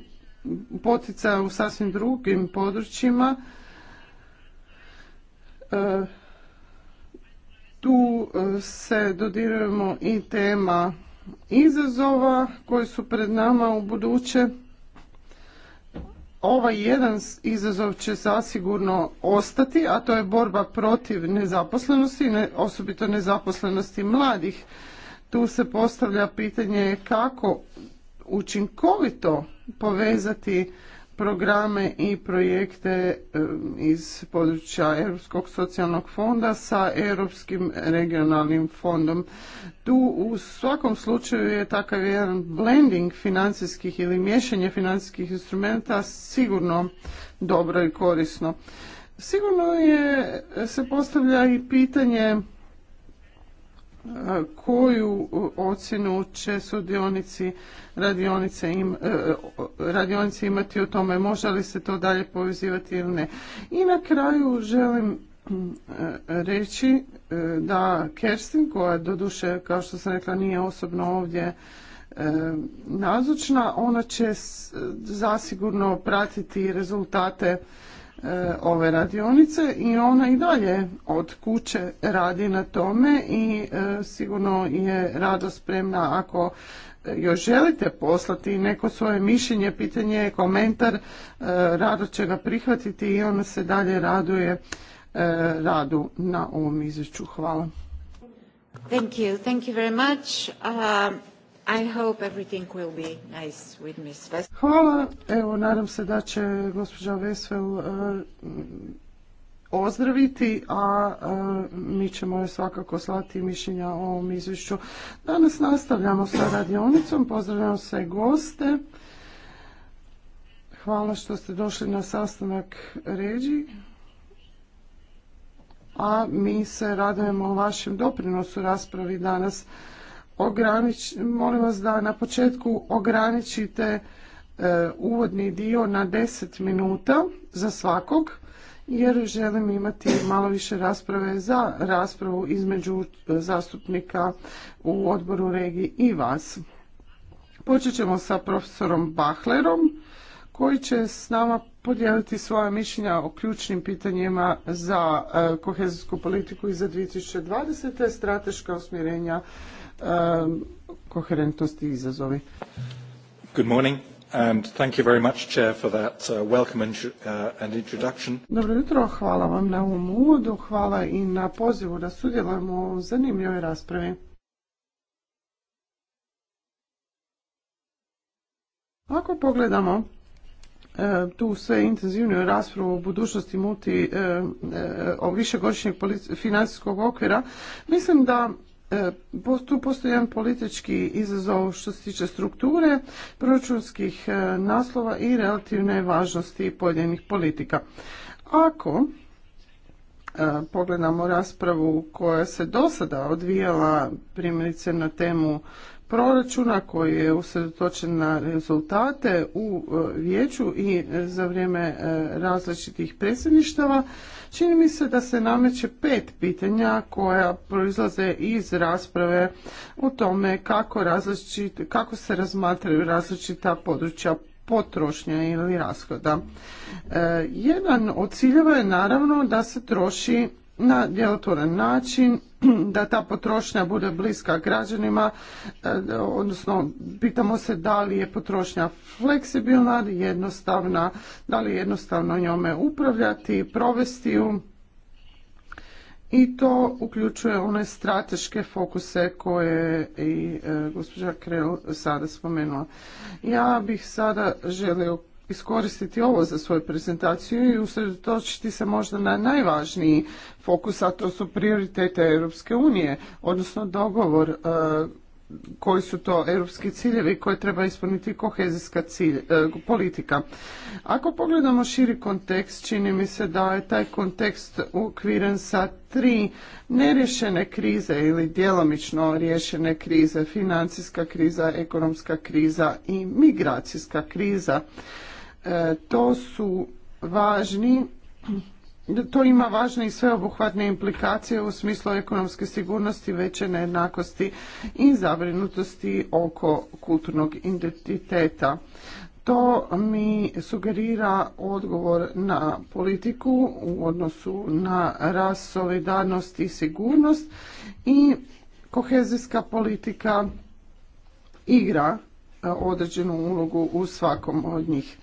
poticaja u sasvim drugim područjima. E, tu e, se dodirujemo i tema izazova koji su pred nama u buduće. Ovaj jedan izazov će zasigurno ostati, a to je borba protiv nezaposlenosti, osobito nezaposlenosti mladih. Tu se postavlja pitanje kako učinkovito povezati programe i projekte e, iz područja Europskog socijalnog fonda sa Europskim regionalnim fondom. Tu u svakom slučaju je takav jedan blending financijskih ili miješanje financijskih instrumenta sigurno dobro i korisno. Sigurno je, se postavlja i pitanje koju ocjenu će sudionici radionice, im, e, radionice imati o tome, može li se to dalje povezivati ili ne. I na kraju želim mm, e, reći e, da Kerstin, koja doduše, kao što sam rekla, nije osobno ovdje nazočna, ona će zasigurno pratiti rezultate E, ove radionice i ona i dalje od kuće radi na tome i e, sigurno je rado spremna ako još želite poslati neko svoje mišljenje, pitanje, komentar, e, rado će ga prihvatiti i ona se dalje raduje radu na ovom izvješću. Hvala. Thank you. Thank you very much. Uh, i hope Hvala. Evo, nadam se da će gospođa Vesel e, ozdraviti, a e, mi ćemo joj svakako slati mišljenja o ovom izvješću. Danas nastavljamo sa radionicom. Pozdravljam sve goste. Hvala što ste došli na sastanak Ređi a mi se radujemo o vašem doprinosu raspravi danas molim vas da na početku ograničite e, uvodni dio na 10 minuta za svakog jer želim imati malo više rasprave za raspravu između e, zastupnika u odboru regiji i vas. Počet ćemo sa profesorom Bahlerom koji će s nama podijeliti svoja mišljenja o ključnim pitanjima za e, kohezijsku politiku i za 2020. strateška usmjerenja Um, koherentnost i izazovi. Good morning. And thank you Dobro jutro, hvala vam na ovom uvodu, hvala i na pozivu da sudjelujemo u zanimljivoj raspravi. Ako pogledamo uh, tu sve intenzivniju raspravu o budućnosti multi, uh, uh, višegodišnjeg financijskog okvira, mislim da E, tu postoji jedan politički izazov što se tiče strukture proračunskih e, naslova i relativne važnosti pojedinih politika. Ako e, pogledamo raspravu koja se do sada odvijala primjerice na temu proračuna koji je usredotočen na rezultate u e, vijeću i e, za vrijeme e, različitih predsjedništava, čini mi se da se nameće pet pitanja koja proizlaze iz rasprave o tome kako, kako se razmatraju različita područja potrošnja ili rashoda. Jedan od ciljeva je naravno da se troši na djelotvoran način, da ta potrošnja bude bliska građanima, e, odnosno pitamo se da li je potrošnja fleksibilna, jednostavna, da li je jednostavno njome upravljati, provesti ju i to uključuje one strateške fokuse koje je i e, gospođa Krel sada spomenula. Ja bih sada želio iskoristiti ovo za svoju prezentaciju i usredotočiti se možda na najvažniji fokus, a to su prioritete Europske unije, odnosno dogovor e, koji su to europski ciljevi koje treba ispuniti kohezijska e, politika. Ako pogledamo širi kontekst, čini mi se da je taj kontekst ukviren sa tri nerješene krize ili djelomično riješene krize, financijska kriza, ekonomska kriza i migracijska kriza. E, to su važni to ima važne i sveobuhvatne implikacije u smislu ekonomske sigurnosti, veće nejednakosti i zabrinutosti oko kulturnog identiteta. To mi sugerira odgovor na politiku u odnosu na ras, solidarnost i sigurnost i kohezijska politika igra određenu ulogu u svakom od njih.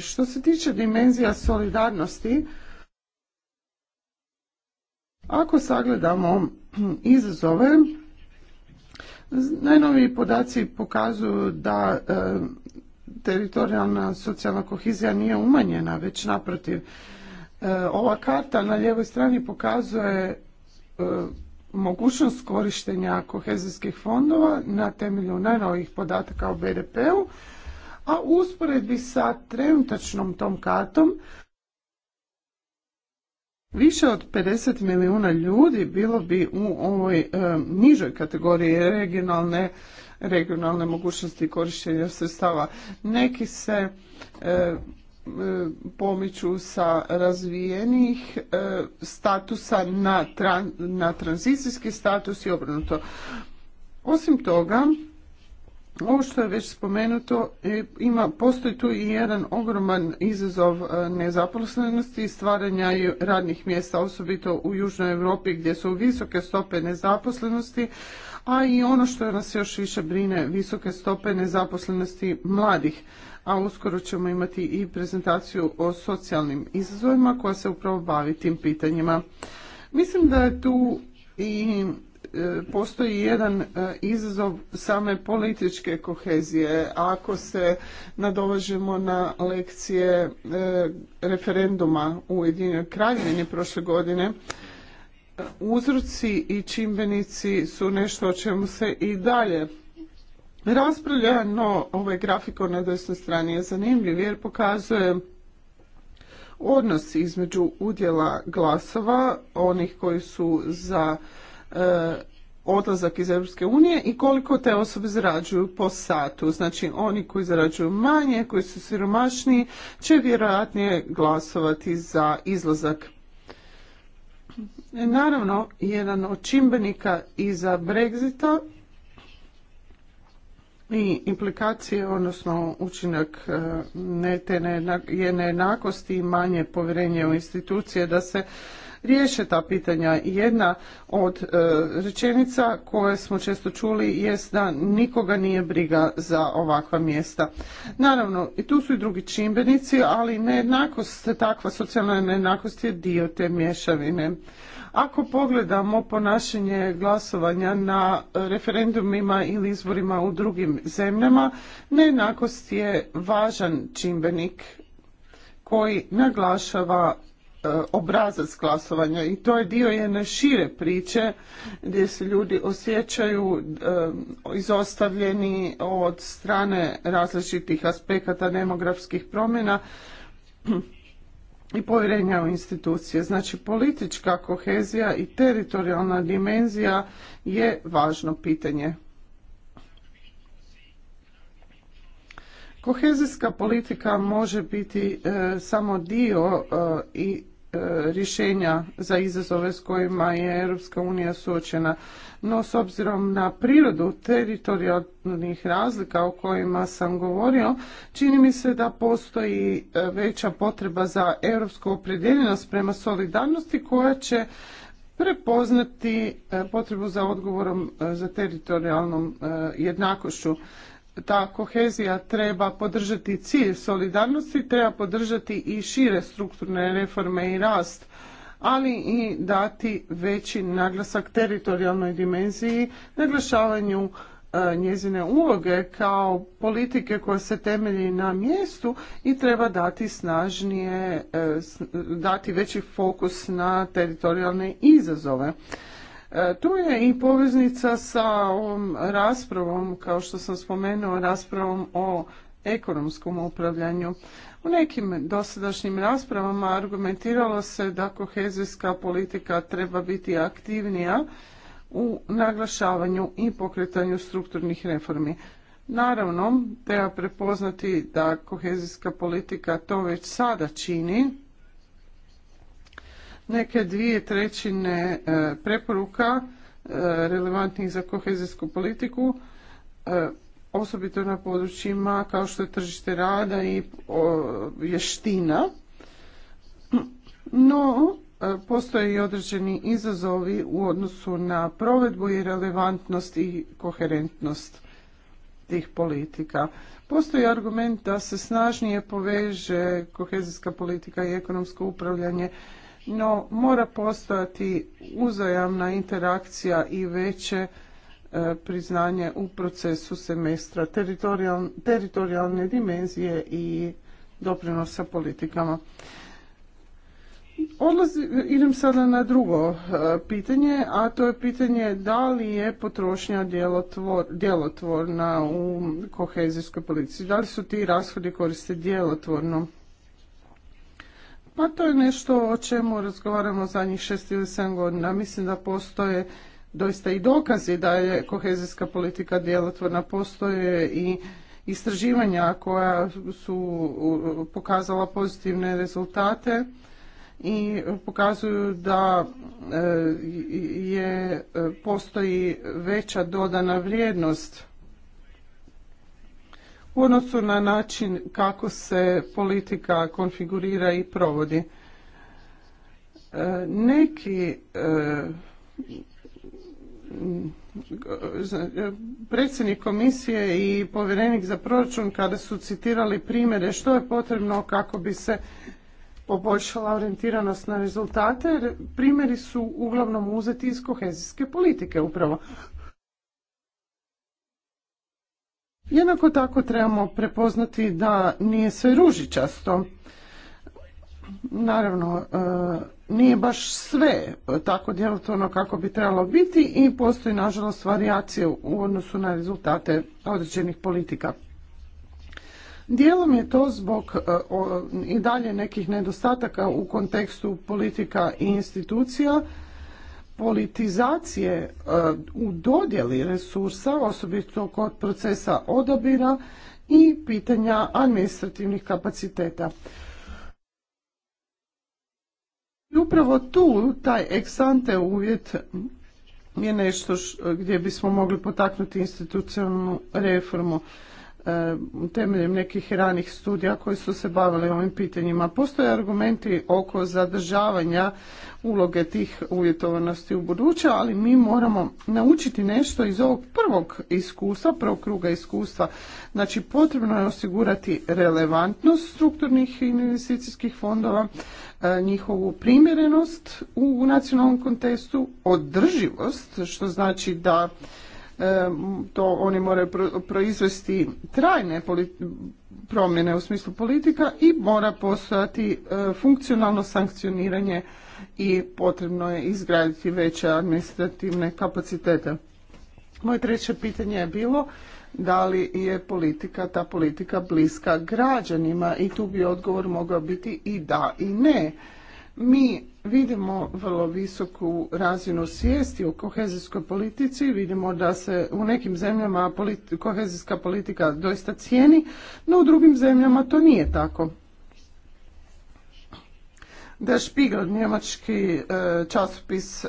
Što se tiče dimenzija solidarnosti, ako sagledamo izazove, najnoviji podaci pokazuju da e, teritorijalna socijalna kohizija nije umanjena, već naprotiv. E, ova karta na lijevoj strani pokazuje e, mogućnost korištenja kohezijskih fondova na temelju najnovijih podataka o BDP-u a u usporedbi sa trenutačnom tom kartom Više od 50 milijuna ljudi bilo bi u ovoj e, nižoj kategoriji regionalne, regionalne mogućnosti korištenja sredstava. Neki se e, e, pomiču sa razvijenih statusa na, na tranzicijski status i obrnuto. Osim toga, ovo što je već spomenuto, e, ima, postoji tu i jedan ogroman izazov e, nezaposlenosti i stvaranja radnih mjesta, osobito u Južnoj Europi gdje su visoke stope nezaposlenosti, a i ono što nas još više brine, visoke stope nezaposlenosti mladih. A uskoro ćemo imati i prezentaciju o socijalnim izazovima koja se upravo bavi tim pitanjima. Mislim da je tu i postoji jedan e, izazov same političke kohezije. Ako se nadovažemo na lekcije e, referenduma u Ujedinjenoj kraljevini prošle godine, uzroci i čimbenici su nešto o čemu se i dalje raspravlja, no ovaj grafikon na desnoj strani je zanimljiv jer pokazuje odnos između udjela glasova, onih koji su za E, odlazak iz Europske unije i koliko te osobe zarađuju po satu. Znači oni koji zarađuju manje, koji su siromašniji će vjerojatnije glasovati za izlazak. E, naravno, jedan od čimbenika za Brexita i implikacije, odnosno učinak e, ne te nejednakosti i manje povjerenje u institucije da se riješe ta pitanja. Jedna od e, rečenica koje smo često čuli jest da nikoga nije briga za ovakva mjesta. Naravno, i tu su i drugi čimbenici, ali nejednakost, takva socijalna nejednakost je dio te mješavine. Ako pogledamo ponašanje glasovanja na referendumima ili izborima u drugim zemljama, nejednakost je važan čimbenik koji naglašava E, obrazac glasovanja i to je dio jedne šire priče gdje se ljudi osjećaju e, izostavljeni od strane različitih aspekata demografskih promjena i povjerenja u institucije. Znači politička kohezija i teritorijalna dimenzija je važno pitanje. Kohezijska politika može biti e, samo dio i E, rješenja za izazove s kojima je Europska unija suočena. No, s obzirom na prirodu teritorijalnih razlika o kojima sam govorio, čini mi se da postoji e, veća potreba za europsku opredjeljenost prema solidarnosti koja će prepoznati e, potrebu za odgovorom za teritorijalnom jednakošću ta kohezija treba podržati cilj solidarnosti, treba podržati i šire strukturne reforme i rast, ali i dati veći naglasak teritorijalnoj dimenziji, naglašavanju e, njezine uloge kao politike koja se temelji na mjestu i treba dati snažnije, e, dati veći fokus na teritorijalne izazove. E, tu je i poveznica sa ovom raspravom, kao što sam spomenuo, raspravom o ekonomskom upravljanju. U nekim dosadašnjim raspravama argumentiralo se da kohezijska politika treba biti aktivnija u naglašavanju i pokretanju strukturnih reformi. Naravno, treba prepoznati da kohezijska politika to već sada čini, Neke dvije trećine e, preporuka e, relevantnih za kohezijsku politiku, e, osobito na područjima kao što je tržište rada i vještina. No, postoje i određeni izazovi u odnosu na provedbu i relevantnost i koherentnost tih politika. Postoji argument da se snažnije poveže kohezijska politika i ekonomsko upravljanje no mora postojati uzajamna interakcija i veće e, priznanje u procesu semestra, teritorijalne dimenzije i doprinosa politikama. Odlazi, idem sada na drugo e, pitanje, a to je pitanje da li je potrošnja djelotvor, djelotvorna u kohezijskoj politici. Da li su ti rashodi koriste djelotvorno? Pa to je nešto o čemu razgovaramo zadnjih šest ili sedam godina. Mislim da postoje doista i dokazi da je kohezijska politika djelotvorna. Postoje i istraživanja koja su pokazala pozitivne rezultate i pokazuju da e, je, e, postoji veća dodana vrijednost u odnosu na način kako se politika konfigurira i provodi. E, neki e, predsjednik komisije i povjerenik za proračun kada su citirali primjere što je potrebno kako bi se poboljšala orijentiranost na rezultate, primjeri su uglavnom uzeti iz kohezijske politike upravo. Jednako tako trebamo prepoznati da nije sve ružičasto. Naravno, e, nije baš sve tako djelotvorno kako bi trebalo biti i postoji nažalost variacije u odnosu na rezultate određenih politika. Dijelom je to zbog e, i dalje nekih nedostataka u kontekstu politika i institucija, politizacije e, u dodjeli resursa, osobito kod procesa odabira i pitanja administrativnih kapaciteta. I upravo tu taj eksante uvjet je nešto gdje bismo mogli potaknuti institucionalnu reformu. E, temeljem nekih ranih studija koji su se bavili ovim pitanjima. Postoje argumenti oko zadržavanja uloge tih uvjetovanosti u buduće, ali mi moramo naučiti nešto iz ovog prvog iskustva, prvog kruga iskustva. Znači potrebno je osigurati relevantnost strukturnih investicijskih fondova, e, njihovu primjerenost u nacionalnom kontekstu, održivost, što znači da E, to oni moraju proizvesti trajne promjene u smislu politika i mora postojati e, funkcionalno sankcioniranje i potrebno je izgraditi veće administrativne kapacitete. Moje treće pitanje je bilo da li je politika, ta politika bliska građanima i tu bi odgovor mogao biti i da i ne. Mi vidimo vrlo visoku razinu svijesti u kohezijskoj politici, vidimo da se u nekim zemljama kohezijska politika doista cijeni, no u drugim zemljama to nije tako. Der Spiegel, njemački e, časopis e,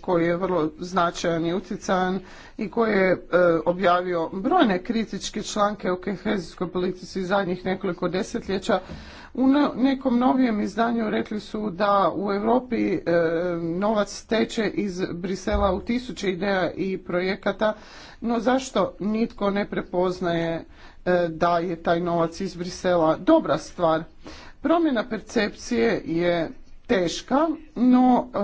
koji je vrlo značajan i utjecajan i koji je e, objavio brojne kritičke članke o kohezijskoj politici zadnjih nekoliko desetljeća, u nekom novijem izdanju rekli su da u Europi e, novac teče iz Brisela u tisuće ideja i projekata, no zašto nitko ne prepoznaje e, da je taj novac iz Brisela dobra stvar? Promjena percepcije je teška, no e,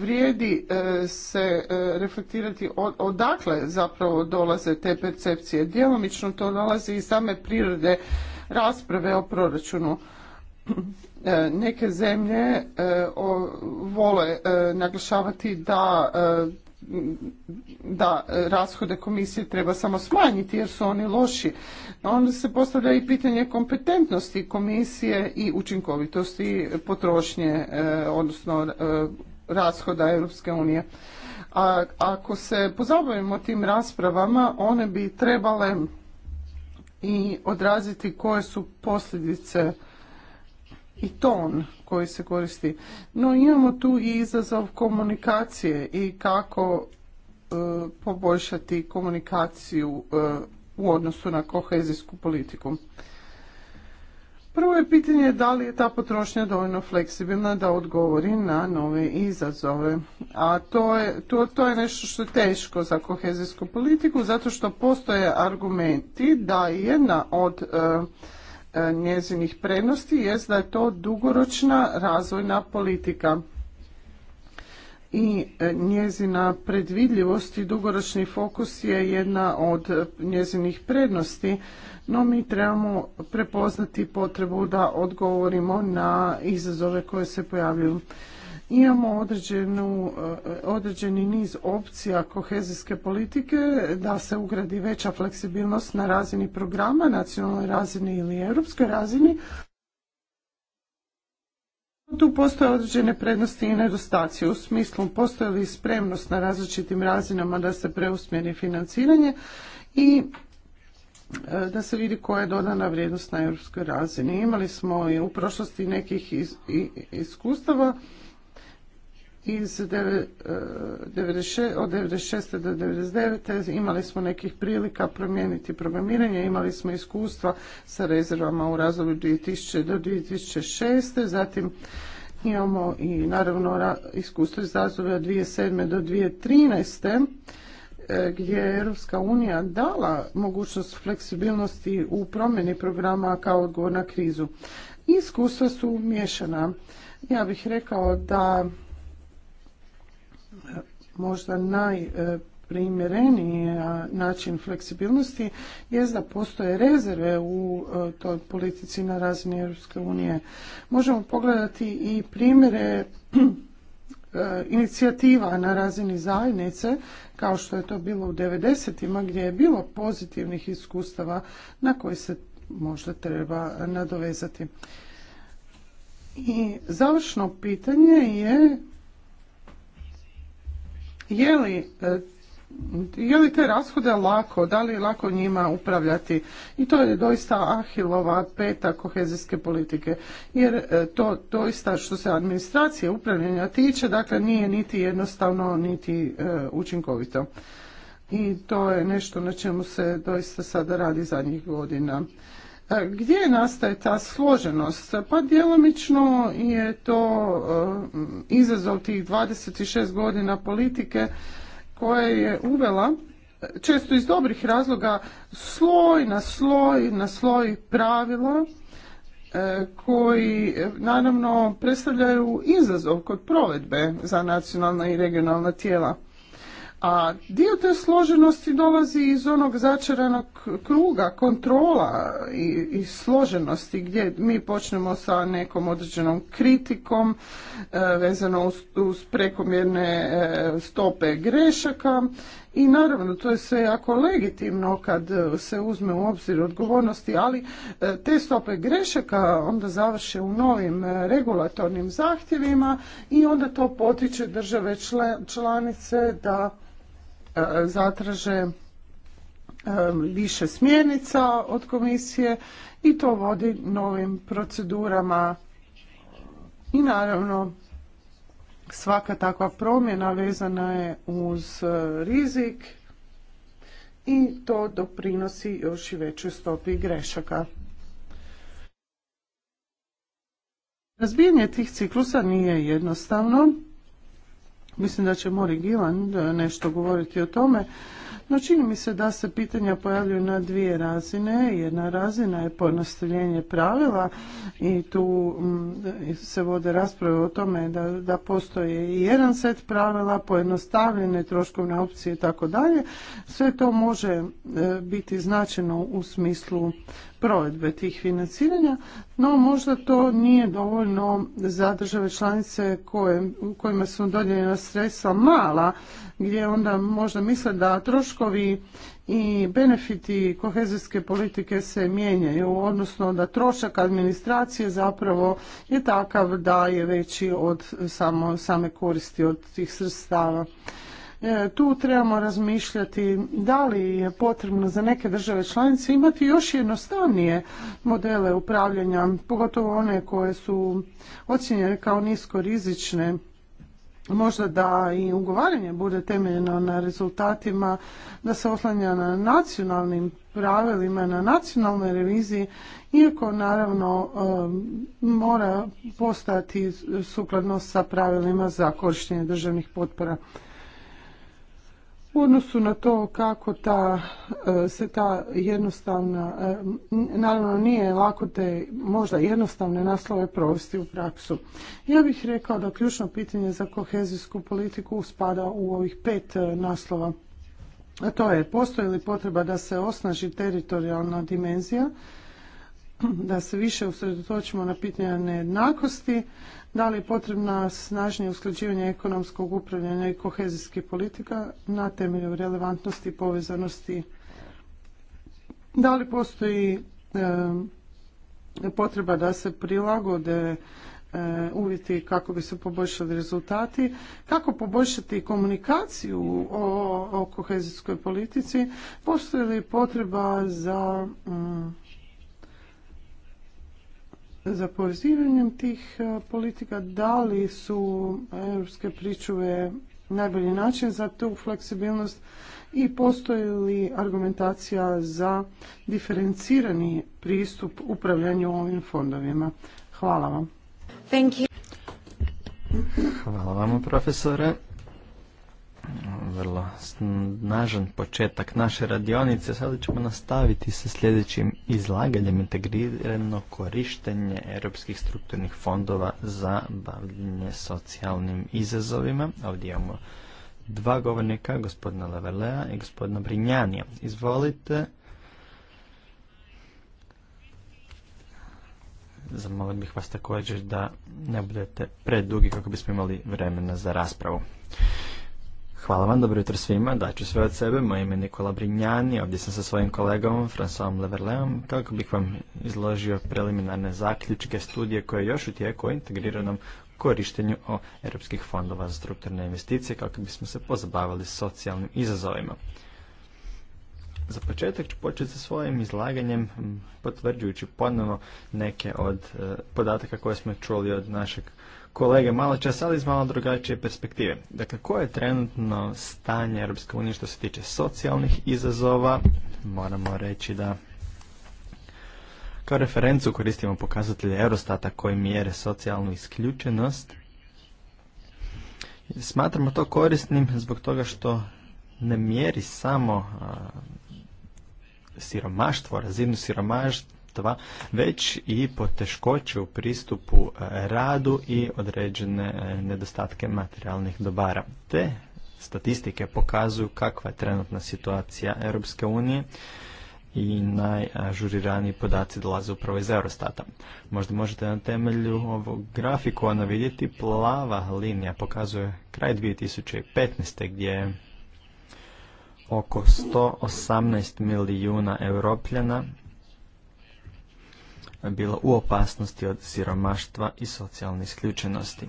vrijedi se reflektirati odakle zapravo dolaze te percepcije. Djelomično to dolazi i same prirode rasprave o proračunu. E, neke zemlje e, vole e, naglašavati da da rashode komisije treba samo smanjiti jer su oni loši. Onda se postavlja i pitanje kompetentnosti komisije i učinkovitosti potrošnje, odnosno rashoda Europske unije. A ako se pozabavimo tim raspravama, one bi trebale i odraziti koje su posljedice i ton koji se koristi. No imamo tu i izazov komunikacije i kako e, poboljšati komunikaciju e, u odnosu na kohezijsku politiku. Prvo je pitanje da li je ta potrošnja dovoljno fleksibilna da odgovori na nove izazove. A to je, to, to je nešto što je teško za kohezijsku politiku zato što postoje argumenti da jedna od e, E, njezinih prednosti jest da je to dugoročna razvojna politika i e, njezina predvidljivost i dugoročni fokus je jedna od njezinih prednosti, no mi trebamo prepoznati potrebu da odgovorimo na izazove koje se pojavljuju. Imamo određenu, e, određeni niz opcija kohezijske politike da se ugradi veća fleksibilnost na razini programa, nacionalnoj razini ili europskoj razini. Tu postoje određene prednosti i nedostaci. U smislu postoje li spremnost na različitim razinama da se preusmjeri financiranje i e, da se vidi koja je dodana vrijednost na europskoj razini. Imali smo i u prošlosti nekih iskustava iz eh, od 96. do 99. imali smo nekih prilika promijeniti programiranje, imali smo iskustva sa rezervama u razdoblju 2000. do 2006. Zatim imamo i naravno iskustvo iz razdoblja 2007. do 2013 eh, gdje je Europska unija dala mogućnost fleksibilnosti u promjeni programa kao odgovor na krizu. Iskustva su miješana. Ja bih rekao da možda najprimjereniji način fleksibilnosti je da postoje rezerve u e, toj politici na razini Europske unije. Možemo pogledati i primjere e, inicijativa na razini zajednice, kao što je to bilo u 90-ima, gdje je bilo pozitivnih iskustava na koje se možda treba nadovezati. I završno pitanje je E, je li te rashode lako, da li je lako njima upravljati i to je doista ahilova peta kohezijske politike jer e, to doista što se administracije upravljanja tiče dakle nije niti jednostavno niti e, učinkovito i to je nešto na čemu se doista sada radi zadnjih godina. E, gdje nastaje ta složenost? Pa djelomično je to e, izazov tih 26 godina politike koja je uvela često iz dobrih razloga sloj na sloj na sloj pravila e, koji naravno predstavljaju izazov kod provedbe za nacionalna i regionalna tijela. A dio te složenosti dolazi iz onog začaranog kruga, kontrola i, i složenosti gdje mi počnemo sa nekom određenom kritikom e, vezano uz, prekomjerne e, stope grešaka i naravno to je sve jako legitimno kad e, se uzme u obzir odgovornosti, ali te stope grešaka onda završe u novim regulatornim zahtjevima i onda to potiče države članice da E, zatraže e, više smjernica od komisije i to vodi novim procedurama i naravno svaka takva promjena vezana je uz e, rizik i to doprinosi još i većoj stopi grešaka. Razbijanje tih ciklusa nije jednostavno Mislim da će Mori Gilan e, nešto govoriti o tome. No čini mi se da se pitanja pojavljuju na dvije razine. Jedna razina je pojednostavljenje pravila i tu se vode rasprave o tome da, da postoje i jedan set pravila, pojednostavljene troškovne opcije i tako dalje. Sve to može e, biti značeno u smislu provedbe tih financiranja, no možda to nije dovoljno za države članice koje, u kojima su dodijeljena sredstva mala, gdje onda možda misle da troškovi i benefiti kohezijske politike se mijenjaju, odnosno da trošak administracije zapravo je takav da je veći od samo, same koristi od tih sredstava. E, tu trebamo razmišljati da li je potrebno za neke države članice imati još jednostavnije modele upravljanja, pogotovo one koje su ocjenjene kao nisko rizične možda da i ugovaranje bude temeljeno na rezultatima, da se oslanja na nacionalnim pravilima, na nacionalnoj reviziji, iako naravno e, mora postati sukladno sa pravilima za korištenje državnih potpora odnosu na to kako ta, e, se ta jednostavna, e, naravno nije lako te možda jednostavne naslove provesti u praksu. Ja bih rekao da ključno pitanje za kohezijsku politiku spada u ovih pet e, naslova. A to je, postoji li potreba da se osnaži teritorijalna dimenzija, da se više usredotočimo na pitanja nejednakosti, da li je potrebna snažnije usklađivanje ekonomskog upravljanja i kohezijskih politika na temelju relevantnosti i povezanosti. Da li postoji potreba da se prilagode e, uvjeti kako bi se poboljšali rezultati, kako poboljšati komunikaciju o, kohezijskoj politici, postoji li potreba za za povezivanjem tih e, politika da li su europske pričuve najbolji način za tu fleksibilnost i postoji li argumentacija za diferencirani pristup upravljanju ovim fondovima. Hvala vam. Hvala vam, profesore vrlo snažan početak naše radionice. Sada ćemo nastaviti sa sljedećim izlaganjem integrirano korištenje europskih strukturnih fondova za bavljenje socijalnim izazovima. Ovdje imamo dva govornika, gospodina Levelea i gospodina Brinjanija. Izvolite. Zamolim bih vas također da ne budete predugi kako bismo imali vremena za raspravu. Hvala vam, dobro jutro svima, daću sve od sebe, moje ime Nikola Brinjani, ovdje sam sa svojim kolegom Fransom Leverleom, kako bih vam izložio preliminarne zaključke studije koje još u tijeku o integriranom korištenju o europskih fondova za strukturne investicije kako bismo se pozabavili socijalnim izazovima. Za početak ću početi sa svojim izlaganjem potvrđujući ponovno neke od e, podataka koje smo čuli od našeg kolege malo čas, ali iz malo drugačije perspektive. Dakle, koje je trenutno stanje Europske unije što se tiče socijalnih izazova? Moramo reći da kao referencu koristimo pokazatelje Eurostata koji mjere socijalnu isključenost. Smatramo to korisnim zbog toga što ne mjeri samo siromaštvo, razinu siromaštva, već i poteškoće u pristupu e, radu i određene e, nedostatke materijalnih dobara. Te statistike pokazuju kakva je trenutna situacija Europske unije i najažuriraniji podaci dolaze upravo iz Eurostata. Možda možete na temelju ovog grafikona vidjeti plava linija pokazuje kraj 2015. gdje je oko 118 milijuna europljana bilo u opasnosti od siromaštva i socijalne isključenosti.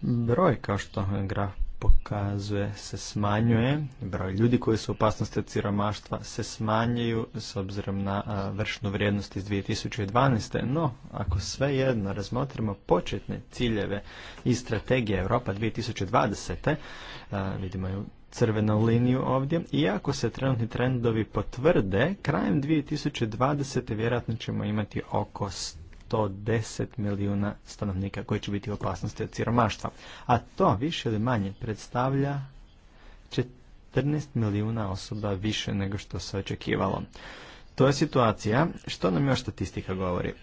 Broj, kao što graf pokazuje, se smanjuje. Broj ljudi koji su u opasnosti od siromaštva se smanjuju s obzirom na vršnu vrijednost iz 2012. No, ako svejedno razmotrimo početne ciljeve i strategije Europa 2020. vidimo ju crvenu liniju ovdje. Iako se trenutni trendovi potvrde, krajem 2020. vjerojatno ćemo imati oko 110 milijuna stanovnika koji će biti u opasnosti od siromaštva. A to više ili manje predstavlja 14 milijuna osoba više nego što se očekivalo. To je situacija što nam još statistika govori.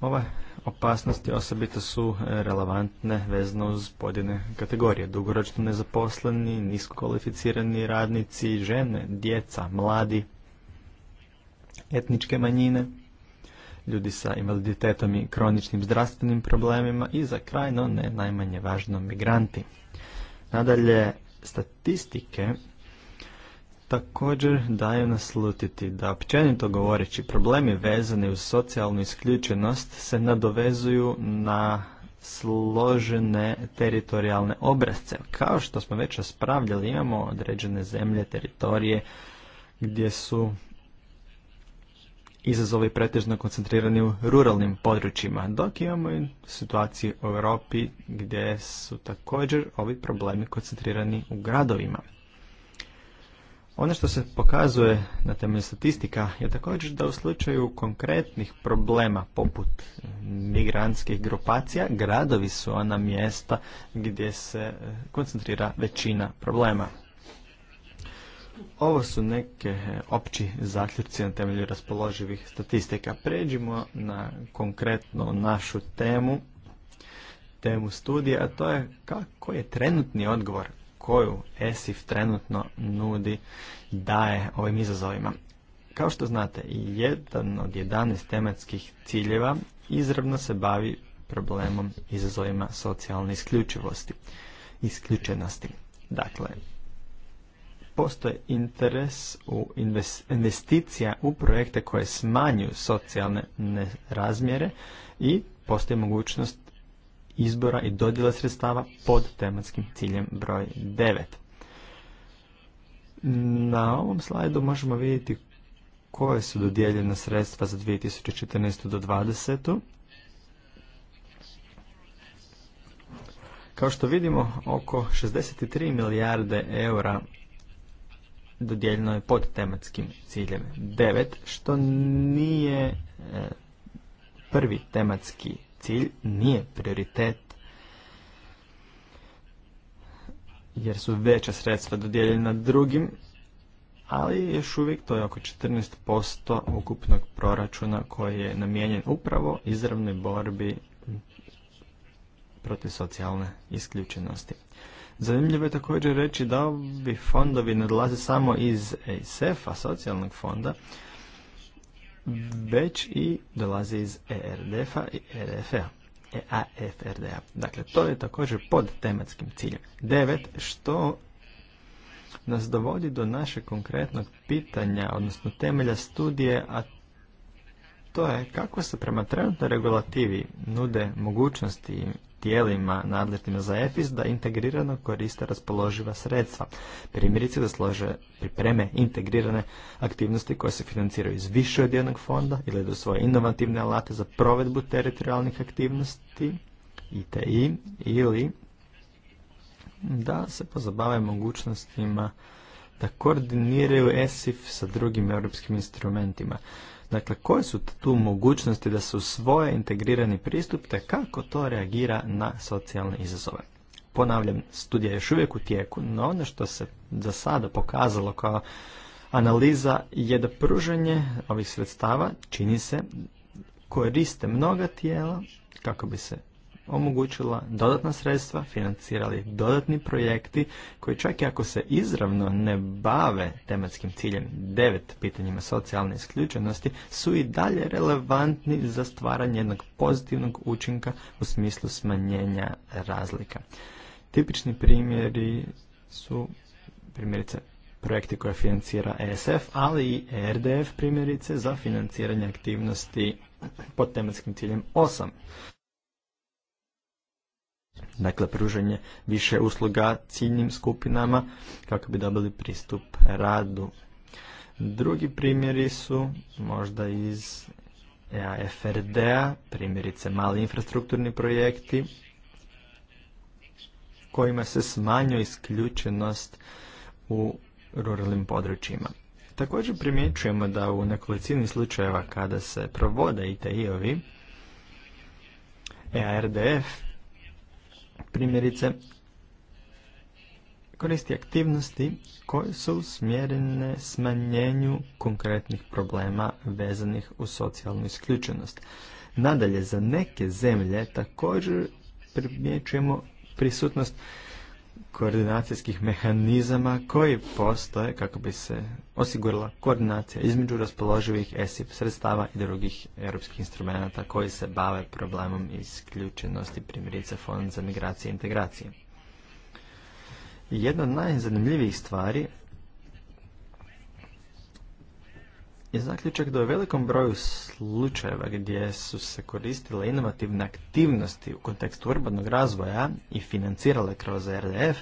Ova opasnosti osobito su e, relevantne vezno uz pojedine kategorije. Dugoročno nezaposleni, niskokvalificirani radnici, žene, djeca, mladi, etničke manjine, ljudi sa invaliditetom i kroničnim zdravstvenim problemima i za krajno, ne najmanje važno, migranti. Nadalje, statistike također daju naslutiti da općenito govoreći problemi vezani uz socijalnu isključenost se nadovezuju na složene teritorijalne obrazce. Kao što smo već raspravljali, imamo određene zemlje, teritorije gdje su izazovi pretežno koncentrirani u ruralnim područjima, dok imamo i situacije u Europi gdje su također ovi problemi koncentrirani u gradovima. Ono što se pokazuje na temelju statistika je također da u slučaju konkretnih problema poput migrantskih grupacija, gradovi su ona mjesta gdje se e, koncentrira većina problema. Ovo su neke e, opći zaključci na temelju raspoloživih statistika. Pređimo na konkretno našu temu, temu studija, a to je kako je trenutni odgovor koju ESIF trenutno nudi daje ovim izazovima. Kao što znate, jedan od 11 tematskih ciljeva izravno se bavi problemom izazovima socijalne isključivosti, isključenosti. Dakle, postoje interes u investicija u projekte koje smanjuju socijalne razmjere i postoji mogućnost izbora i dodjela sredstava pod tematskim ciljem broj 9. Na ovom slajdu možemo vidjeti koje su dodijeljena sredstva za 2014. do 2020. Kao što vidimo, oko 63 milijarde eura dodijeljeno je pod tematskim ciljem 9, što nije e, prvi tematski cilj nije prioritet jer su veća sredstva dodijeljena drugim, ali još uvijek to je oko 14% ukupnog proračuna koji je namijenjen upravo izravnoj borbi protiv socijalne isključenosti. Zanimljivo je također reći da ovi fondovi nadlaze samo iz SEFA, a socijalnog fonda, već i dolaze iz ERDF-a i e e a Dakle, to je također pod tematskim ciljem. Devet, što nas dovodi do naše konkretnog pitanja, odnosno temelja studije, a to je kako se prema trenutnoj regulativi nude mogućnosti tijelima nadležnim za EFIS da integrirano koriste raspoloživa sredstva. Primjerice da slože pripreme integrirane aktivnosti koje se financiraju iz više od jednog fonda ili da svoje inovativne alate za provedbu teritorijalnih aktivnosti ITI ili da se pozabave mogućnostima da koordiniraju ESIF sa drugim europskim instrumentima. Dakle, koje su tu mogućnosti da se usvoje integrirani pristup te kako to reagira na socijalne izazove? Ponavljam, studija je još uvijek u tijeku, no ono što se za sada pokazalo kao analiza je da pružanje ovih sredstava čini se koriste mnoga tijela kako bi se omogućila dodatna sredstva, financirali dodatni projekti koji čak i ako se izravno ne bave tematskim ciljem devet pitanjima socijalne isključenosti su i dalje relevantni za stvaranje jednog pozitivnog učinka u smislu smanjenja razlika. Tipični primjeri su primjerice projekti koje financira ESF, ali i e RDF primjerice za financiranje aktivnosti pod tematskim ciljem 8. Dakle, pruženje više usluga ciljnim skupinama kako bi dobili pristup radu. Drugi primjeri su možda iz EAFRD-a, primjerice mali infrastrukturni projekti kojima se smanjuje isključenost u ruralnim područjima. Također primjećujemo da u nekolicini slučajeva kada se provode ITI-ovi, EARDF primjerice koristi aktivnosti koje su usmjerene smanjenju konkretnih problema vezanih u socijalnu isključenost. Nadalje, za neke zemlje također primjećujemo prisutnost koordinacijskih mehanizama koji postoje kako bi se osigurala koordinacija između raspoloživih ESIP sredstava i drugih europskih instrumenata koji se bave problemom isključenosti primjerice Fond za migracije i integracije. Jedna od najzanimljivijih stvari je zaključak da u velikom broju slučajeva gdje su se koristile inovativne aktivnosti u kontekstu urbanog razvoja i financirale kroz RDF,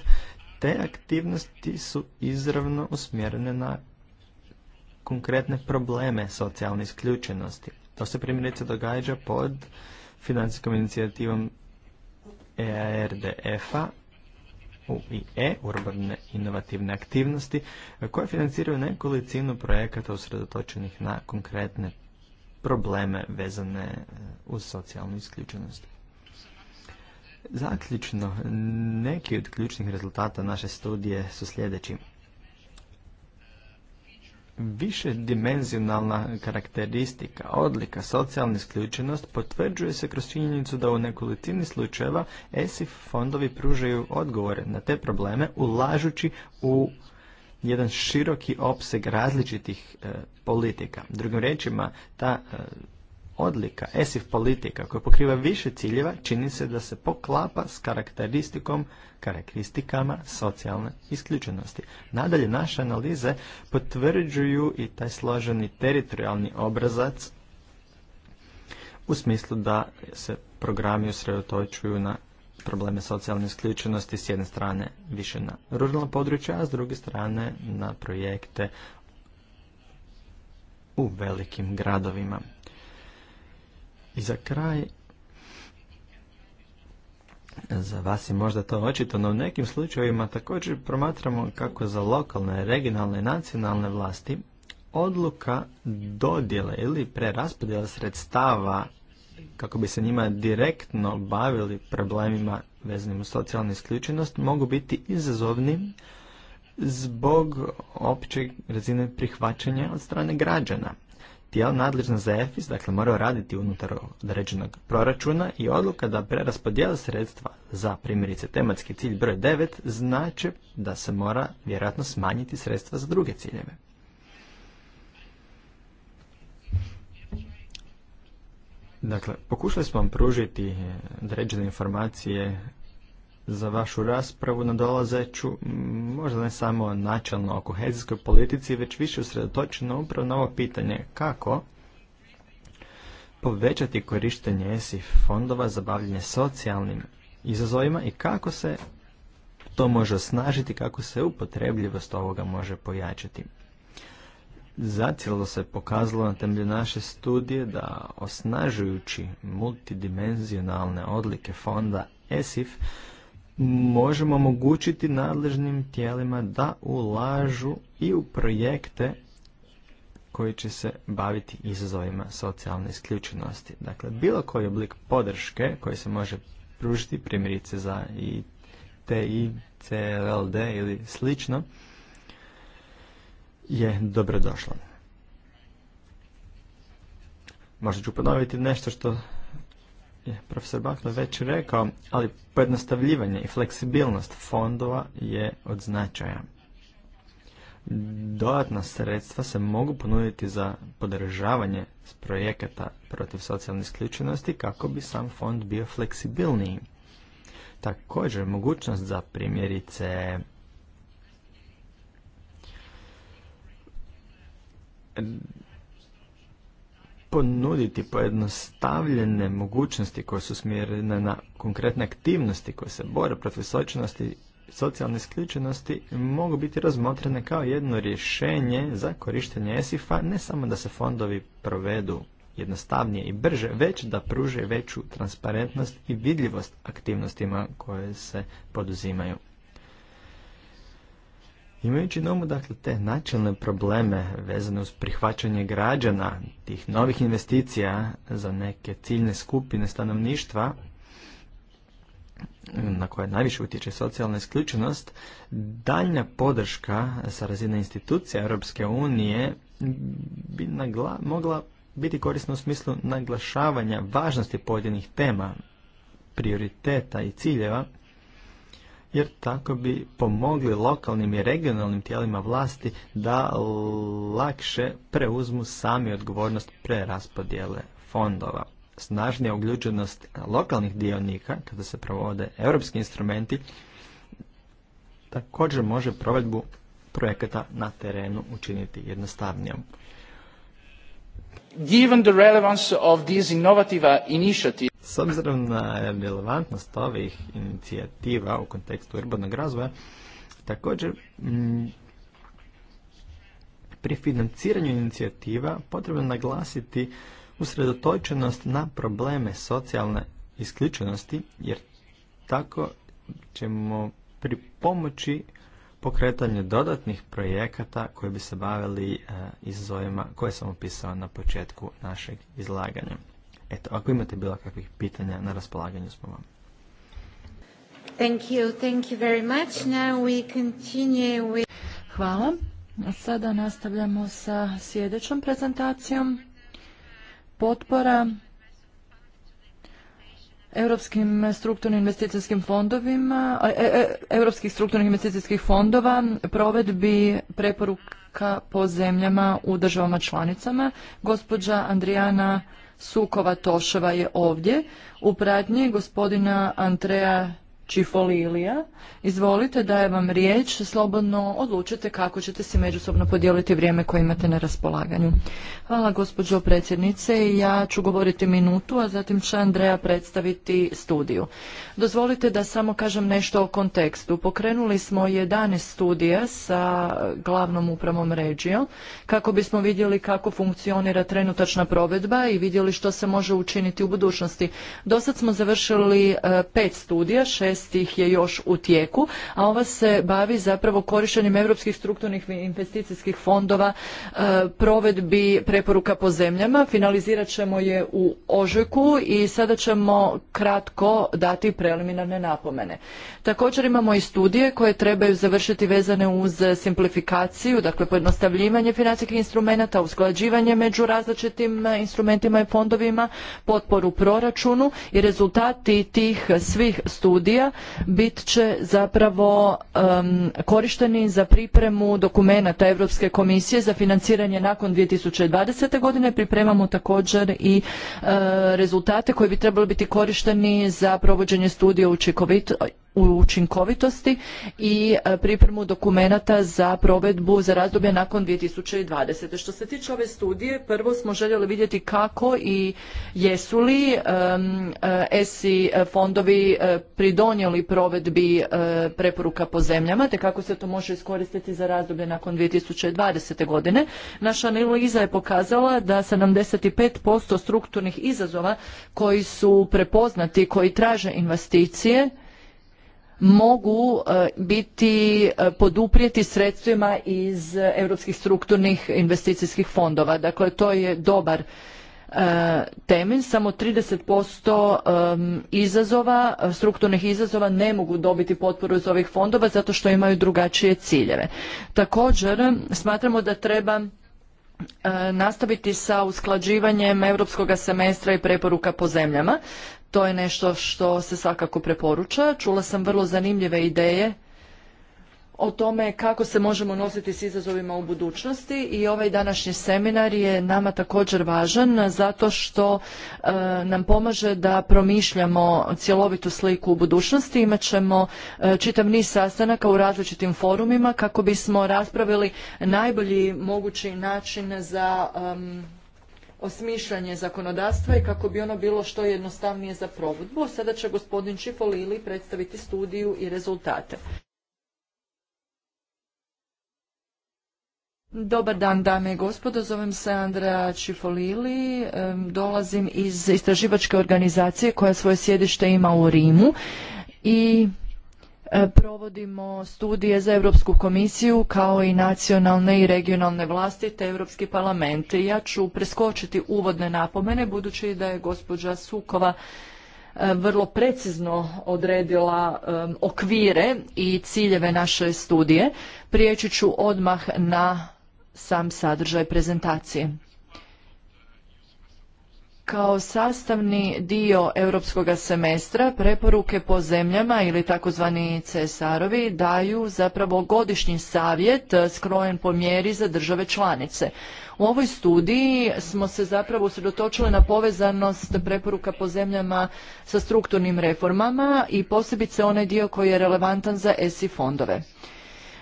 te aktivnosti su izravno usmjerene na konkretne probleme socijalne isključenosti. To se primjerice događa pod financijskom inicijativom ERDF-a i e urbane inovativne aktivnosti, koje financiraju nekolicinu projekata usredotočenih na konkretne probleme vezane e, uz socijalnu isključenost. Zaključno, neki od ključnih rezultata naše studije su sljedeći više dimenzionalna karakteristika, odlika, socijalna isključenost potvrđuje se kroz činjenicu da u nekolicini slučajeva ESIF fondovi pružaju odgovore na te probleme ulažući u jedan široki opseg različitih e, politika. Drugim riječima, ta e, odlika ESIF politika koja pokriva više ciljeva čini se da se poklapa s karakteristikom, karakteristikama socijalne isključenosti. Nadalje, naše analize potvrđuju i taj složeni teritorijalni obrazac u smislu da se programi usredotočuju na probleme socijalne isključenosti s jedne strane više na ruralna područja, a s druge strane na projekte u velikim gradovima. I za kraj, za vas je možda to očito, no u nekim slučajevima također promatramo kako za lokalne, regionalne i nacionalne vlasti odluka dodjele ili preraspodjela sredstava kako bi se njima direktno bavili problemima vezanim uz socijalnu isključenost mogu biti izazovni zbog opće razine prihvaćanja od strane građana tijelo nadležno za EFIS, dakle morao raditi unutar određenog proračuna i odluka da preraspodijela sredstva za primjerice tematski cilj broj 9 znači da se mora vjerojatno smanjiti sredstva za druge ciljeve. Dakle, pokušali smo vam pružiti određene informacije za vašu raspravu na dolazeću, možda ne samo načelno o kohezijskoj politici, već više usredotočeno upravo na ovo pitanje kako povećati korištenje ESIF fondova za bavljanje socijalnim izazovima i kako se to može osnažiti, kako se upotrebljivost ovoga može pojačati. Zacijelo se pokazalo na temelju naše studije da osnažujući multidimenzionalne odlike fonda ESIF možemo omogućiti nadležnim tijelima da ulažu i u projekte koji će se baviti izazovima socijalne isključenosti. Dakle, bilo koji oblik podrške koji se može pružiti, primjerice za i TI, CLD ili slično, je dobrodošla. Možda ću ponoviti nešto što je profesor Bakle već rekao, ali pojednostavljivanje i fleksibilnost fondova je od značaja. Dodatna sredstva se mogu ponuditi za podržavanje projekata protiv socijalne isključenosti kako bi sam fond bio fleksibilniji. Također, mogućnost za primjerice ponuditi pojednostavljene mogućnosti koje su smjerene na konkretne aktivnosti koje se bore protiv sočnosti socijalne isključenosti mogu biti razmotrene kao jedno rješenje za korištenje ESIF-a, ne samo da se fondovi provedu jednostavnije i brže, već da pruže veću transparentnost i vidljivost aktivnostima koje se poduzimaju. Imajući na umu dakle, te načelne probleme vezane uz prihvaćanje građana, tih novih investicija za neke ciljne skupine stanovništva, na koje najviše utječe socijalna isključenost, daljnja podrška sa razine institucija Europske unije bi mogla biti korisna u smislu naglašavanja važnosti pojedinih tema, prioriteta i ciljeva, jer tako bi pomogli lokalnim i regionalnim tijelima vlasti da lakše preuzmu sami odgovornost preraspodjele fondova. Snažnija uključenost lokalnih dionika, kada se provode europski instrumenti, također može provedbu projekata na terenu učiniti jednostavnijom. Given the relevance of these innovative initiatives, s obzirom na relevantnost ovih inicijativa u kontekstu urbanog razvoja, također mm, pri financiranju inicijativa potrebno naglasiti usredotočenost na probleme socijalne isključenosti, jer tako ćemo pripomoći pokretanju dodatnih projekata koji bi se bavili e, izazovima koje sam opisao na početku našeg izlaganja. Eto, ako imate bilo kakvih pitanja, na raspolaganju smo vam. Thank you, thank you very much. Now we continue with... Hvala. Sada nastavljamo sa sljedećom prezentacijom. Potpora europskim strukturnim investicijskim fondovima, e, e, europskih strukturnih investicijskih fondova provedbi preporuka po zemljama u državama članicama. Gospođa Andrijana Sukova Toševa je ovdje u pratnji gospodina Andreja Čifolilija. Izvolite, dajem vam riječ, slobodno odlučite kako ćete si međusobno podijeliti vrijeme koje imate na raspolaganju. Hvala gospođo predsjednice, ja ću govoriti minutu, a zatim će Andreja predstaviti studiju. Dozvolite da samo kažem nešto o kontekstu. Pokrenuli smo 11 studija sa glavnom upravom Regio kako bismo vidjeli kako funkcionira trenutačna provedba i vidjeli što se može učiniti u budućnosti. Dosad smo završili e, pet studija, šest tih je još u tijeku, a ova se bavi zapravo korištenjem europskih strukturnih investicijskih fondova, e, provedbi preporuka po zemljama. Finalizirat ćemo je u ožujku i sada ćemo kratko dati preliminarne napomene. Također imamo i studije koje trebaju završiti vezane uz simplifikaciju, dakle pojednostavljivanje financijskih instrumenata, usklađivanje među različitim e, instrumentima i fondovima, potporu proračunu i rezultati tih svih studija studija bit će zapravo korišteni za pripremu dokumenata Europske komisije za financiranje nakon 2020. godine. Pripremamo također i e, rezultate koji bi trebali biti korišteni za provođenje studija učinkovitosti u učinkovitosti i e, pripremu dokumenata za provedbu za razdoblje nakon 2020. Što se tiče ove studije, prvo smo željeli vidjeti kako i jesu li ESI e, fondovi e, pridonijeli provedbi preporuka po zemljama, te kako se to može iskoristiti za razdoblje nakon 2020. godine. Naša analiza je pokazala da 75% strukturnih izazova koji su prepoznati, koji traže investicije, mogu e, biti e, poduprijeti sredstvima iz europskih strukturnih investicijskih fondova. Dakle, to je dobar e, temelj, samo 30% izazova, strukturnih izazova ne mogu dobiti potporu iz ovih fondova zato što imaju drugačije ciljeve. Također, smatramo da treba nastaviti sa usklađivanjem europskog semestra i preporuka po zemljama to je nešto što se svakako preporuča. Čula sam vrlo zanimljive ideje o tome kako se možemo nositi s izazovima u budućnosti i ovaj današnji seminar je nama također važan zato što e, nam pomaže da promišljamo cjelovitu sliku u budućnosti. Imat ćemo e, čitav niz sastanaka u različitim forumima kako bismo raspravili najbolji mogući način za osmišljanje zakonodavstva i kako bi ono bilo što jednostavnije za provodbu. Sada će gospodin Čifolili predstaviti studiju i rezultate. Dobar dan, dame i gospodo. Zovem se Andrea Čifolili. Dolazim iz istraživačke organizacije koja svoje sjedište ima u Rimu i E, provodimo studije za Europsku komisiju kao i nacionalne i regionalne vlasti te Europski parlament. Ja ću preskočiti uvodne napomene budući da je gospođa Sukova e, vrlo precizno odredila e, okvire i ciljeve naše studije. Prijeći ću odmah na sam sadržaj prezentacije kao sastavni dio europskoga semestra preporuke po zemljama ili takozvani csr daju zapravo godišnji savjet e, skrojen po mjeri za države članice. U ovoj studiji smo se zapravo usredotočili na povezanost preporuka po zemljama sa strukturnim reformama i posebice onaj dio koji je relevantan za ESI fondove.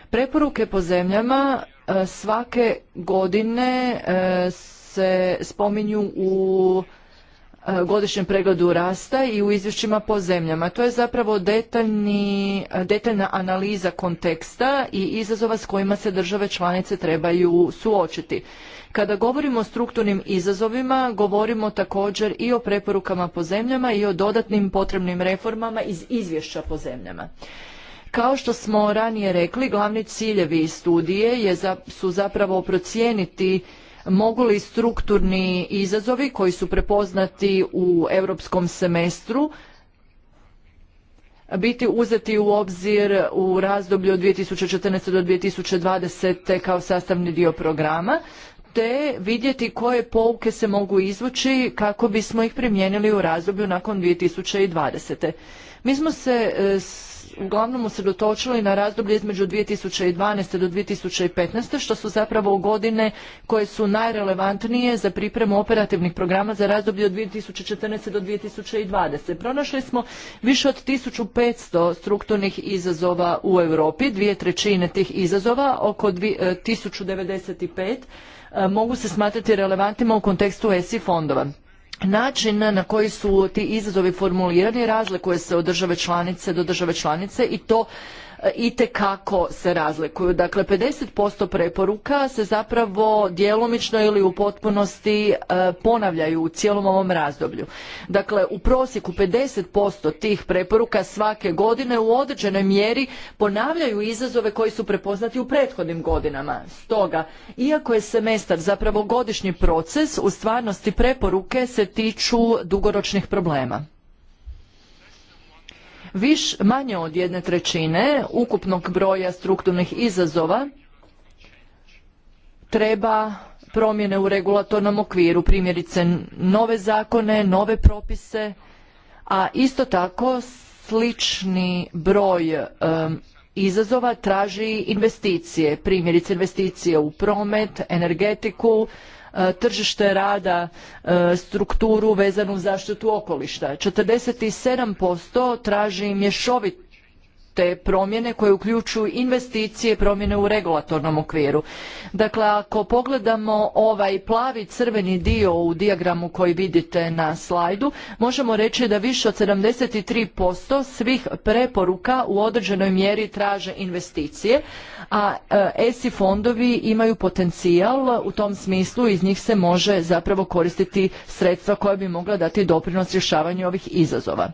Preporuke po zemljama e, svake godine e, se spominju u e, godišnjem pregledu rasta i u izvješćima po zemljama. To je zapravo detaljni, detaljna analiza konteksta i izazova s kojima se države članice trebaju suočiti. Kada govorimo o strukturnim izazovima, govorimo također i o preporukama po zemljama i o dodatnim potrebnim reformama iz izvješća po zemljama. Kao što smo ranije rekli, glavni ciljevi studije je, su zapravo procijeniti mogu li strukturni izazovi koji su prepoznati u europskom semestru biti uzeti u obzir u razdoblju od 2014. do 2020. kao sastavni dio programa, te vidjeti koje pouke se mogu izvući kako bismo ih primijenili u razdoblju nakon 2020. Mi smo se s e, uglavnom usredotočili na razdoblje između 2012. do 2015. što su zapravo godine koje su najrelevantnije za pripremu operativnih programa za razdoblje od 2014. do 2020. Pronašli smo više od 1500 strukturnih izazova u Europi, dvije trećine tih izazova, oko 1095 e, e, mogu se smatrati relevantima u kontekstu ESI fondova. Način na koji su ti izazovi formulirani razlikuje se od države članice do države članice i to itekako se razlikuju. Dakle, 50% preporuka se zapravo djelomično ili u potpunosti e, ponavljaju u cijelom ovom razdoblju. Dakle, u prosjeku 50% tih preporuka svake godine u određenoj mjeri ponavljaju izazove koji su prepoznati u prethodnim godinama. Stoga, iako je semestar zapravo godišnji proces, u stvarnosti preporuke se tiču dugoročnih problema viš manje od jedne trećine ukupnog broja strukturnih izazova treba promjene u regulatornom okviru, primjerice nove zakone, nove propise, a isto tako slični broj izazova traži investicije, primjerice investicije u promet, energetiku, E, tržište rada, e, strukturu vezanu zaštitu okolišta. 47% traži mješovit te promjene koje uključuju investicije promjene u regulatornom okviru. Dakle, ako pogledamo ovaj plavi crveni dio u dijagramu koji vidite na slajdu, možemo reći da više od 73% svih preporuka u određenoj mjeri traže investicije, a e, ESI fondovi imaju potencijal u tom smislu iz njih se može zapravo koristiti sredstva koja bi mogla dati doprinos rješavanju ovih izazova.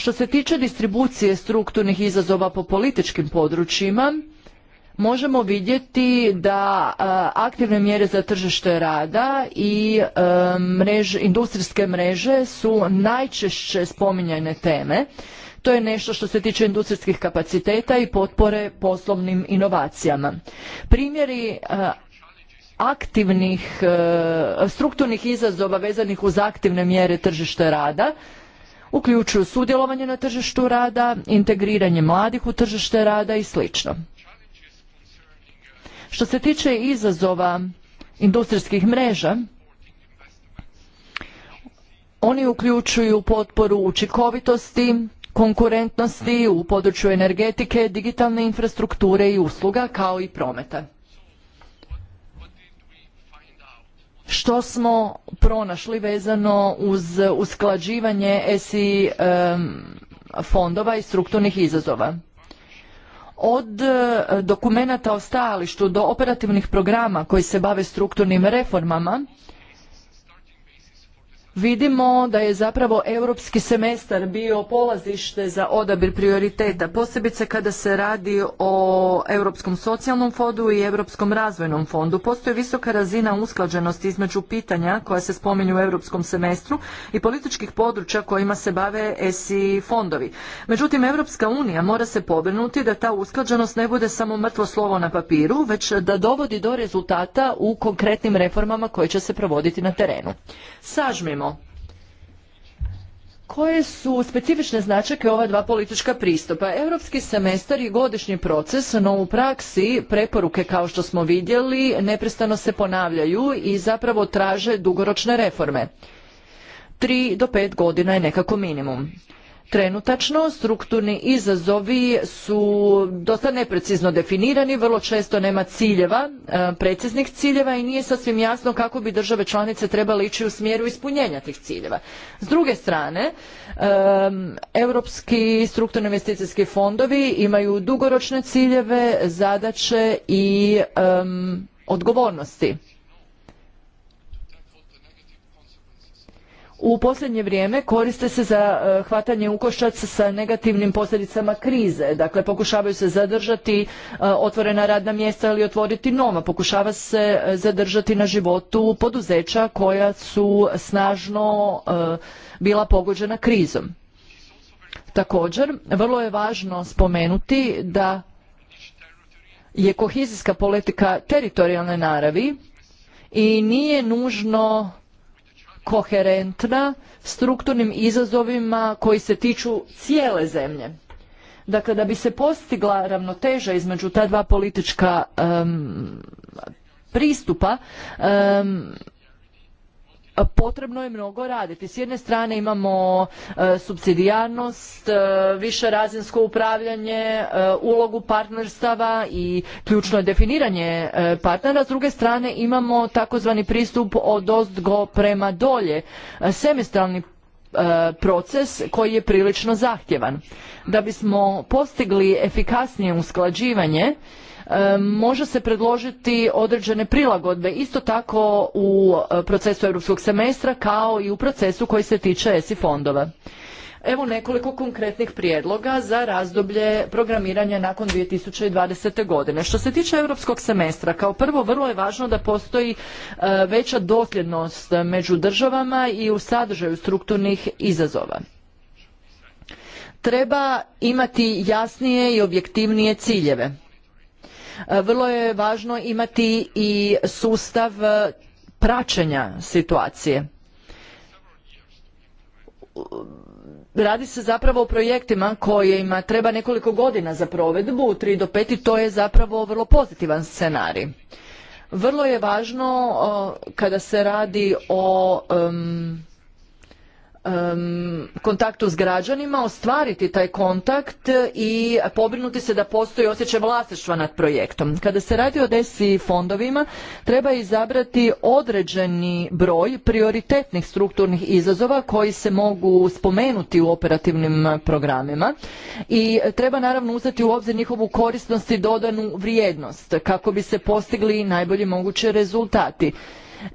Što se tiče distribucije strukturnih izazova po političkim područjima, možemo vidjeti da aktivne mjere za tržište rada i industrijske mreže su najčešće spominjane teme. To je nešto što se tiče industrijskih kapaciteta i potpore poslovnim inovacijama. Primjeri aktivnih strukturnih izazova vezanih uz aktivne mjere tržište rada uključuju sudjelovanje na tržištu rada, integriranje mladih u tržište rada i sl. Što se tiče izazova industrijskih mreža, oni uključuju potporu učinkovitosti, konkurentnosti u području energetike, digitalne infrastrukture i usluga kao i prometa. što smo pronašli vezano uz usklađivanje ESI fondova i strukturnih izazova. Od e, dokumenata o stajalištu do operativnih programa koji se bave strukturnim reformama, vidimo da je zapravo europski semestar bio polazište za odabir prioriteta, posebice kada se radi o Europskom socijalnom fondu i Europskom razvojnom fondu. Postoji visoka razina usklađenosti između pitanja koja se spominju u Europskom semestru i političkih područja kojima se bave ESI fondovi. Međutim, Europska unija mora se pobrinuti da ta usklađenost ne bude samo mrtvo slovo na papiru, već da dovodi do rezultata u konkretnim reformama koje će se provoditi na terenu. Sažmimo koje su specifične značake ova dva politička pristupa? Europski semestar je godišnji proces, no u praksi preporuke kao što smo vidjeli neprestano se ponavljaju i zapravo traže dugoročne reforme. Tri do pet godina je nekako minimum. Trenutačno strukturni izazovi su dosta neprecizno definirani, vrlo često nema ciljeva, e, preciznih ciljeva i nije sasvim jasno kako bi države članice trebale ići u smjeru ispunjenja tih ciljeva. S druge strane, e, europski strukturni investicijski fondovi imaju dugoročne ciljeve, zadaće i e, odgovornosti u posljednje vrijeme koriste se za e, hvatanje u sa negativnim posljedicama krize. Dakle, pokušavaju se zadržati e, otvorena radna mjesta ili otvoriti nova. Pokušava se e, zadržati na životu poduzeća koja su snažno bila pogođena krizom. Također, vrlo je važno spomenuti da je kohezijska politika teritorijalne naravi i nije nužno koherentna strukturnim izazovima koji se tiču cijele zemlje. Dakle, da bi se postigla ravnoteža između ta dva politička pristupa, potrebno je mnogo raditi. S jedne strane imamo e, subsidijarnost, e, više razinsko upravljanje, e, ulogu partnerstava i ključno definiranje partnera. S druge strane imamo takozvani pristup od ozdgo prema dolje, semestralni proces koji je prilično zahtjevan. Da bismo postigli efikasnije usklađivanje, E, može se predložiti određene prilagodbe isto tako u e, procesu europskog semestra kao i u procesu koji se tiče ESI fondova. Evo nekoliko konkretnih prijedloga za razdoblje programiranja nakon 2020. godine. Što se tiče europskog semestra, kao prvo vrlo je važno da postoji e, veća dosljednost među državama i u sadržaju strukturnih izazova. Treba imati jasnije i objektivnije ciljeve E, vrlo je važno imati i sustav e, praćenja situacije. Radi se zapravo o projektima kojima treba nekoliko godina za provedbu, tri do 5 to je zapravo vrlo pozitivan scenarij. Vrlo je važno kada se radi o kontaktu s građanima, ostvariti taj kontakt i pobrinuti se da postoji osjećaj vlasništva nad projektom. Kada se radi o DESI fondovima, treba izabrati određeni broj prioritetnih strukturnih izazova koji se mogu spomenuti u operativnim programima i treba naravno uzeti u obzir njihovu korisnost i dodanu vrijednost kako bi se postigli najbolji mogući rezultati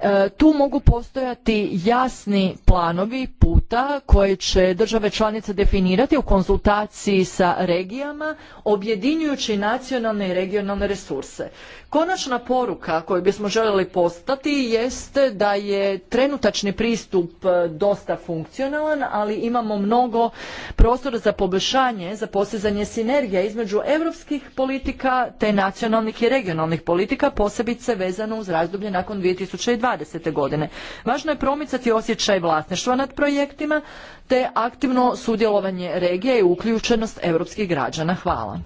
E, tu mogu postojati jasni planovi puta koje će države članice definirati u konzultaciji sa regijama objedinjujući nacionalne i regionalne resurse. Konačna poruka koju bismo željeli postati jeste da je trenutačni pristup e, dosta funkcionalan, ali imamo mnogo prostora za poboljšanje, za postizanje sinergija između europskih politika te nacionalnih i regionalnih politika, posebice vezano uz razdoblje nakon 2020. godine. Važno je promicati osjećaj vlasništva nad projektima te aktivno sudjelovanje regije i uključenost europskih građana. Hvala.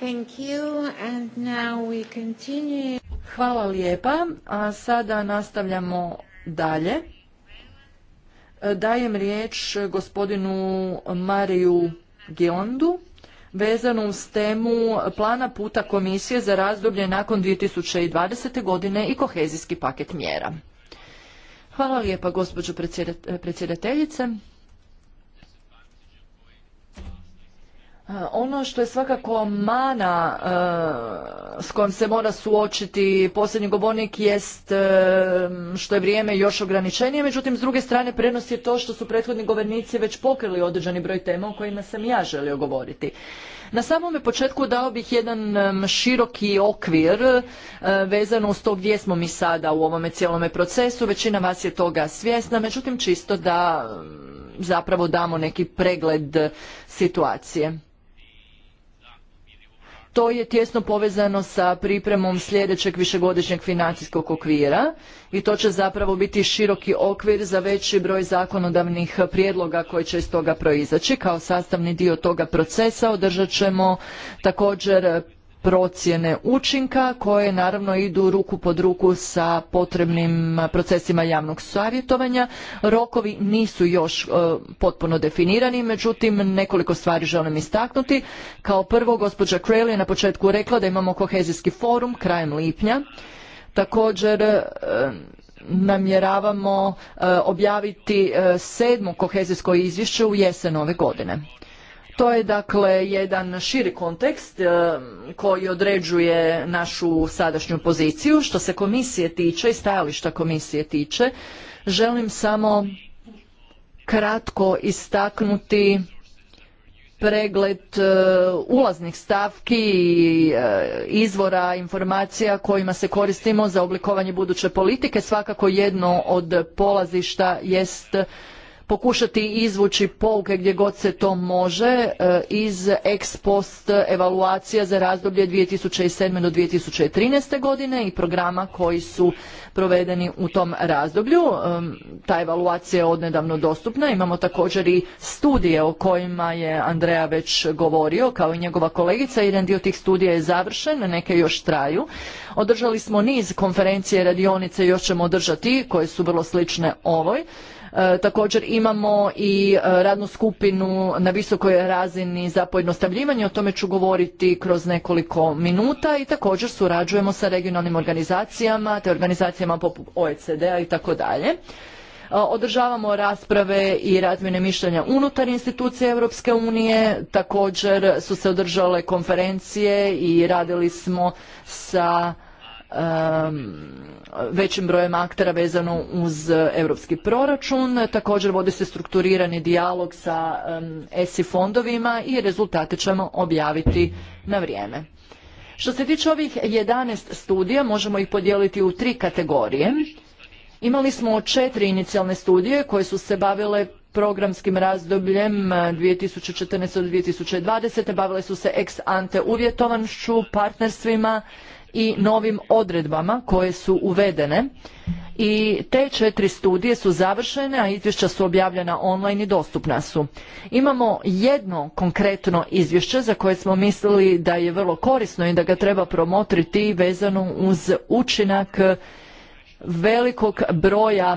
Thank Hvala lijepa. A sada nastavljamo dalje. Dajem riječ gospodinu Mariju Giondu vezanu s temu plana puta komisije za razdoblje nakon 2020. godine i kohezijski paket mjera. Hvala lijepa gospođo predsjedateljice. ono što je svakako mana e, s kojom se mora suočiti posljednji govornik jest e, što je vrijeme još ograničenije, međutim s druge strane prenos je to što su prethodni govornici već pokrili određeni broj tema o kojima sam ja želio govoriti. Na samome početku dao bih jedan široki okvir e, vezano uz to gdje smo mi sada u ovome cijelome procesu. Većina vas je toga svjesna, međutim čisto da zapravo damo neki pregled situacije to je tjesno povezano sa pripremom sljedećeg višegodišnjeg financijskog okvira i to će zapravo biti široki okvir za veći broj zakonodavnih prijedloga koji će iz toga proizaći. Kao sastavni dio toga procesa održat ćemo također procjene učinka koje naravno idu ruku pod ruku sa potrebnim procesima javnog savjetovanja. Rokovi nisu još e, potpuno definirani, međutim nekoliko stvari želim istaknuti. Kao prvo, gospođa Krell je na početku rekla da imamo kohezijski forum krajem lipnja. Također, e, namjeravamo e, objaviti sedmo kohezijsko izvješće u jesen ove godine. To je dakle jedan širi kontekst eh, koji određuje našu sadašnju poziciju. Što se komisije tiče i stajališta komisije tiče, želim samo kratko istaknuti pregled eh, ulaznih stavki i eh, izvora informacija kojima se koristimo za oblikovanje buduće politike. Svakako jedno od polazišta jest pokušati izvući pouke gdje god se to može e, iz ex post evaluacija za razdoblje 2007. do 2013. godine i programa koji su provedeni u tom razdoblju. E, ta evaluacija je odnedavno dostupna. Imamo također i studije o kojima je Andreja već govorio, kao i njegova kolegica. Jedan dio tih studija je završen, neke još traju. Održali smo niz konferencije, radionice, još ćemo održati, koje su vrlo slične ovoj E, također imamo i e, radnu skupinu na visokoj razini za pojednostavljivanje, o tome ću govoriti kroz nekoliko minuta i također surađujemo sa regionalnim organizacijama te organizacijama poput OECD-a i tako dalje. E, održavamo rasprave i razmjene mišljenja unutar institucija Europske unije. Također su se održale konferencije i radili smo sa Um, većim brojem aktera vezano uz europski proračun. Također vodi se strukturirani dijalog sa um, ESI fondovima i rezultate ćemo objaviti na vrijeme. Što se tiče ovih 11 studija, možemo ih podijeliti u tri kategorije. Imali smo četiri inicijalne studije koje su se bavile programskim razdobljem 2014. Uh, do 2020. Bavile su se ex ante uvjetovanšću partnerstvima, i novim odredbama koje su uvedene i te četiri studije su završene, a izvješća su objavljena online i dostupna su. Imamo jedno konkretno izvješće za koje smo mislili da je vrlo korisno i da ga treba promotriti vezano uz učinak velikog broja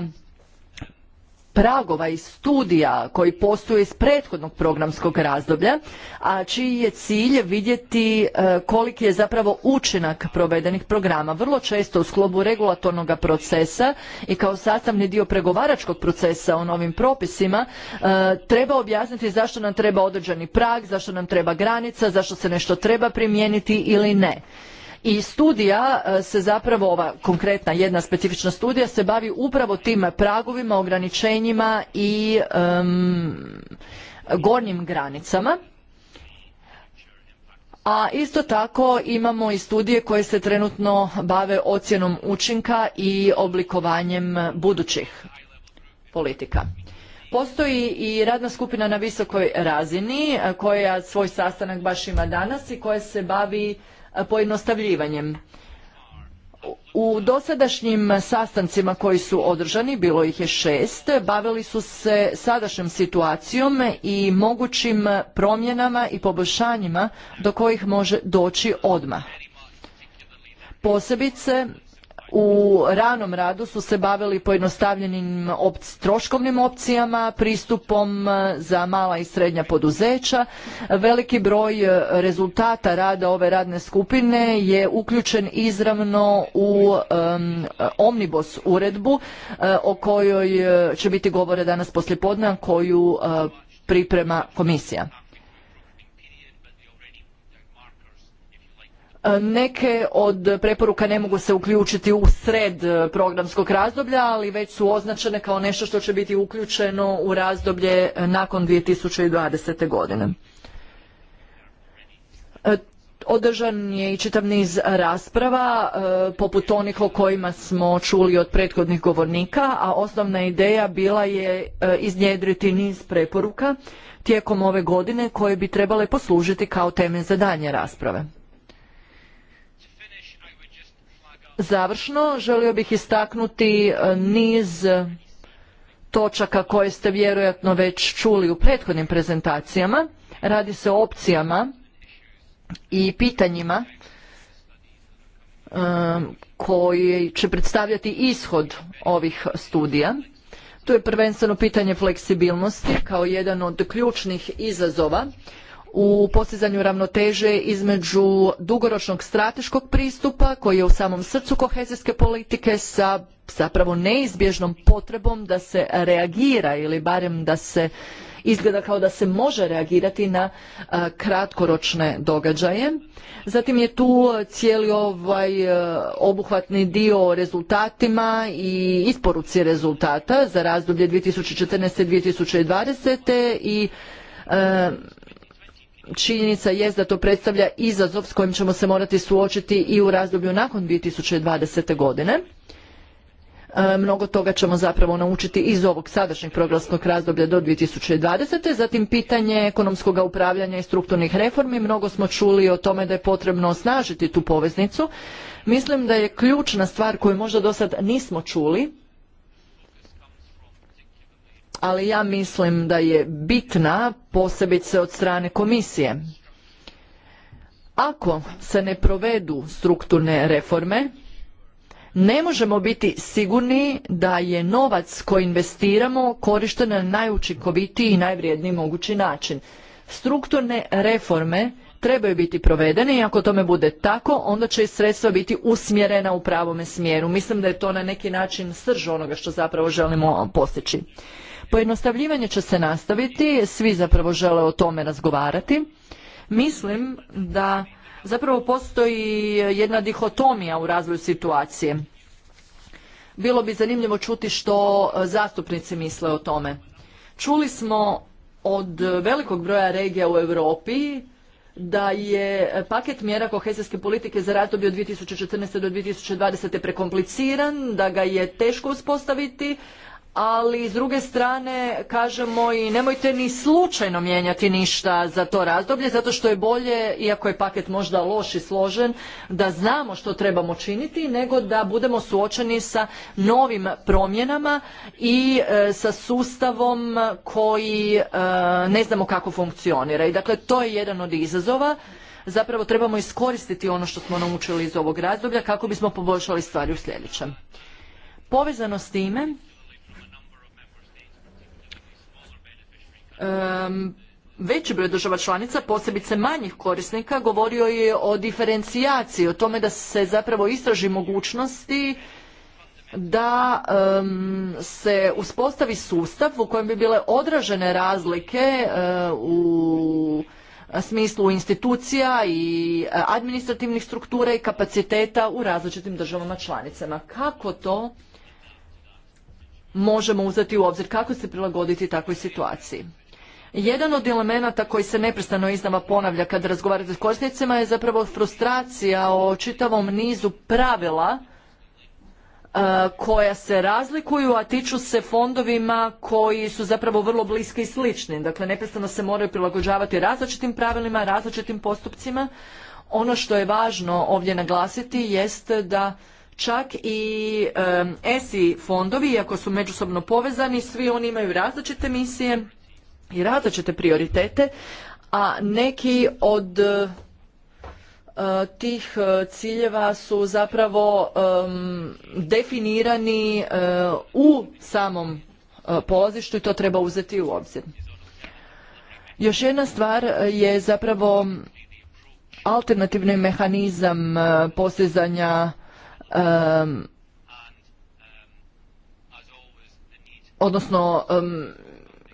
pragova i studija koji postoje iz prethodnog programskog razdoblja, a čiji je cilj vidjeti e, koliki je zapravo učinak provedenih programa. Vrlo često u sklobu regulatornog procesa i kao sastavni dio pregovaračkog procesa o novim propisima e, treba objasniti zašto nam treba određeni prag, zašto nam treba granica, zašto se nešto treba primijeniti ili ne i studija e, se zapravo, ova konkretna jedna specifična studija se bavi upravo tim pragovima, ograničenjima i gornjim granicama. A isto tako imamo i studije koje se trenutno bave ocjenom učinka i oblikovanjem budućih politika. Postoji i radna skupina na visokoj razini e, koja svoj sastanak baš ima danas i koja se bavi pojednostavljivanjem. U dosadašnjim sastancima koji su održani, bilo ih je šest, bavili su se sadašnjom situacijom i mogućim promjenama i poboljšanjima do kojih može doći odmah. Posebice u ranom radu su se bavili pojednostavljenim troškovnim opcijama, pristupom e, za mala i srednja poduzeća. Veliki broj e, rezultata rada ove radne skupine je uključen izravno u Omnibus uredbu e, o kojoj će biti govore danas poslijepodne koju priprema komisija. E, neke od preporuka ne mogu se uključiti u sred e, programskog razdoblja, ali već su označene kao nešto što će biti uključeno u razdoblje e, nakon 2020. godine. Održan je i čitav niz rasprava, poput onih o kojima smo čuli od prethodnih govornika, a osnovna ideja bila je iznjedriti niz preporuka tijekom ove godine koje bi trebale poslužiti kao teme za danje rasprave. Završno želio bih istaknuti e, niz točaka koje ste vjerojatno već čuli u prethodnim prezentacijama. Radi se o opcijama i pitanjima e, koji će predstavljati ishod ovih studija. Tu je prvenstveno pitanje fleksibilnosti kao jedan od ključnih izazova u postizanju ravnoteže između dugoročnog strateškog pristupa koji je u samom srcu kohezijske politike sa zapravo neizbježnom potrebom da se reagira ili barem da se izgleda kao da se može reagirati na kratkoročne događaje. Zatim je tu cijeli ovaj e, obuhvatni dio o rezultatima i isporuci rezultata za razdoblje 2014. i 2020. i e, činjenica jest da to predstavlja izazov s kojim ćemo se morati suočiti i u razdoblju nakon 2020. godine. E, mnogo toga ćemo zapravo naučiti iz ovog sadašnjeg programskog razdoblja do 2020. Zatim pitanje ekonomskog upravljanja i strukturnih reformi. Mnogo smo čuli o tome da je potrebno osnažiti tu poveznicu. Mislim da je ključna stvar koju možda do sad nismo čuli ali ja mislim da je bitna posebice od strane komisije. Ako se ne provedu strukturne reforme, ne možemo biti sigurni da je novac koji investiramo korišten na najučinkovitiji i najvrijedniji mogući način. Strukturne reforme trebaju biti provedene i ako tome bude tako, onda će i sredstva biti usmjerena u pravome smjeru. Mislim da je to na neki način srž onoga što zapravo želimo postići. Pojednostavljivanje će se nastaviti, svi zapravo žele o tome razgovarati. Mislim da zapravo postoji jedna dihotomija u razvoju situacije. Bilo bi zanimljivo čuti što zastupnici misle o tome. Čuli smo od velikog broja regija u Europi da je paket mjera kohezijske politike za razdoblje od 2014. do 2020. prekompliciran, da ga je teško uspostaviti, ali s druge strane kažemo i nemojte ni slučajno mijenjati ništa za to razdoblje zato što je bolje, iako je paket možda loš i složen, da znamo što trebamo činiti nego da budemo suočeni sa novim promjenama i e, sa sustavom koji e, ne znamo kako funkcionira. I dakle to je jedan od izazova zapravo trebamo iskoristiti ono što smo naučili iz ovog razdoblja kako bismo poboljšali stvari u sljedećem. Povezano s time, veći broj država članica, posebice manjih korisnika, govorio je o diferencijaciji, o tome da se zapravo istraži mogućnosti da se uspostavi sustav u kojem bi bile odražene razlike e, u smislu institucija i administrativnih struktura i kapaciteta u različitim državama članicama. Kako to možemo uzeti u obzir, kako se prilagoditi takvoj situaciji? Jedan od elemenata koji se neprestano iznama ponavlja kad razgovarate s korisnicima je zapravo frustracija o čitavom nizu pravila e, koja se razlikuju, a tiču se fondovima koji su zapravo vrlo bliski i slični. Dakle, neprestano se moraju prilagođavati različitim pravilima, različitim postupcima. Ono što je važno ovdje naglasiti jest da čak i e, ESI fondovi, iako su međusobno povezani, svi oni imaju različite misije i različite prioritete, a neki od e, e, tih e, ciljeva su zapravo definirani u samom polazištu i to treba uzeti u obzir. Još jedna stvar je zapravo alternativni mehanizam postizanja odnosno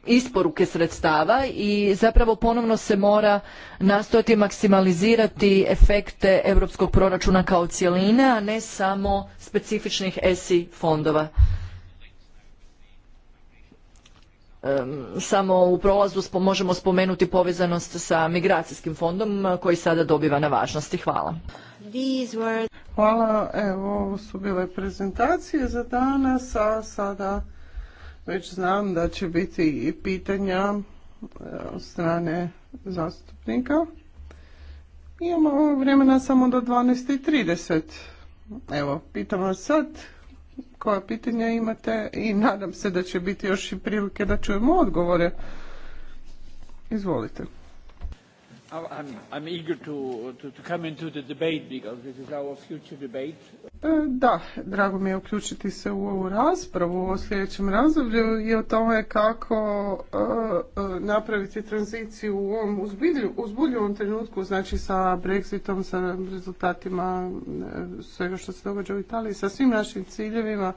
isporuke sredstava i zapravo ponovno se mora nastojati maksimalizirati efekte europskog proračuna kao cjeline, a ne samo specifičnih ESI fondova. Samo u prolazu možemo spomenuti povezanost sa migracijskim fondom koji sada dobiva na važnosti. Hvala. Hvala, evo su bile prezentacije za danas, sada već znam da će biti i pitanja e, od strane zastupnika. Imamo vremena samo do 12.30. Evo, pitam vas sad koja pitanja imate i nadam se da će biti još i prilike da čujemo odgovore. Izvolite. E, da, drago mi je uključiti se u ovu raspravu o sljedećem razdoblju i o tome kako e, e, napraviti tranziciju u ovom uzbudljivom trenutku, znači sa Brexitom, sa rezultatima svega što se događa u Italiji, sa svim našim ciljevima.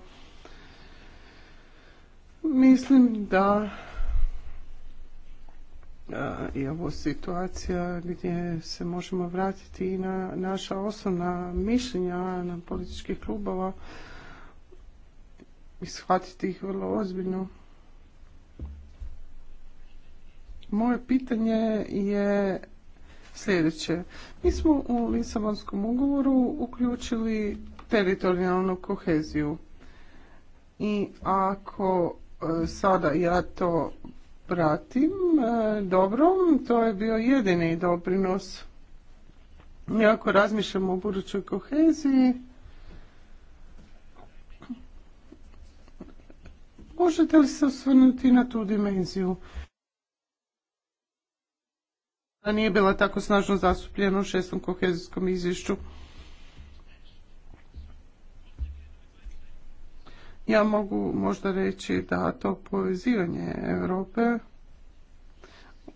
Mislim da i ovo situacija gdje se možemo vratiti i na naša osnovna mišljenja na političkih klubova i shvatiti ih vrlo ozbiljno. Moje pitanje je sljedeće. Mi smo u Lisabonskom ugovoru uključili teritorijalnu koheziju. I ako e, sada ja to pratim e, dobro, to je bio jedini doprinos. I ako razmišljamo o budućoj koheziji, možete li se osvrnuti na tu dimenziju? Nije bila tako snažno zastupljena u šestom kohezijskom izvješću. Ja mogu možda reći da to povezivanje Europe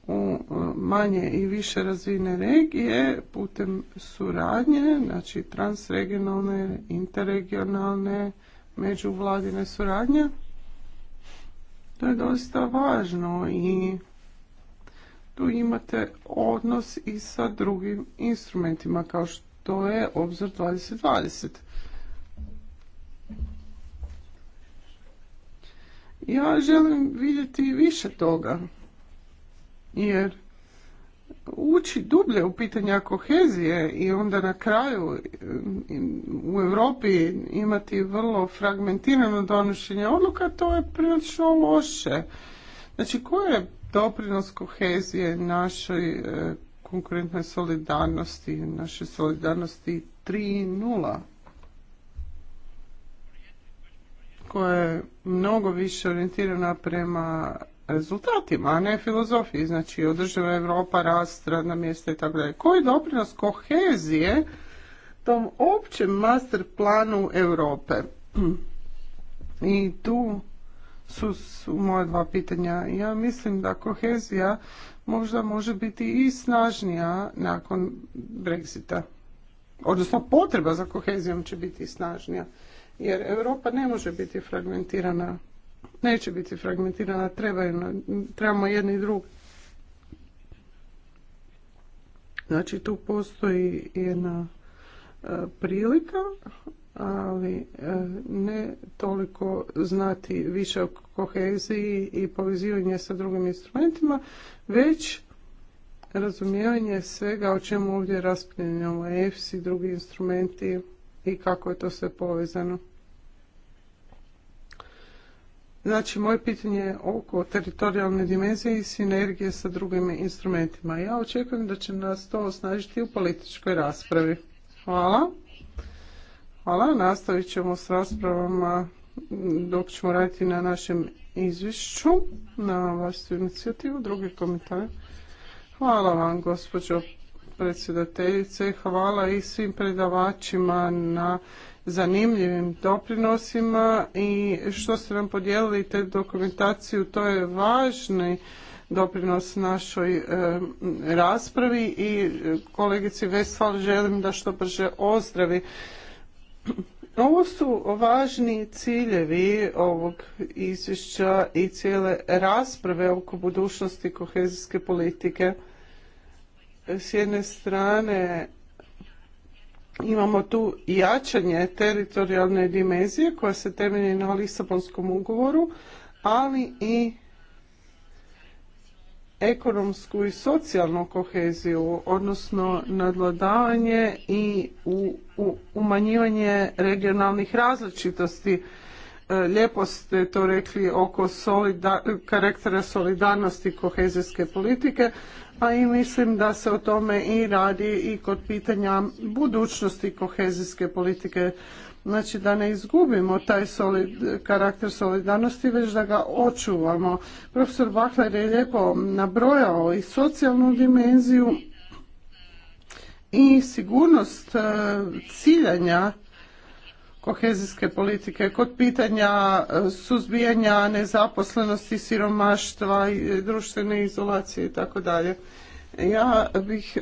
u e, manje i više razvine regije putem suradnje, znači transregionalne, interregionalne, međuvladine suradnje. To je dosta važno i tu imate odnos i sa drugim instrumentima kao što je obzor 2020. Ja želim vidjeti više toga, jer ući dublje u pitanja kohezije i onda na kraju u Europi imati vrlo fragmentirano donošenje odluka, to je prilično loše. Znači, koji je doprinos kohezije našoj eh, konkurentnoj solidarnosti, našoj solidarnosti 3.0? koja je mnogo više orijentirana prema rezultatima, a ne filozofiji. Znači, održiva Europa, rast, radna mjesta i tako dalje. Koji doprinos kohezije tom općem master planu Europe? I tu su, su moje dva pitanja. Ja mislim da kohezija možda može biti i snažnija nakon Brexita. Odnosno, potreba za kohezijom će biti snažnija. Jer Europa ne može biti fragmentirana. Neće biti fragmentirana, trebaju, trebamo jedni drugi. Znači tu postoji jedna e, prilika, ali e, ne toliko znati više o koheziji i povezivanje sa drugim instrumentima, već razumijevanje svega o čemu ovdje raspravljamo, EFSI i drugi instrumenti, i kako je to sve povezano. Znači, moje pitanje je oko teritorijalne dimenzije i sinergije sa drugim instrumentima. Ja očekujem da će nas to osnažiti u političkoj raspravi. Hvala. Hvala. Nastavit ćemo s raspravama dok ćemo raditi na našem izvješću, na vašu inicijativu. Drugi komentare. Hvala vam, gospođo predsjedateljice. Hvala i svim predavačima na zanimljivim doprinosima i što ste nam podijelili te dokumentaciju, to je važni doprinos našoj eh, raspravi i eh, kolegici Vesval želim da što brže ozdravi. Ovo su važni ciljevi ovog izvješća i cijele rasprave oko budućnosti kohezijske politike s jedne strane imamo tu jačanje teritorijalne dimenzije koja se temelji na Lisabonskom ugovoru, ali i ekonomsku i socijalnu koheziju, odnosno nadladavanje i umanjivanje regionalnih različitosti. E, lijepo ste to rekli oko solida karaktera solidarnosti kohezijske politike, a i mislim da se o tome i radi i kod pitanja budućnosti kohezijske politike. Znači da ne izgubimo taj solid, karakter solidarnosti, već da ga očuvamo. Profesor Bachler je lijepo nabrojao i socijalnu dimenziju i sigurnost e, ciljanja kohezijske politike, kod pitanja e, suzbijanja nezaposlenosti, siromaštva, društvene izolacije i tako dalje. Ja bih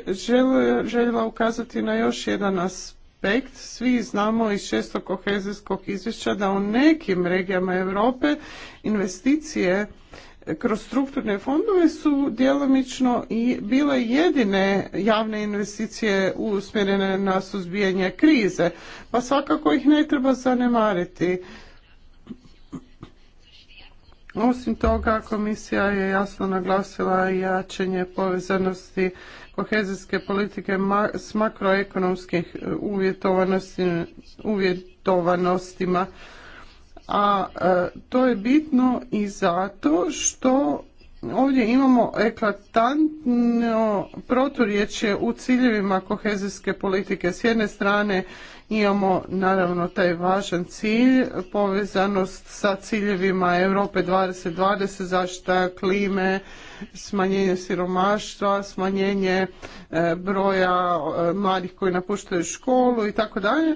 željela ukazati na još jedan aspekt. Svi znamo iz često kohezijskog izvješća da u nekim regijama Europe investicije kroz strukturne fondove su djelomično i bile jedine javne investicije usmjerene na suzbijanje krize, pa svakako ih ne treba zanemariti. Osim toga, komisija je jasno naglasila jačanje povezanosti kohezijske politike s makroekonomskih uvjetovanostima a e, to je bitno i zato što ovdje imamo eklatantno proturječje u ciljevima kohezijske politike. S jedne strane imamo naravno taj važan cilj, povezanost sa ciljevima Europe 2020, zaštita klime, smanjenje siromaštva, smanjenje e, broja e, mladih koji napuštaju školu i tako dalje.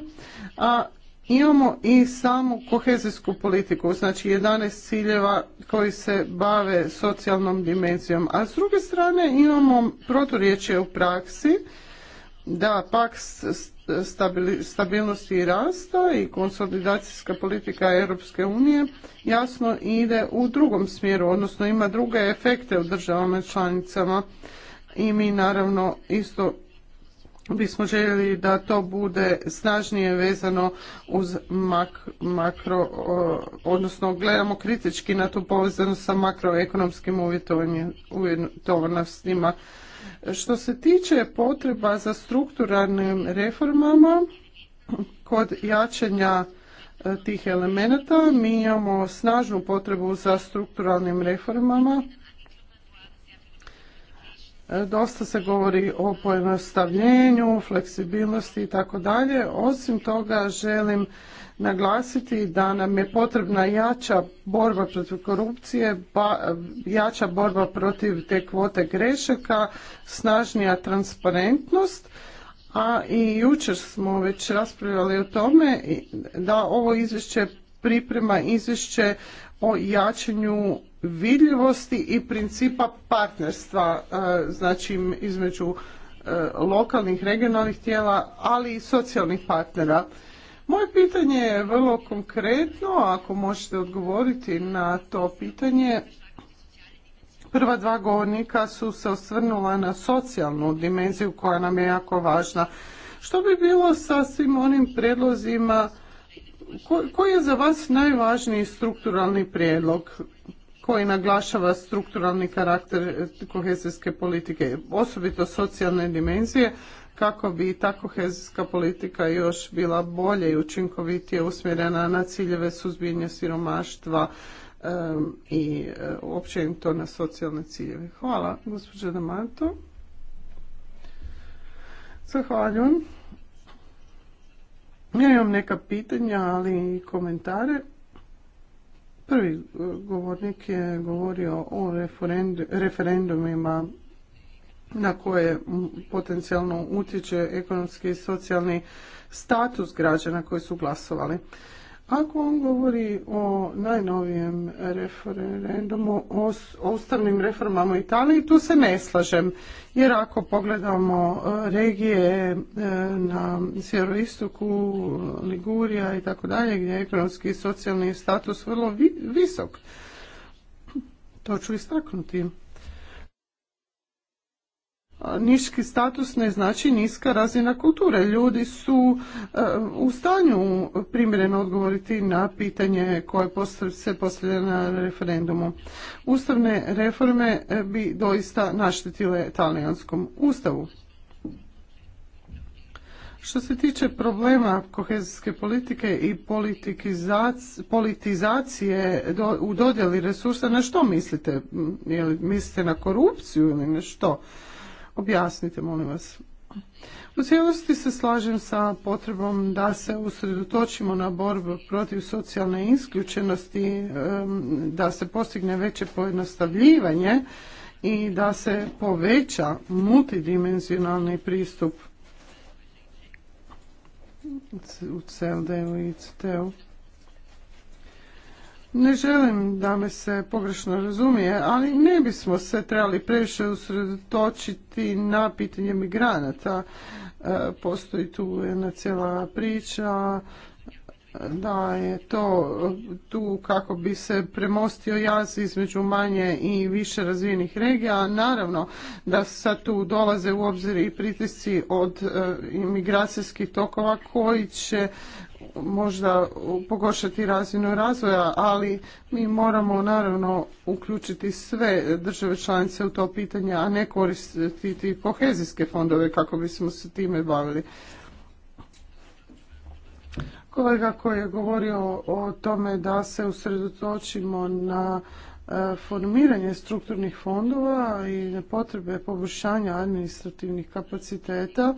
A Imamo i samu kohezijsku politiku, znači 11 ciljeva koji se bave socijalnom dimenzijom, a s druge strane imamo proturječje u praksi da pak stabilnosti i rasta i konsolidacijska politika Europske unije jasno ide u drugom smjeru, odnosno ima druge efekte u državama članicama i mi naravno isto bismo željeli da to bude snažnije vezano uz makro, odnosno gledamo kritički na tu povezano sa makroekonomskim uvjetovanostima. Što se tiče potreba za strukturalnim reformama, kod jačanja e, tih elemenata mi imamo snažnu potrebu za strukturalnim reformama E, dosta se govori o pojednostavljenju, fleksibilnosti i tako dalje. Osim toga želim naglasiti da nam je potrebna jača borba protiv korupcije, jača borba protiv te kvote grešaka, snažnija transparentnost. A i jučer smo već raspravljali o tome da ovo izvješće priprema izvješće o jačanju vidljivosti i principa partnerstva, e, znači između e, lokalnih, regionalnih tijela, ali i socijalnih partnera. Moje pitanje je vrlo konkretno, ako možete odgovoriti na to pitanje. Prva dva govornika su se osvrnula na socijalnu dimenziju koja nam je jako važna. Što bi bilo sa svim onim prijedlozima koji je za vas najvažniji strukturalni prijedlog? koji naglašava strukturalni karakter kohezijske politike, osobito socijalne dimenzije, kako bi ta kohezijska politika još bila bolje i učinkovitije usmjerena na ciljeve suzbijanja siromaštva e, uopće i općenito na socijalne ciljeve. Hvala, gospođa Damato. Zahvaljujem. Ja imam neka pitanja, ali i komentare. Prvi e, govornik je govorio o referendumima na koje potencijalno utječe ekonomski i socijalni status građana koji su glasovali. Ako on govori o najnovijem referendumu, o ustavnim reformama u Italiji, tu se ne slažem. Jer ako pogledamo e, regije e, na sjeveroistoku, Ligurija i tako dalje, gdje je ekonomski i socijalni status vrlo visok, to ću istaknuti. Niški status ne znači niska razina kulture. Ljudi su e, u stanju primjereno odgovoriti na pitanje koje se postavlja na referendumu. Ustavne reforme e, bi doista naštetile talijanskom ustavu. Što se tiče problema kohezijske politike i politizacije u dodjeli resursa, na što mislite? Je li mislite na korupciju ili na što? objasnite, molim vas. U cijelosti se slažem sa potrebom da se usredotočimo na borbu protiv socijalne isključenosti, da se postigne veće pojednostavljivanje i da se poveća multidimenzionalni pristup u CLD-u i ct u ne želim da me se pogrešno razumije, ali ne bismo se trebali previše usredotočiti na pitanje migranata. E, postoji tu jedna cijela priča e, da je to tu kako bi se premostio jaz između manje i više razvijenih regija. Naravno da sad tu dolaze u obzir i pritisci od e, imigracijskih tokova koji će možda pogoršati razinu razvoja, ali mi moramo naravno uključiti sve države članice u to pitanje, a ne koristiti kohezijske fondove kako bismo se time bavili. Kolega koji je govorio o tome da se usredotočimo na e, formiranje strukturnih fondova i na potrebe poboljšanja administrativnih kapaciteta,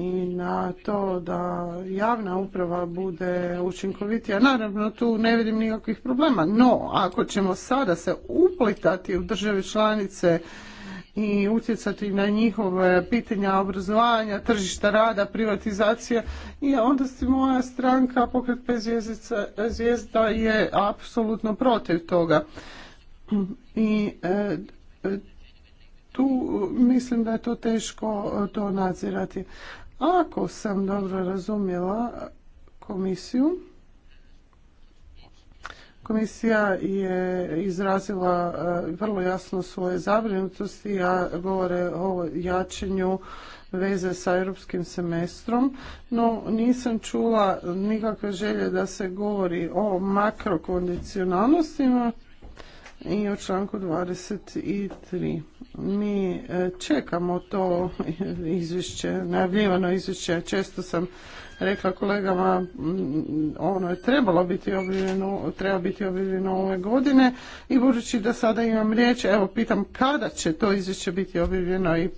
i na to da javna uprava bude učinkovitija. Naravno, tu ne vidim nikakvih problema, no ako ćemo sada se uplitati u države članice i utjecati na njihove pitanja obrazovanja, tržišta rada, privatizacija i onda si moja stranka Pokret pet zvijezda je apsolutno protiv toga. I e, tu mislim da je to teško to nadzirati. Ako sam dobro razumjela komisiju, komisija je izrazila e, vrlo jasno svoje zabrinutosti, ja govore o jačenju veze sa europskim semestrom, no nisam čula nikakve želje da se govori o makrokondicionalnostima, i o članku 23. Mi e, čekamo to izvješće, najavljivano izvješće. Često sam rekla kolegama, ono je trebalo biti objavljeno, treba biti objavljeno ove godine i budući da sada imam riječ, evo pitam kada će to izvješće biti objavljeno i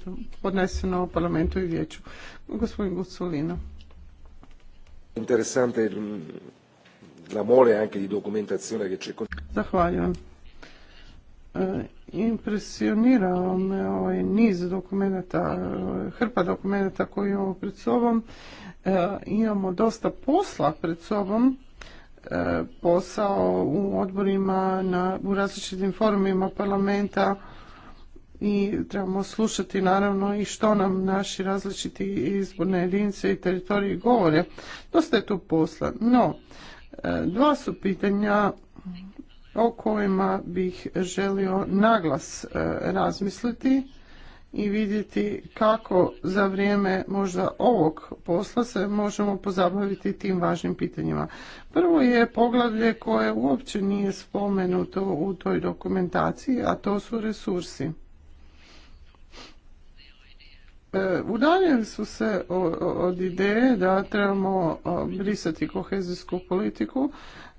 podneseno u parlamentu i vijeću. Gospodin Guculino. Interesante mm, mole anche di documentazione che c'è. Zahvaljujem. E, impresionirao me ovaj niz dokumenata, e, hrpa dokumenata koju imamo pred sobom. E, imamo dosta posla pred sobom, posao u odborima, na, u različitim forumima parlamenta i trebamo slušati naravno i što nam naši različiti izborne jedinice i teritoriji govore. Dosta je tu posla. No, dva su pitanja o kojima bih želio naglas e, razmisliti i vidjeti kako za vrijeme možda ovog posla se možemo pozabaviti tim važnim pitanjima. Prvo je poglavlje koje uopće nije spomenuto u toj dokumentaciji, a to su resursi. E, udaljili su se od ideje da trebamo e, brisati kohezijsku politiku.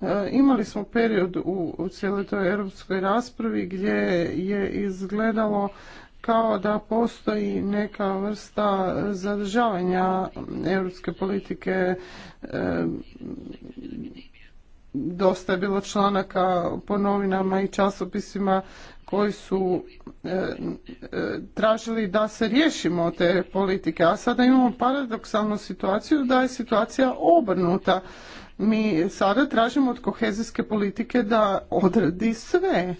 E, imali smo period u cijeloj toj europskoj raspravi gdje je izgledalo kao da postoji neka vrsta zadržavanja europske politike dosta je bilo članaka po novinama i časopisima koji su E, e, tražili da se riješimo te politike, a sada imamo paradoksalnu situaciju da je situacija obrnuta. Mi sada tražimo od kohezijske politike da odradi sve.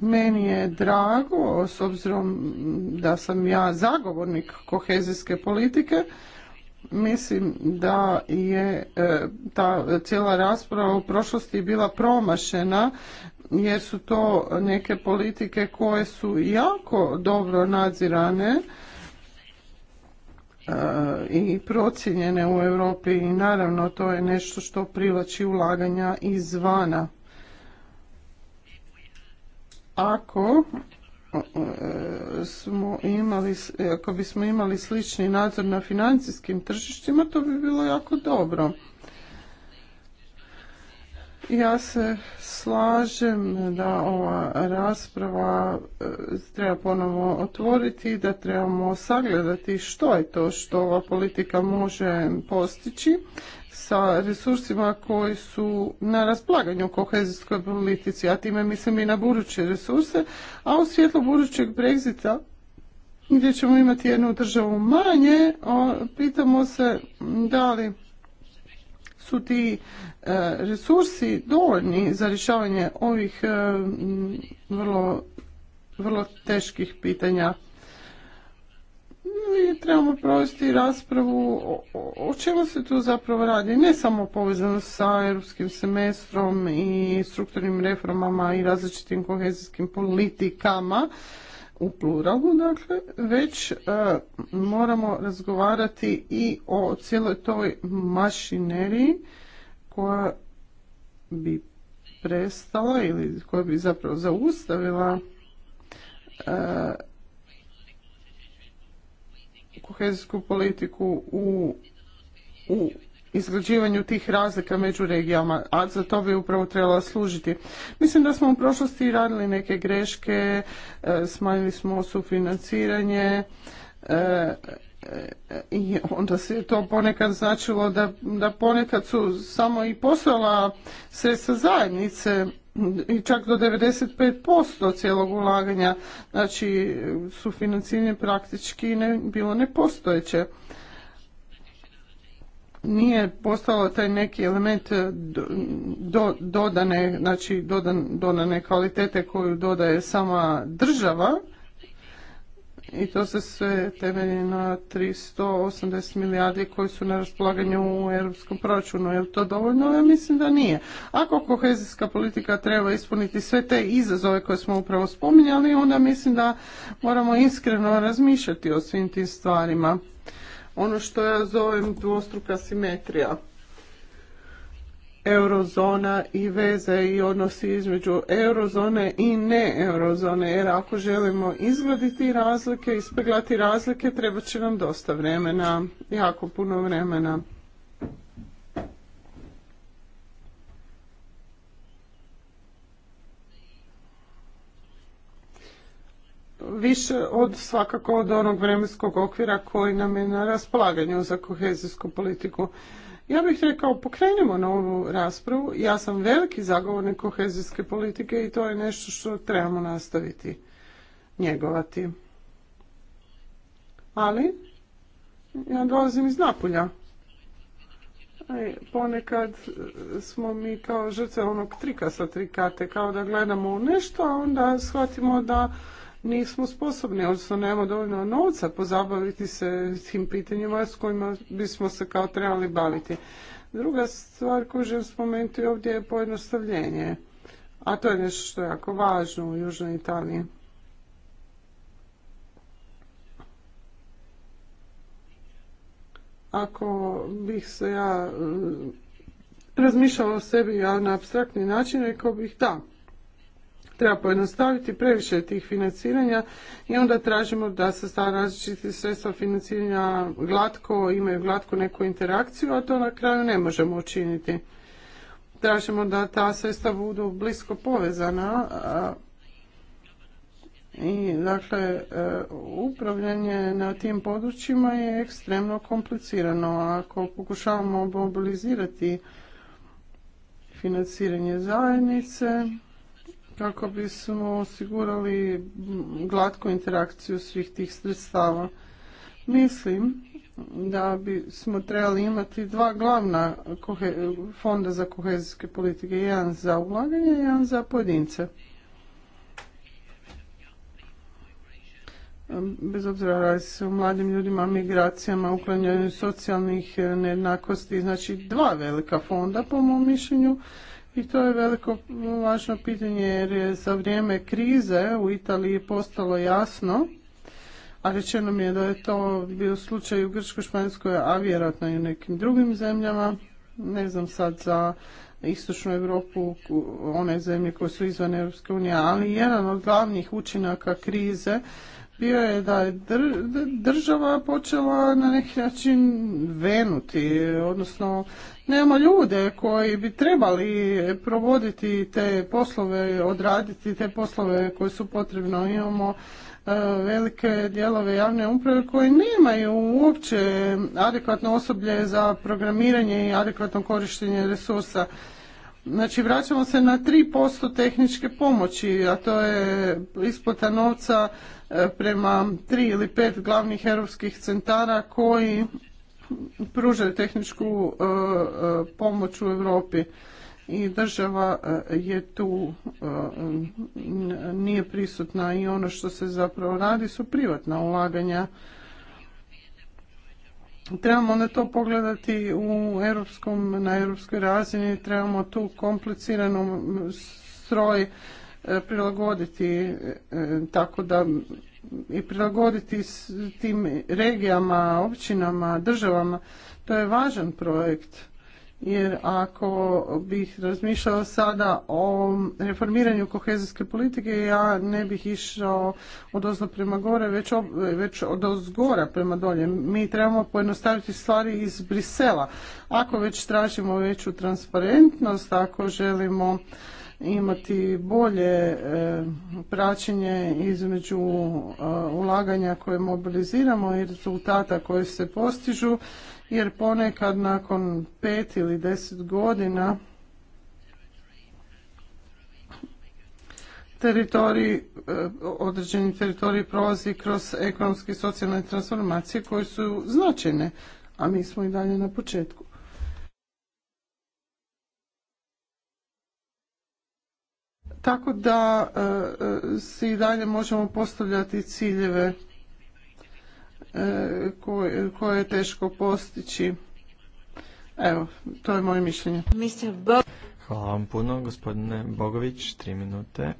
Meni je drago, s obzirom da sam ja zagovornik kohezijske politike, mislim da je e, ta cijela rasprava u prošlosti bila promašena jer su to neke politike koje su jako dobro nadzirane e, i procijenjene u Europi i naravno to je nešto što privlači ulaganja izvana. Ako e, smo imali, ako bismo imali slični nadzor na financijskim tržištima, to bi bilo jako dobro. Ja se slažem da ova rasprava e, treba ponovo otvoriti, da trebamo sagledati što je to što ova politika može postići sa resursima koji su na raspolaganju u kohezijskoj politici, a time mislim i na buduće resurse, a u svjetlu budućeg Brexita gdje ćemo imati jednu državu manje, pitamo se da li su ti e, resursi dovoljni za rješavanje ovih e, vrlo, vrlo teških pitanja. I trebamo provesti raspravu o čemu se tu zapravo radi, ne samo povezano sa europskim semestrom i strukturnim reformama i različitim kohezijskim politikama, u pluralu, dakle, već e, moramo razgovarati i o cijeloj toj mašineriji koja bi prestala ili koja bi zapravo zaustavila e, kohezijsku politiku u, u izgrađivanju tih razlika među regijama, a za to bi upravo trebala služiti. Mislim da smo u prošlosti radili neke greške, e, smanjili smo sufinanciranje, e, e, i onda se to ponekad značilo da, da ponekad su samo i poslala sredstva zajednice i čak do 95% cijelog ulaganja, znači sufinanciranje praktički bilo nepostojeće nije postalo taj neki element eh, do, dodane, znači dodan, dodane kvalitete koju dodaje sama država i to se sve temelji na 380 milijardi koji su na raspolaganju u europskom proračunu. Je to dovoljno? Ja mislim da nije. Ako kohezijska politika treba ispuniti sve te izazove koje smo upravo spominjali, onda mislim da moramo iskreno razmišljati o svim tim stvarima ono što ja zovem dvostruka simetrija. Eurozona i veze i odnosi između eurozone i ne eurozone, jer ako želimo izglediti razlike, ispeglati razlike, treba će nam dosta vremena, jako puno vremena. više od svakako od onog vremenskog okvira koji nam je na raspolaganju za kohezijsku politiku. Ja bih rekao pokrenimo ovu raspravu. Ja sam veliki zagovornik kohezijske politike i to je nešto što trebamo nastaviti njegovati. Ali ja dolazim iz Napulja. E, ponekad smo mi kao žrce onog trika sa trikate, kao da gledamo u nešto, a onda shvatimo da nismo sposobni, odnosno nemamo dovoljno novca pozabaviti se tim pitanjima s kojima bismo se kao trebali baviti. Druga stvar koju želim spomenuti ovdje je pojednostavljenje, a to je nešto što je jako važno u Južnoj Italiji. Ako bih se ja eh, razmišljala o sebi na abstraktni način, rekao bih da treba pojednostaviti previše tih financiranja i onda tražimo da se sta različiti sredstva financiranja glatko, imaju glatko neku interakciju, a to na kraju ne možemo učiniti. Tražimo da ta sredstva budu blisko povezana, i dakle, e, upravljanje na tim područjima je ekstremno komplicirano. Ako pokušavamo mobilizirati financiranje zajednice, kako bismo osigurali glatku interakciju svih tih sredstava. Mislim da bismo trebali imati dva glavna fonda za kohezijske politike, jedan za ulaganje i jedan za pojedince. Bez obzira radi se o mladim ljudima, migracijama, uklanjanju socijalnih nejednakosti, znači dva velika fonda po mom mišljenju i to je veliko važno pitanje jer je za vrijeme krize u Italiji postalo jasno, a rečeno mi je da je to bio slučaj u Grčkoj, Španjskoj, a vjerojatno i u nekim drugim zemljama. Ne znam sad za istočnu Europu, one zemlje koje su izvan Europske unije, ali jedan od glavnih učinaka krize bio je da je država počela na neki način venuti, odnosno nema ljude koji bi trebali provoditi te poslove, odraditi te poslove koje su potrebno. Imamo e, velike dijelove javne uprave koje nemaju uopće adekvatno osoblje za programiranje i adekvatno korištenje resursa. Znači vraćamo se na 3% tehničke pomoći, a to je isplata novca e, prema 3 ili pet glavnih europskih centara koji pružaju tehničku e, e, pomoć u Europi i država je tu nije prisutna i ono što se zapravo radi su privatna ulaganja Trebamo na to pogledati u europskom, na europskoj razini, trebamo tu kompliciranu stroj e, prilagoditi e, tako da i prilagoditi s tim regijama, općinama, državama. To je važan projekt jer ako bih razmišljao sada o reformiranju kohezijske politike, ja ne bih išao od ozla prema gore, već, ob, već od ozgora prema dolje. Mi trebamo pojednostaviti stvari iz Brisela. Ako već tražimo veću transparentnost, ako želimo imati bolje e, praćenje između e, ulaganja koje mobiliziramo i rezultata koje se postižu jer ponekad nakon pet ili deset godina teritorij, eh, određeni teritorij prolazi kroz ekonomske i socijalne transformacije koje su značajne, a mi smo i dalje na početku. Tako da eh, eh, si i dalje možemo postavljati ciljeve E, koje je teško postići. Evo, to je moje mišljenje. Hvala vam puno, gospodine Bogović, tri minute.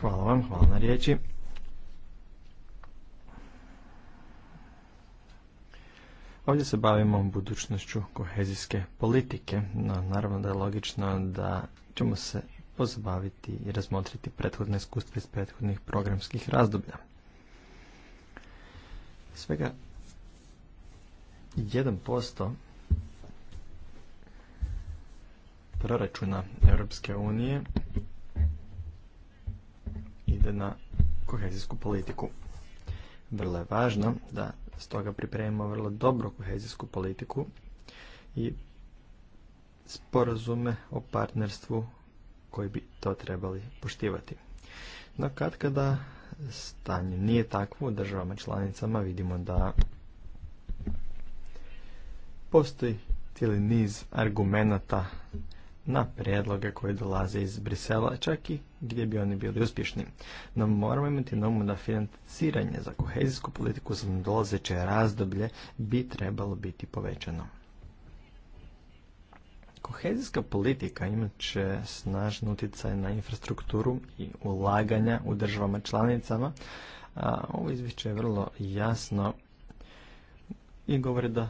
Hvala vam, hvala na riječi. Ovdje se bavimo budućnošću kohezijske politike, no naravno da je logično da ćemo se zbaviti i razmotriti prethodne iskustva iz prethodnih programskih razdoblja. Svega 1% proračuna Europske unije ide na kohezijsku politiku. Vrlo je važno da stoga pripremimo vrlo dobru kohezijsku politiku i sporazume o partnerstvu koji bi to trebali poštivati. No kad kada stanje nije takvo u državama članicama vidimo da postoji cijeli niz argumenata na prijedloge koji dolaze iz Brisela, čak i gdje bi oni bili uspješni. No moramo imati na umu da financiranje za kohezijsku politiku za dolazeće razdoblje bi trebalo biti povećano. Kohezijska politika imat će snažan utjecaj na infrastrukturu i ulaganja u državama članicama. A ovo izvješće je vrlo jasno i govori da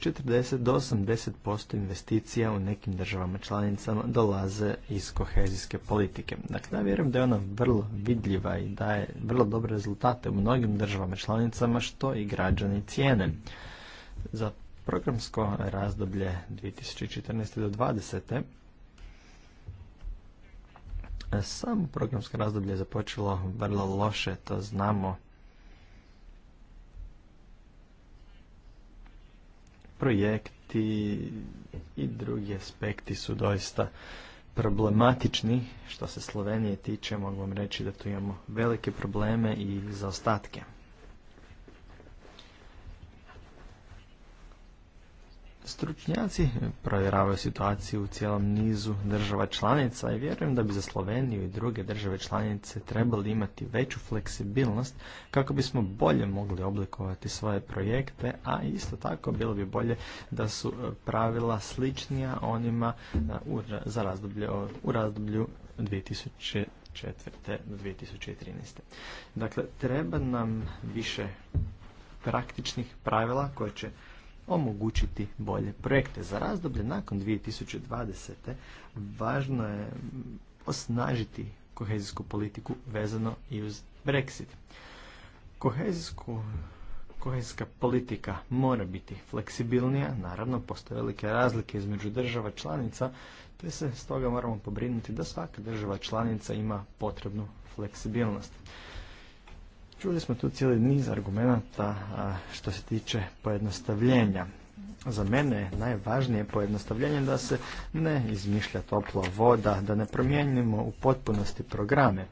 40 do 80% investicija u nekim državama članicama dolaze iz kohezijske politike. Dakle, ja vjerujem da je ona vrlo vidljiva i daje vrlo dobre rezultate u mnogim državama članicama što i građani cijene. Za Programsko razdoblje 2014. do 2020. Samo programsko razdoblje je započelo vrlo loše, to znamo. Projekti i drugi aspekti su doista problematični. Što se Slovenije tiče, mogu vam reći da tu imamo velike probleme i zaostatke. Stručnjaci provjeravaju situaciju u cijelom nizu država članica i vjerujem da bi za Sloveniju i druge države članice trebali imati veću fleksibilnost kako bismo bolje mogli oblikovati svoje projekte, a isto tako bilo bi bolje da su e, pravila sličnija onima e, u, za razdoblje, u razdoblju 2004. do 2013. Dakle, treba nam više praktičnih pravila koje će omogućiti bolje projekte. Za razdoblje nakon 2020. važno je osnažiti kohezijsku politiku vezano i uz Brexit. Kohezijsku kohezijska politika mora biti fleksibilnija, naravno postoje velike razlike između država članica, te se stoga moramo pobrinuti da svaka država članica ima potrebnu fleksibilnost. Čuli smo tu cijeli niz argumenata što se tiče pojednostavljenja. Za mene je najvažnije pojednostavljenje da se ne izmišlja topla voda, da ne promijenimo u potpunosti programe.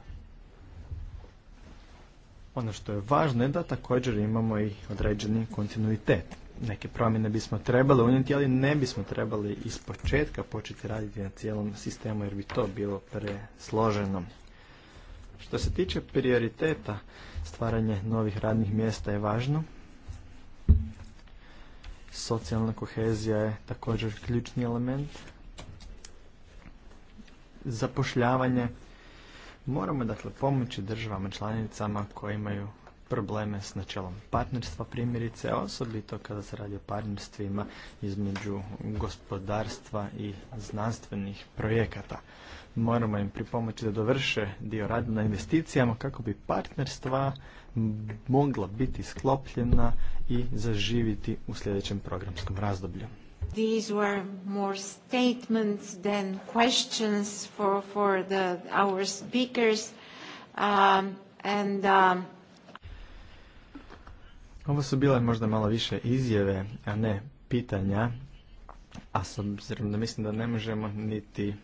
Ono što je važno je da također imamo i određeni kontinuitet. Neke promjene bismo trebali unijeti, ali ne bismo trebali ispočetka početi raditi na cijelom sistemu jer bi to bilo presloženo. Što se tiče prioriteta, Stvaranje novih radnih mjesta je važno. Socijalna kohezija je također ključni element. Zapošljavanje. Moramo dakle pomoći državama članicama koje imaju probleme s načelom partnerstva primjerice, osobito kada se radi o partnerstvima između gospodarstva i znanstvenih projekata. Moramo im pripomoći da dovrše dio rada na investicijama kako bi partnerstva mogla biti sklopljena i zaživiti u sljedećem programskom razdoblju. These were more statements than questions for, for the, our speakers. Um, and, um, Ovo su bile možda malo više izjave, a ne pitanja, a s obzirom da mislim da ne možemo niti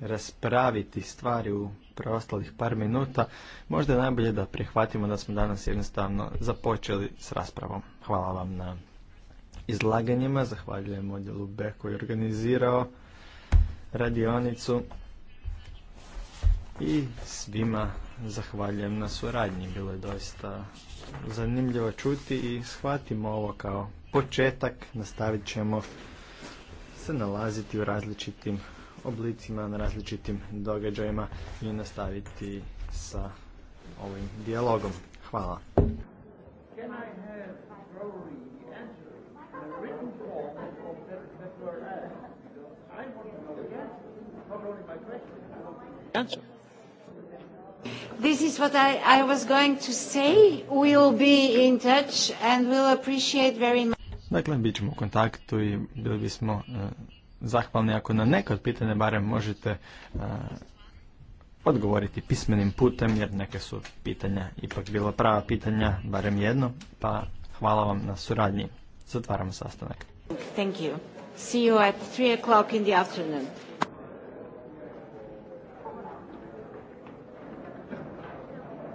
raspraviti stvari u preostalih par minuta, možda je najbolje da prihvatimo da smo danas jednostavno započeli s raspravom. Hvala vam na izlaganjima, zahvaljujem odjelu B koji je organizirao radionicu i svima zahvaljujem na suradnji. Bilo je doista zanimljivo čuti i shvatimo ovo kao početak. Nastavit ćemo se nalaziti u različitim oblicima, na različitim događajima i nastaviti sa ovim dijalogom. Hvala. This is what I, I was going to say. We'll be in touch and we'll appreciate very much. Dakle, bit ćemo u kontaktu i bili bismo e, zahvalni ako na neka od pitanja barem možete e, odgovoriti pismenim putem, jer neke su pitanja ipak bila prava pitanja, barem jedno, pa hvala vam na suradnji. Zatvaramo sastanak. Thank you. See you at 3 o'clock in the afternoon.